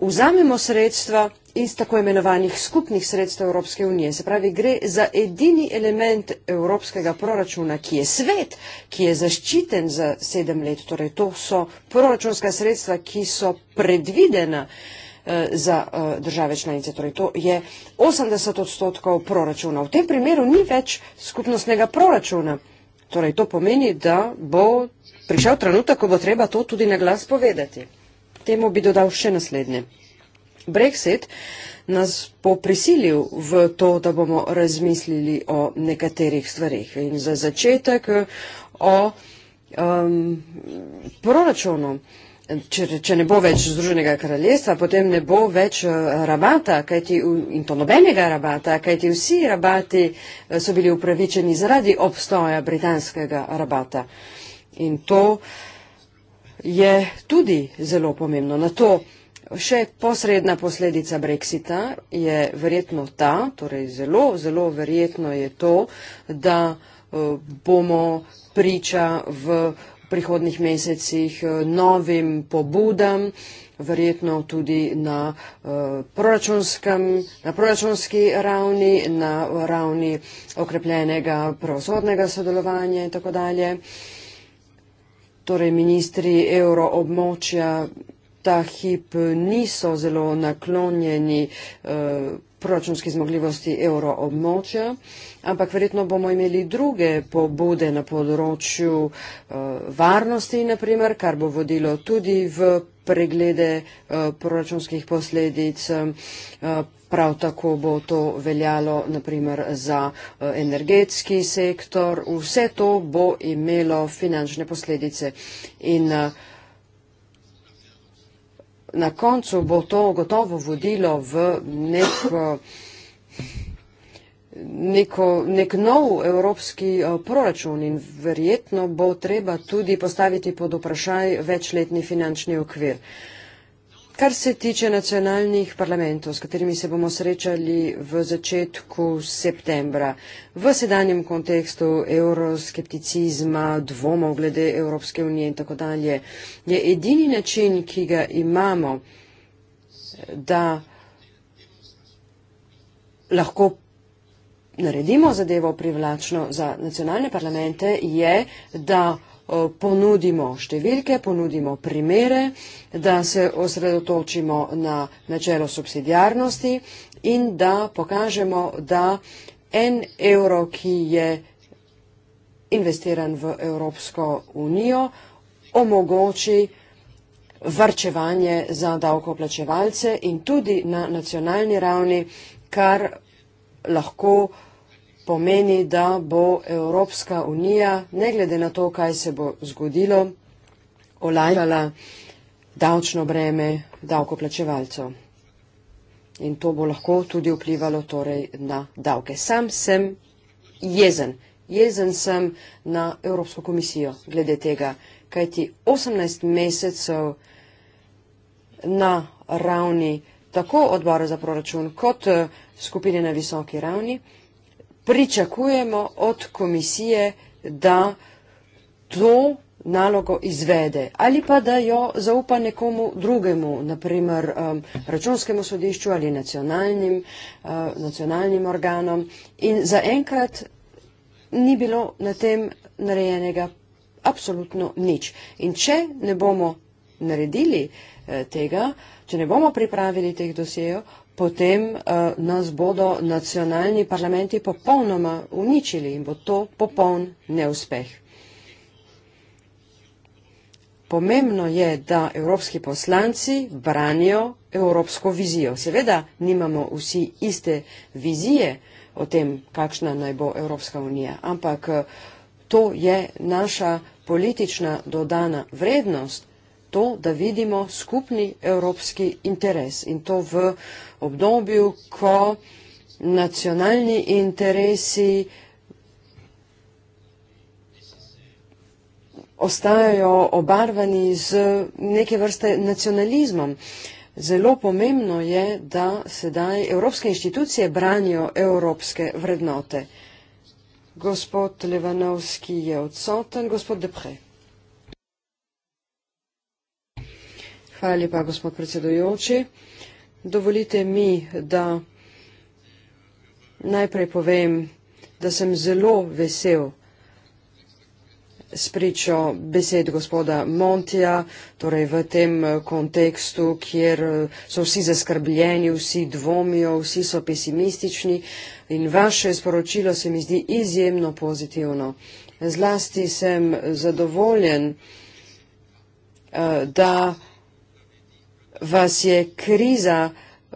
vzamemo sredstva iz tako imenovanih skupnih sredstev Evropske unije. Se pravi, gre za edini element evropskega proračuna, ki je svet, ki je zaščiten za sedem let. Torej, to so proračunska sredstva, ki so predvidena eh, za eh, države članice. Torej, to je 80 odstotkov proračuna. V tem primeru ni več skupnostnega proračuna. Torej, to pomeni, da bo prišel trenutek, ko bo treba to tudi na glas povedati temu bi dodal še naslednje. Brexit nas bo prisilil v to, da bomo razmislili o nekaterih stvarih in za začetek o um, proračunu. Če, če ne bo več Združenega kraljestva, potem ne bo več eh, rabata, kajti, in to nobenega rabata, kajti vsi rabati eh, so bili upravičeni zaradi obstoja britanskega rabata. In to uh, je tudi zelo pomembno. Na to še posredna posledica Brexita je verjetno ta, torej zelo, zelo verjetno je to, da eh, bomo priča v prihodnih mesecih eh, novim pobudam, verjetno tudi na, eh, na proračunski ravni, na ravni okrepljenega pravosodnega sodelovanja in tako dalje torej ministri euroobmočja ta hip niso zelo naklonjeni eh, proračunski zmogljivosti euroobmočja, ampak verjetno bomo imeli druge pobude na področju eh, varnosti, naprimer, kar bo vodilo tudi v preglede uh, proračunskih posledic. Uh, prav tako bo to veljalo naprimer za uh, energetski sektor. Vse to bo imelo finančne posledice. In, uh, Na koncu bo to gotovo vodilo v neko neko, nek nov evropski eh, proračun in verjetno bo treba tudi postaviti pod vprašaj večletni finančni okvir. Kar se tiče nacionalnih parlamentov, s katerimi se bomo srečali v začetku septembra, v sedanjem kontekstu euroskepticizma, dvomov glede Evropske unije in tako dalje, je edini način, ki ga imamo, da lahko naredimo zadevo privlačno za nacionalne parlamente, je, da ponudimo številke, ponudimo primere, da se osredotočimo na načelo subsidijarnosti in da pokažemo, da en evro, ki je investiran v Evropsko unijo, omogoči varčevanje za davkoplačevalce in tudi na nacionalni ravni, kar lahko pomeni, da bo Evropska unija, ne glede na to, kaj se bo zgodilo, olajšala davčno breme davkoplačevalcev. In to bo lahko tudi vplivalo torej na davke. Sam sem jezen. Jezen sem na Evropsko komisijo glede tega, kajti 18 mesecev na ravni tako odbora za proračun kot eh, skupine na visoki ravni pričakujemo od komisije, da to nalogo izvede ali pa da jo zaupa nekomu drugemu, naprimer um, računskemu sodišču ali nacionalnim, uh, nacionalnim organom. In zaenkrat ni bilo na tem narejenega absolutno nič. In če ne bomo naredili eh, tega, če ne bomo pripravili teh dosjejev, potem uh, nas bodo nacionalni parlamenti popolnoma uničili in bo to popoln neuspeh. Pomembno je, da evropski poslanci branijo evropsko vizijo. Seveda nimamo vsi iste vizije o tem, kakšna naj bo Evropska unija, ampak eh, to je naša politična dodana vrednost, to, da vidimo skupni evropski interes in to v obdobju, ko nacionalni interesi ostajajo obarvani z neke vrste nacionalizmom. Zelo pomembno je, da sedaj evropske inštitucije branijo evropske vrednote. Gospod Levanovski je odsoten, gospod Depre. Hvala lepa, gospod predsedujoči. Dovolite mi, da najprej povem, da sem zelo vesel spričo besed gospoda Montija, torej v tem eh, kontekstu, kjer eh, so vsi zaskrbljeni, vsi dvomijo, vsi so pesimistični in vaše sporočilo se mi zdi izjemno pozitivno. Zlasti sem zadovoljen, eh, da vas je kriza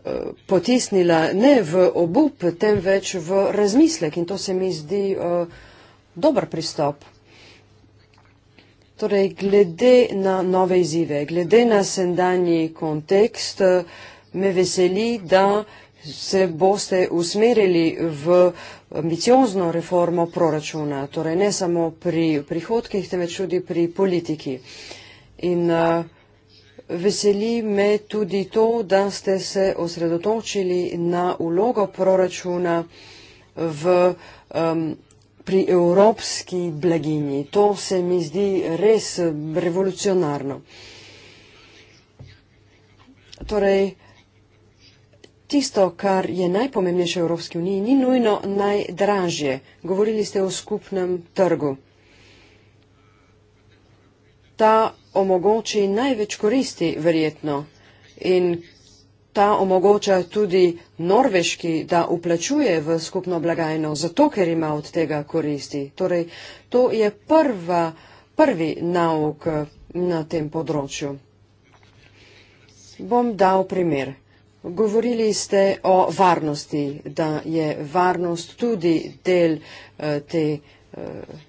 eh, potisnila ne v obup, temveč v razmislek in to se mi zdi eh, dober pristop. Torej, glede na nove izzive, glede na sendanji kontekst, eh, me veseli, da se boste usmerili v ambiciozno reformo proračuna, torej ne samo pri prihodkih, temveč tudi pri politiki. In uh, Veseli me tudi to, da ste se osredotočili na ulogo proračuna v, um, pri evropski blaginji. To se mi zdi res revolucionarno. Torej, tisto, kar je najpomembnejše v Evropski uniji, ni nujno najdražje. Govorili ste o skupnem trgu ta omogoči največ koristi, verjetno. In ta omogoča tudi norveški, da uplačuje v skupno blagajno, zato ker ima od tega koristi. Torej, to je prva, prvi nauk na tem področju. Bom dal primer. Govorili ste o varnosti, da je varnost tudi del eh, te eh,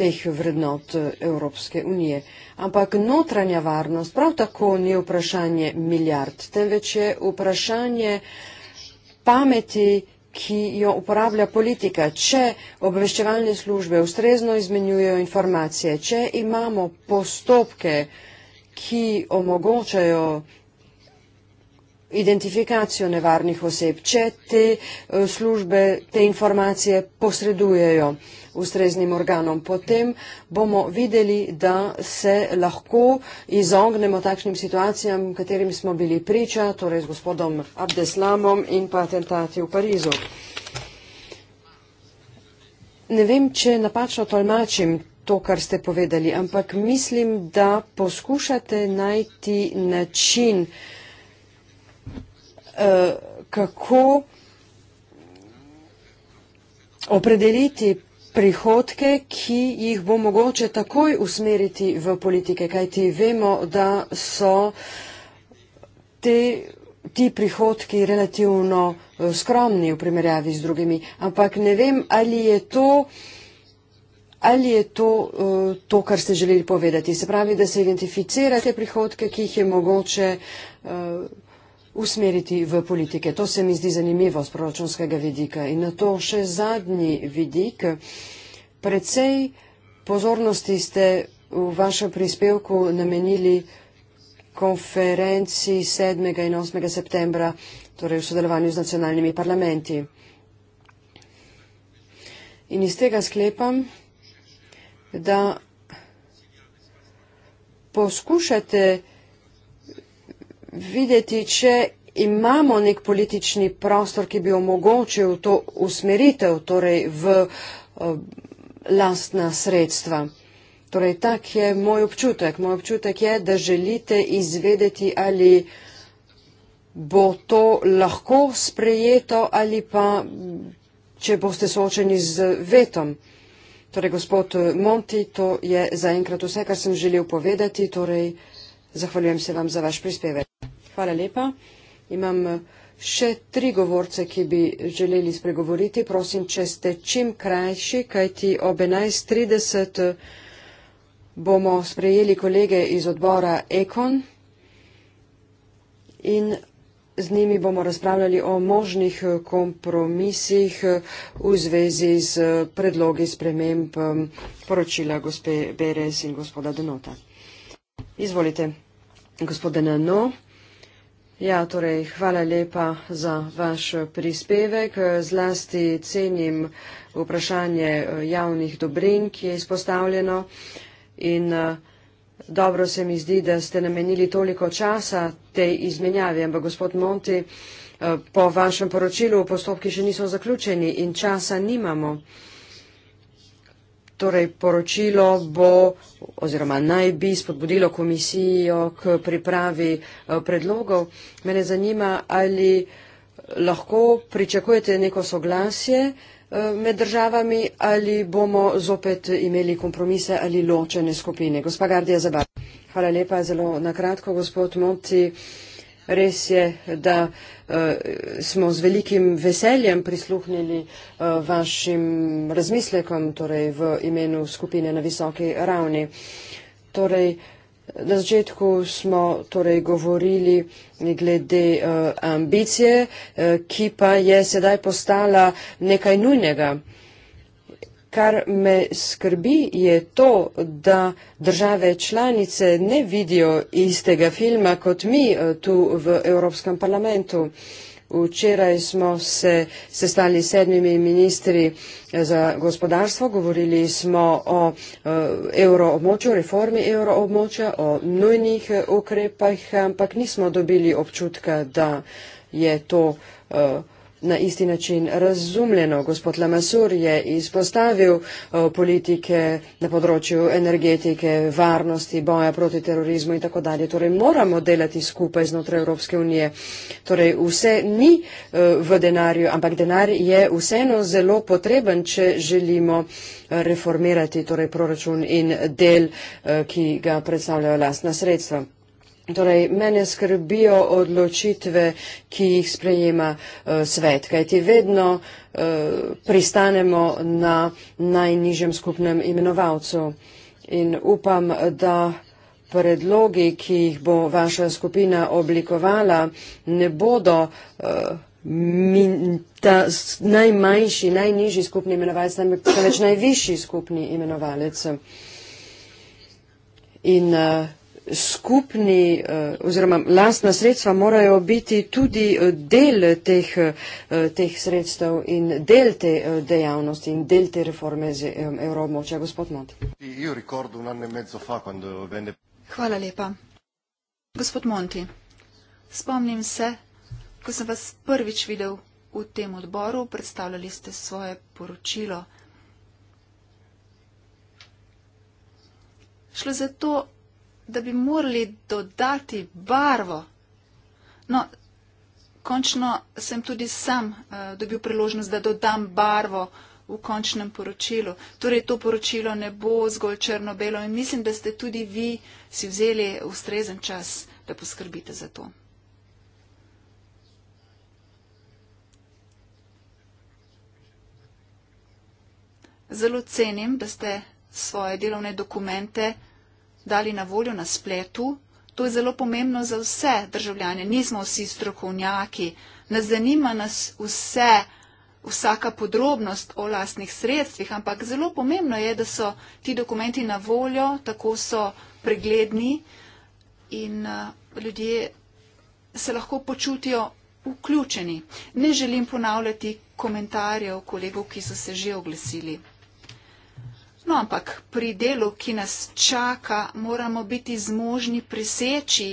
teh vrednot eh, Evropske unije. Ampak notranja varnost prav tako ni vprašanje milijard, temveč je vprašanje pameti, ki jo uporablja politika. Če obveščevalne službe ustrezno izmenjujejo informacije, če imamo postopke, ki omogočajo identifikacijo nevarnih oseb, če te eh, službe, te informacije posredujejo ustreznim organom. Potem bomo videli, da se lahko izognemo takšnim situacijam, katerim smo bili priča, torej z gospodom Abdeslamom in pa atentati v Parizu. Ne vem, če napačno tolmačim to, kar ste povedali, ampak mislim, da poskušate najti način, Eh, kako opredeliti prihodke, ki jih bo mogoče takoj usmeriti v politike, kajti vemo, da so te, ti prihodki relativno eh, skromni v primerjavi z drugimi, ampak ne vem, ali je to ali je to eh, to, kar ste želeli povedati. Se pravi, da se identificira te prihodke, ki jih je mogoče usmeriti v politike. To se mi zdi zanimivo z proračunskega vidika. In na to še zadnji vidik. Predvsej pozornosti ste v vašem prispevku namenili konferenci 7. in 8. septembra, torej v sodelovanju z nacionalnimi parlamenti. In iz tega sklepam, da poskušate videti, če imamo nek politični prostor, ki bi omogočil to usmeritev torej v eh, lastna sredstva. Torej, tak je moj občutek. Moj občutek je, da želite izvedeti, ali bo to lahko sprejeto ali pa, če boste soočeni z vetom. Torej, gospod Monti, to je zaenkrat vse, kar sem želel povedati. Torej, zahvaljujem se vam za vaš prispevek. Hvala lepa. Imam eh, še tri govorce, ki bi želeli spregovoriti. Prosim, če ste čim krajši, kajti ob 11.30 eh, bomo sprejeli kolege iz odbora Ekon in z njimi bomo razpravljali o možnih eh, kompromisih v zvezi z predlogi sprememb poročila gospe Beres in gospoda Denota. Izvolite, gospod Denano. Ja, torej, hvala lepa za vaš prispevek. Zlasti cenim vprašanje eh, javnih dobrin, ki je izpostavljeno in eh, dobro se mi zdi, da ste namenili toliko časa tej izmenjavi, ampak gospod Monti, eh, po vašem poročilu postopki še niso zaključeni in časa nimamo. Torej, poročilo bo oziroma naj bi spodbudilo komisijo k pripravi eh, predlogov. Mene zanima, ali lahko pričakujete neko soglasje eh, med državami ali bomo zopet imeli kompromise ali ločene skupine. Gospa Gardija Zabar. Hvala lepa, zelo nakratko, gospod Moti res je, da eh, smo z velikim veseljem prisluhnili eh, vašim razmislekom, torej v imenu skupine na visoki ravni. Torej, na začetku smo torej govorili glede eh, ambicije, ki pa je sedaj postala nekaj nujnega. Kar me skrbi je to, da države članice ne vidijo istega filma kot mi eh, tu v Evropskem parlamentu. Včeraj smo se sestali s sedmimi ministri eh, za gospodarstvo, govorili smo o eh, evroobmočju, reformi evroobmočja, o nujnih ukrepah, ampak nismo dobili občutka, da je to. Uh, Na isti način razumljeno, gospod Lamasur je izpostavil politike na področju energetike, varnosti, boja proti terorizmu in tako dalje. Torej moramo delati skupaj znotraj Evropske unije. Torej vse ni v denarju, ampak denar je vseeno zelo potreben, če želimo reformirati torej proračun in del, ki ga predstavljajo lastna sredstva. Torej, mene skrbijo odločitve, ki jih sprejema uh, svet, kajti vedno uh, pristanemo na najnižjem skupnem imenovalcu. In upam, da predlogi, ki jih bo vaša skupina oblikovala, ne bodo. Uh, Min, ta najmanjši, najnižji skupni imenovalec, največ najvišji skupni imenovalec. In uh, skupni eh, oziroma lastna sredstva morajo biti tudi eh, del teh, eh, teh sredstev in del te dejavnosti in del te reforme z evroobmočja. Gospod Mont. E Hvala lepa. Gospod Monti, spomnim se, ko sem vas prvič videl v tem odboru, predstavljali ste svoje poročilo. Šlo za to, da bi morali dodati barvo. No, končno sem tudi sam uh, dobil priložnost, da dodam barvo v končnem poročilu. Torej, to poročilo ne bo zgolj črno-belo in mislim, da ste tudi vi si vzeli ustrezen čas, da poskrbite za to. Zelo cenim, da ste svoje delovne dokumente dali na voljo na spletu. To je zelo pomembno za vse državljane. Nismo vsi strokovnjaki. Ne zanima nas vse, vsaka podrobnost o lastnih sredstvih, ampak zelo pomembno je, da so ti dokumenti na voljo, tako so pregledni in uh, ljudje se lahko počutijo vključeni. Ne želim ponavljati komentarjev kolegov, ki so se že oglesili. No, ampak pri delu, ki nas čaka, moramo biti zmožni preseči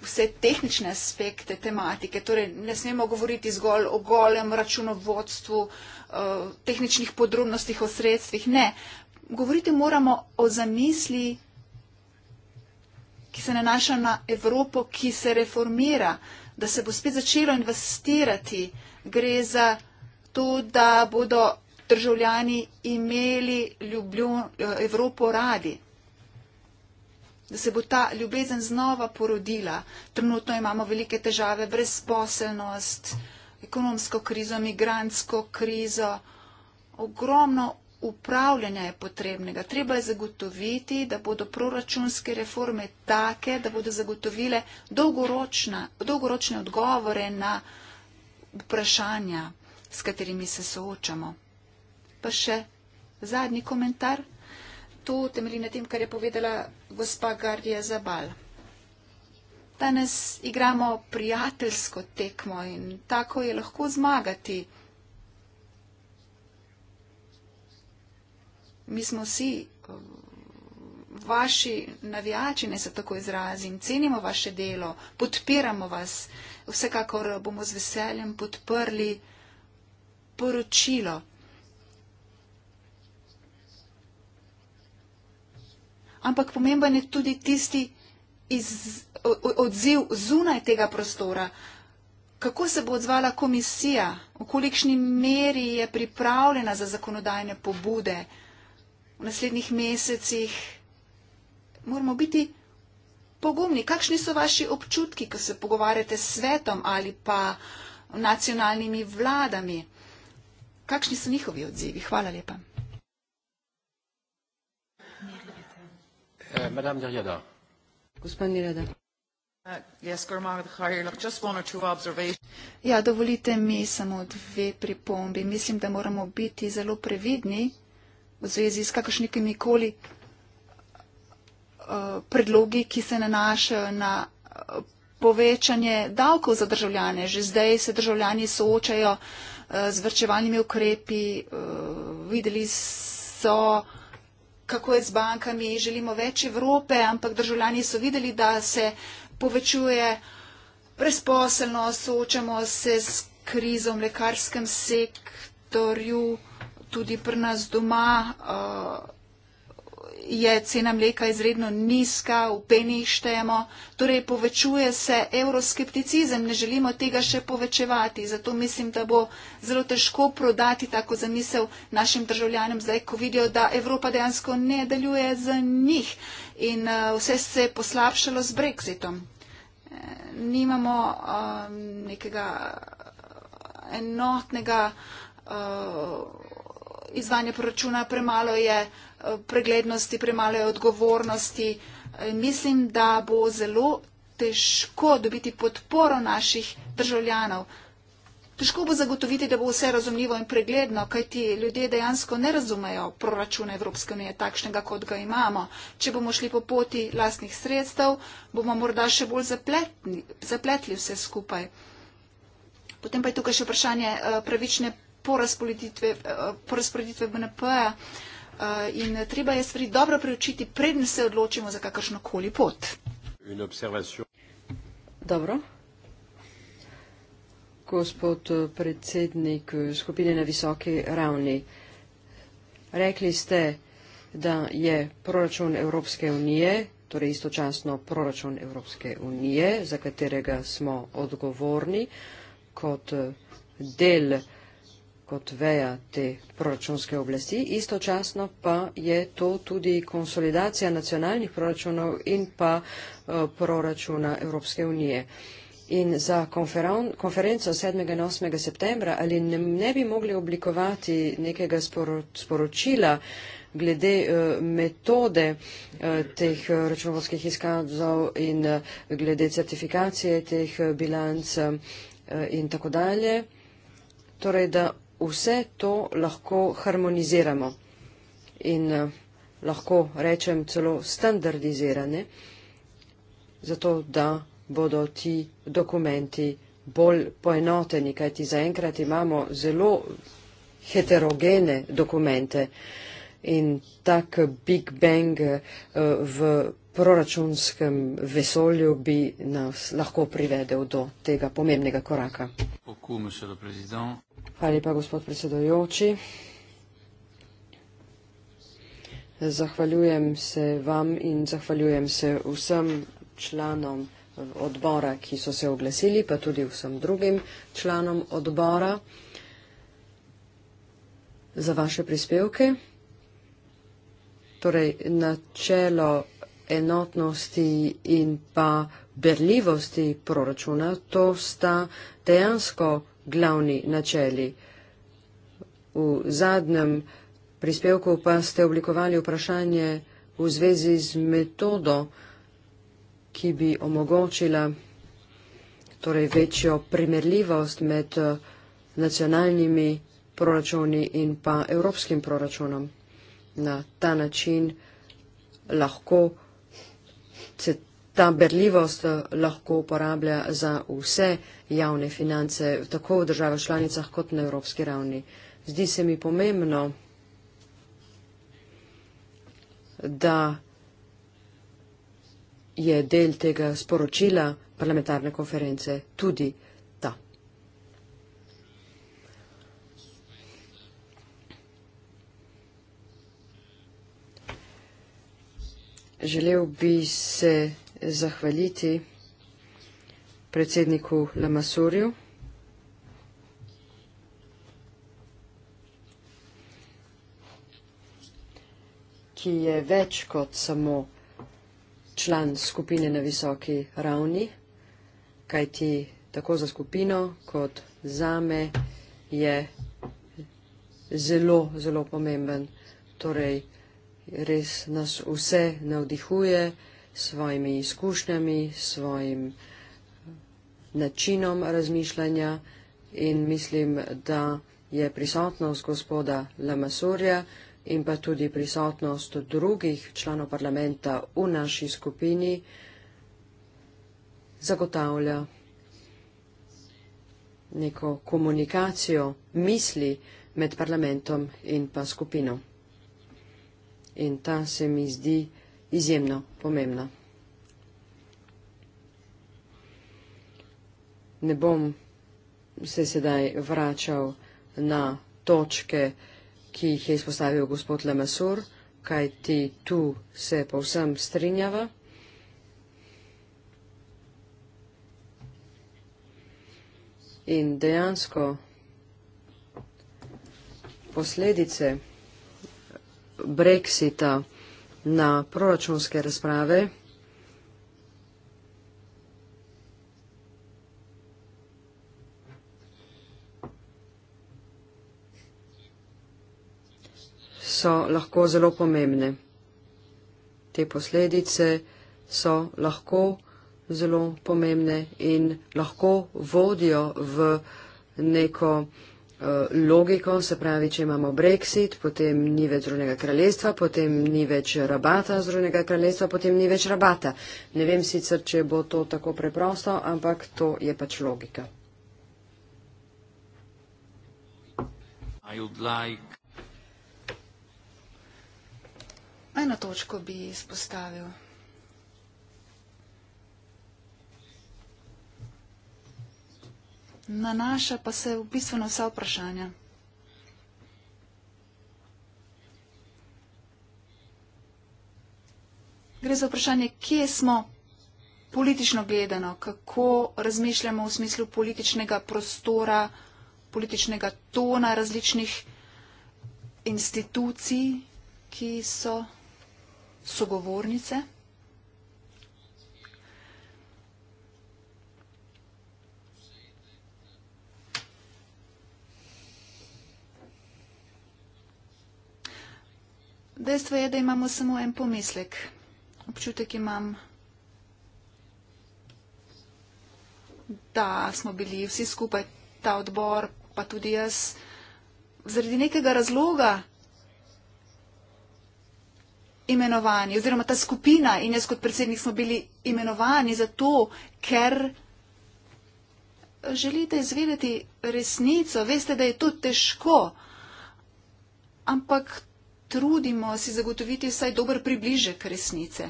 vse tehnične aspekte tematike. Torej, ne smemo govoriti zgolj o golem računovodstvu, eh, tehničnih podrobnostih o sredstvih. Ne, govoriti moramo o zamisli, ki se nanaša na Evropo, ki se reformira, da se bo spet začelo investirati. Gre za to, da bodo državljani imeli ljubljen, eh, Evropo radi, da se bo ta ljubezen znova porodila. Trenutno imamo velike težave, brezposelnost, ekonomsko krizo, migransko krizo, ogromno upravljanja je potrebnega. Treba je zagotoviti, da bodo proračunske reforme take, da bodo zagotovile dolgoročne odgovore na vprašanja, s katerimi se soočamo. Pa še zadnji komentar. To temelji na tem, kar je povedala gospa Gardija Zabal. Danes igramo prijateljsko tekmo in tako je lahko zmagati. Mi smo vsi eh, vaši navijači, ne se tako izrazim, cenimo vaše delo, podpiramo vas. Vsekakor bomo z veseljem podprli poročilo. ampak pomemben je tudi tisti iz, odziv zunaj tega prostora. Kako se bo odzvala komisija, v kolikšni meri je pripravljena za zakonodajne pobude v naslednjih mesecih. Moramo biti pogumni. Kakšni so vaši občutki, ko se pogovarjate s svetom ali pa nacionalnimi vladami? Kakšni so njihovi odzivi? Hvala lepa. Eh, Madame Derrida. Gospod Derrida. Eh, ja, dovolite mi samo dve pripombi. Mislim, da moramo biti zelo previdni v zvezi s kakršnikimi koli eh, predlogi, ki se nanašajo na povečanje davkov za državljane. Že zdaj se državljani soočajo z vrčevalnimi ukrepi, videli so kako je z bankami, želimo več Evrope, ampak državljani so videli, da se povečuje presposelnost, soočamo se s krizo v lekarskem sektorju, tudi pri nas doma. Uh, je cena mleka izredno nizka, v penih štejemo, torej povečuje se euroskepticizem, ne želimo tega še povečevati. Zato mislim, da bo zelo težko prodati tako zamisel našim državljanom zdaj, ko vidijo, da Evropa dejansko ne deluje za njih in eh, vse se je poslabšalo z brexitom. Eh, nimamo um, nekega enotnega. Uh, izvanje proračuna, premalo je eh, preglednosti, premalo je odgovornosti. Eh, mislim, da bo zelo težko dobiti podporo naših državljanov. Težko bo zagotoviti, da bo vse razumljivo in pregledno, kajti ljudje dejansko ne razumejo proračuna Evropske unije takšnega, kot ga imamo. Če bomo šli po poti lastnih sredstev, bomo morda še bolj zapletni, zapletli vse skupaj. Potem pa je tukaj še vprašanje eh, pravične po eh, razporeditve BNP-ja eh, in treba je stvari dobro preučiti, preden se odločimo za kakršno koli pot. Dobro. Gospod eh, predsednik skupine na visoki ravni, rekli ste, da je proračun Evropske unije, torej istočasno proračun Evropske unije, za katerega smo odgovorni kot del proračun, kot veja te proračunske oblasti, istočasno pa je to tudi konsolidacija nacionalnih proračunov in pa eh, proračuna Evropske unije. In za konferenco 7. in 8. septembra ali ne, ne bi mogli oblikovati nekega sporočila glede eh, metode eh, teh računovodskih izkazov in glede certifikacije teh bilanc in tako dalje. Torej, da vse to lahko harmoniziramo in eh, lahko rečem celo standardizirane, zato da bodo ti dokumenti bolj poenoteni, kajti zaenkrat imamo zelo heterogene dokumente in tak Big Bang eh, v proračunskem vesolju bi nas lahko privedel do tega pomembnega koraka. Beaucoup, Hvala lepa, gospod predsedojoči. Zahvaljujem se vam in zahvaljujem se vsem članom odbora, ki so se oglasili, pa tudi vsem drugim članom odbora za vaše prispevke. Torej, načelo enotnosti in pa berljivosti proračuna, to sta dejansko glavni načeli. V zadnjem prispevku pa ste oblikovali vprašanje v zvezi z metodo, ki bi omogočila torej večjo primerljivost med eh, nacionalnimi proračuni in pa evropskim proračunom. Na ta način lahko se ta berljivost eh, lahko uporablja za vse javne finance, tako v državah članicah kot na evropski ravni. Zdi se mi pomembno, da je del tega sporočila parlamentarne konference tudi ta. Želel bi se zahvaliti predsedniku Lamasurju. ki je več kot samo član skupine na visoki ravni, kajti tako za skupino kot za me je zelo, zelo pomemben. Torej, res nas vse navdihuje svojimi izkušnjami, svojim načinom razmišljanja in mislim, da je prisotnost gospoda Lamasurja in pa tudi prisotnost drugih članov parlamenta v naši skupini zagotavlja neko komunikacijo misli med parlamentom in pa skupino. In ta se mi zdi, izjemno pomembna. Ne bom se sedaj vračal na točke, ki jih je izpostavil gospod Lemesur, kaj ti tu se povsem strinjava. In dejansko posledice Brexita na proračunske razprave. So lahko zelo pomembne. Te posledice so lahko zelo pomembne in lahko vodijo v neko uh, Eh, logiko, se pravi, če imamo Brexit, potem ni več Združenega kraljestva, potem ni več rabata Združenega kraljestva, potem ni več rabata. Ne vem sicer, če bo to tako preprosto, ampak to je pač logika. Like... Eno točko bi izpostavil. nanaša pa se v bistvu na vsa vprašanja. Gre za vprašanje, kje smo politično gledano, kako razmišljamo v smislu političnega prostora, političnega tona različnih institucij, ki so sogovornice. Dejstvo je, da imamo samo en pomislek. Občutek imam, da smo bili vsi skupaj, ta odbor, pa tudi jaz, zaradi nekega razloga imenovani, oziroma ta skupina in jaz kot predsednik smo bili imenovani zato, ker želite izvedeti resnico, veste, da je to težko, ampak trudimo si zagotoviti vsaj dober približek resnice.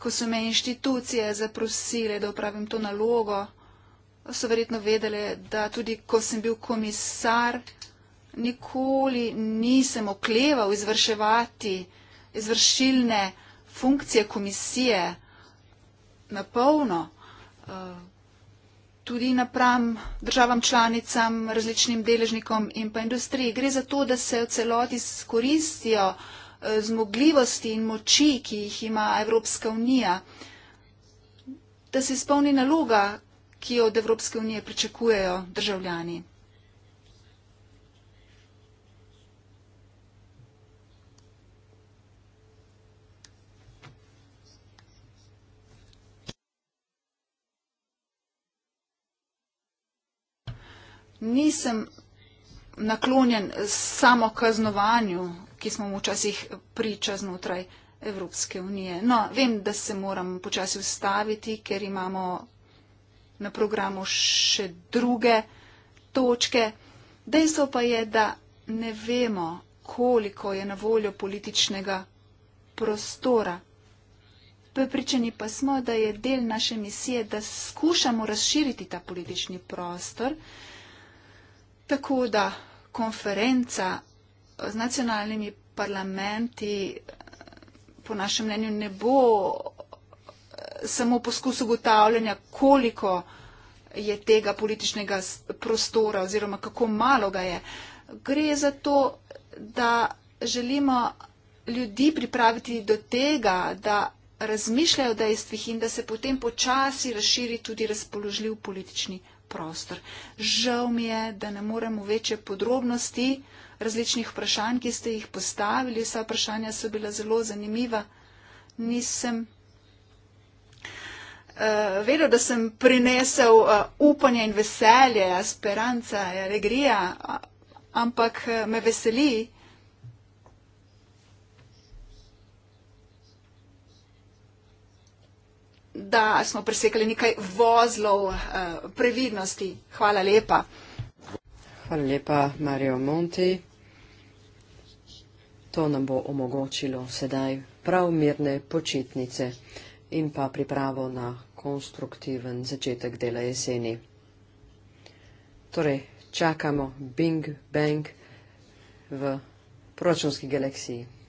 Ko so me inštitucije zaprosile, da upravim to nalogo, so verjetno vedele, da tudi ko sem bil komisar, nikoli nisem okleval izvrševati izvršilne funkcije komisije na polno. Eh, tudi napram državam članicam, različnim deležnikom in pa industriji. Gre za to, da se v celoti skoristijo eh, zmogljivosti in moči, ki jih ima Evropska unija, da se izpolni naloga, ki jo od Evropske unije pričakujejo državljani. nisem naklonjen samo kaznovanju, ki smo mu včasih priča znotraj Evropske unije. No, vem, da se moram počasi ustaviti, ker imamo na programu še druge točke. Dejstvo pa je, da ne vemo, koliko je na voljo političnega prostora. Prepričani pa smo, da je del naše misije, da skušamo razširiti ta politični prostor, Tako da konferenca z nacionalnimi parlamenti, po našem mnenju, ne bo eh, samo poskus ugotavljanja, koliko je tega političnega prostora oziroma kako malo ga je. Gre za to, da želimo ljudi pripraviti do tega, da razmišljajo o dejstvih in da se potem počasi razširi tudi razpoložljiv politični prostor. Žal mi je, da ne moremo večje podrobnosti različnih vprašanj, ki ste jih postavili. Vsa vprašanja so bila zelo zanimiva. Nisem uh, vedel, da sem prinesel uh, upanje in veselje, asperanca, alegrija, eh, ampak uh, me veseli, uh, da smo presekali nekaj vozlov eh, previdnosti. Hvala lepa. Hvala lepa, Mario Monti. To nam bo omogočilo sedaj prav mirne počitnice in pa pripravo na konstruktiven začetek dela jeseni. Torej, čakamo Bing Bang v proračunski galaksiji.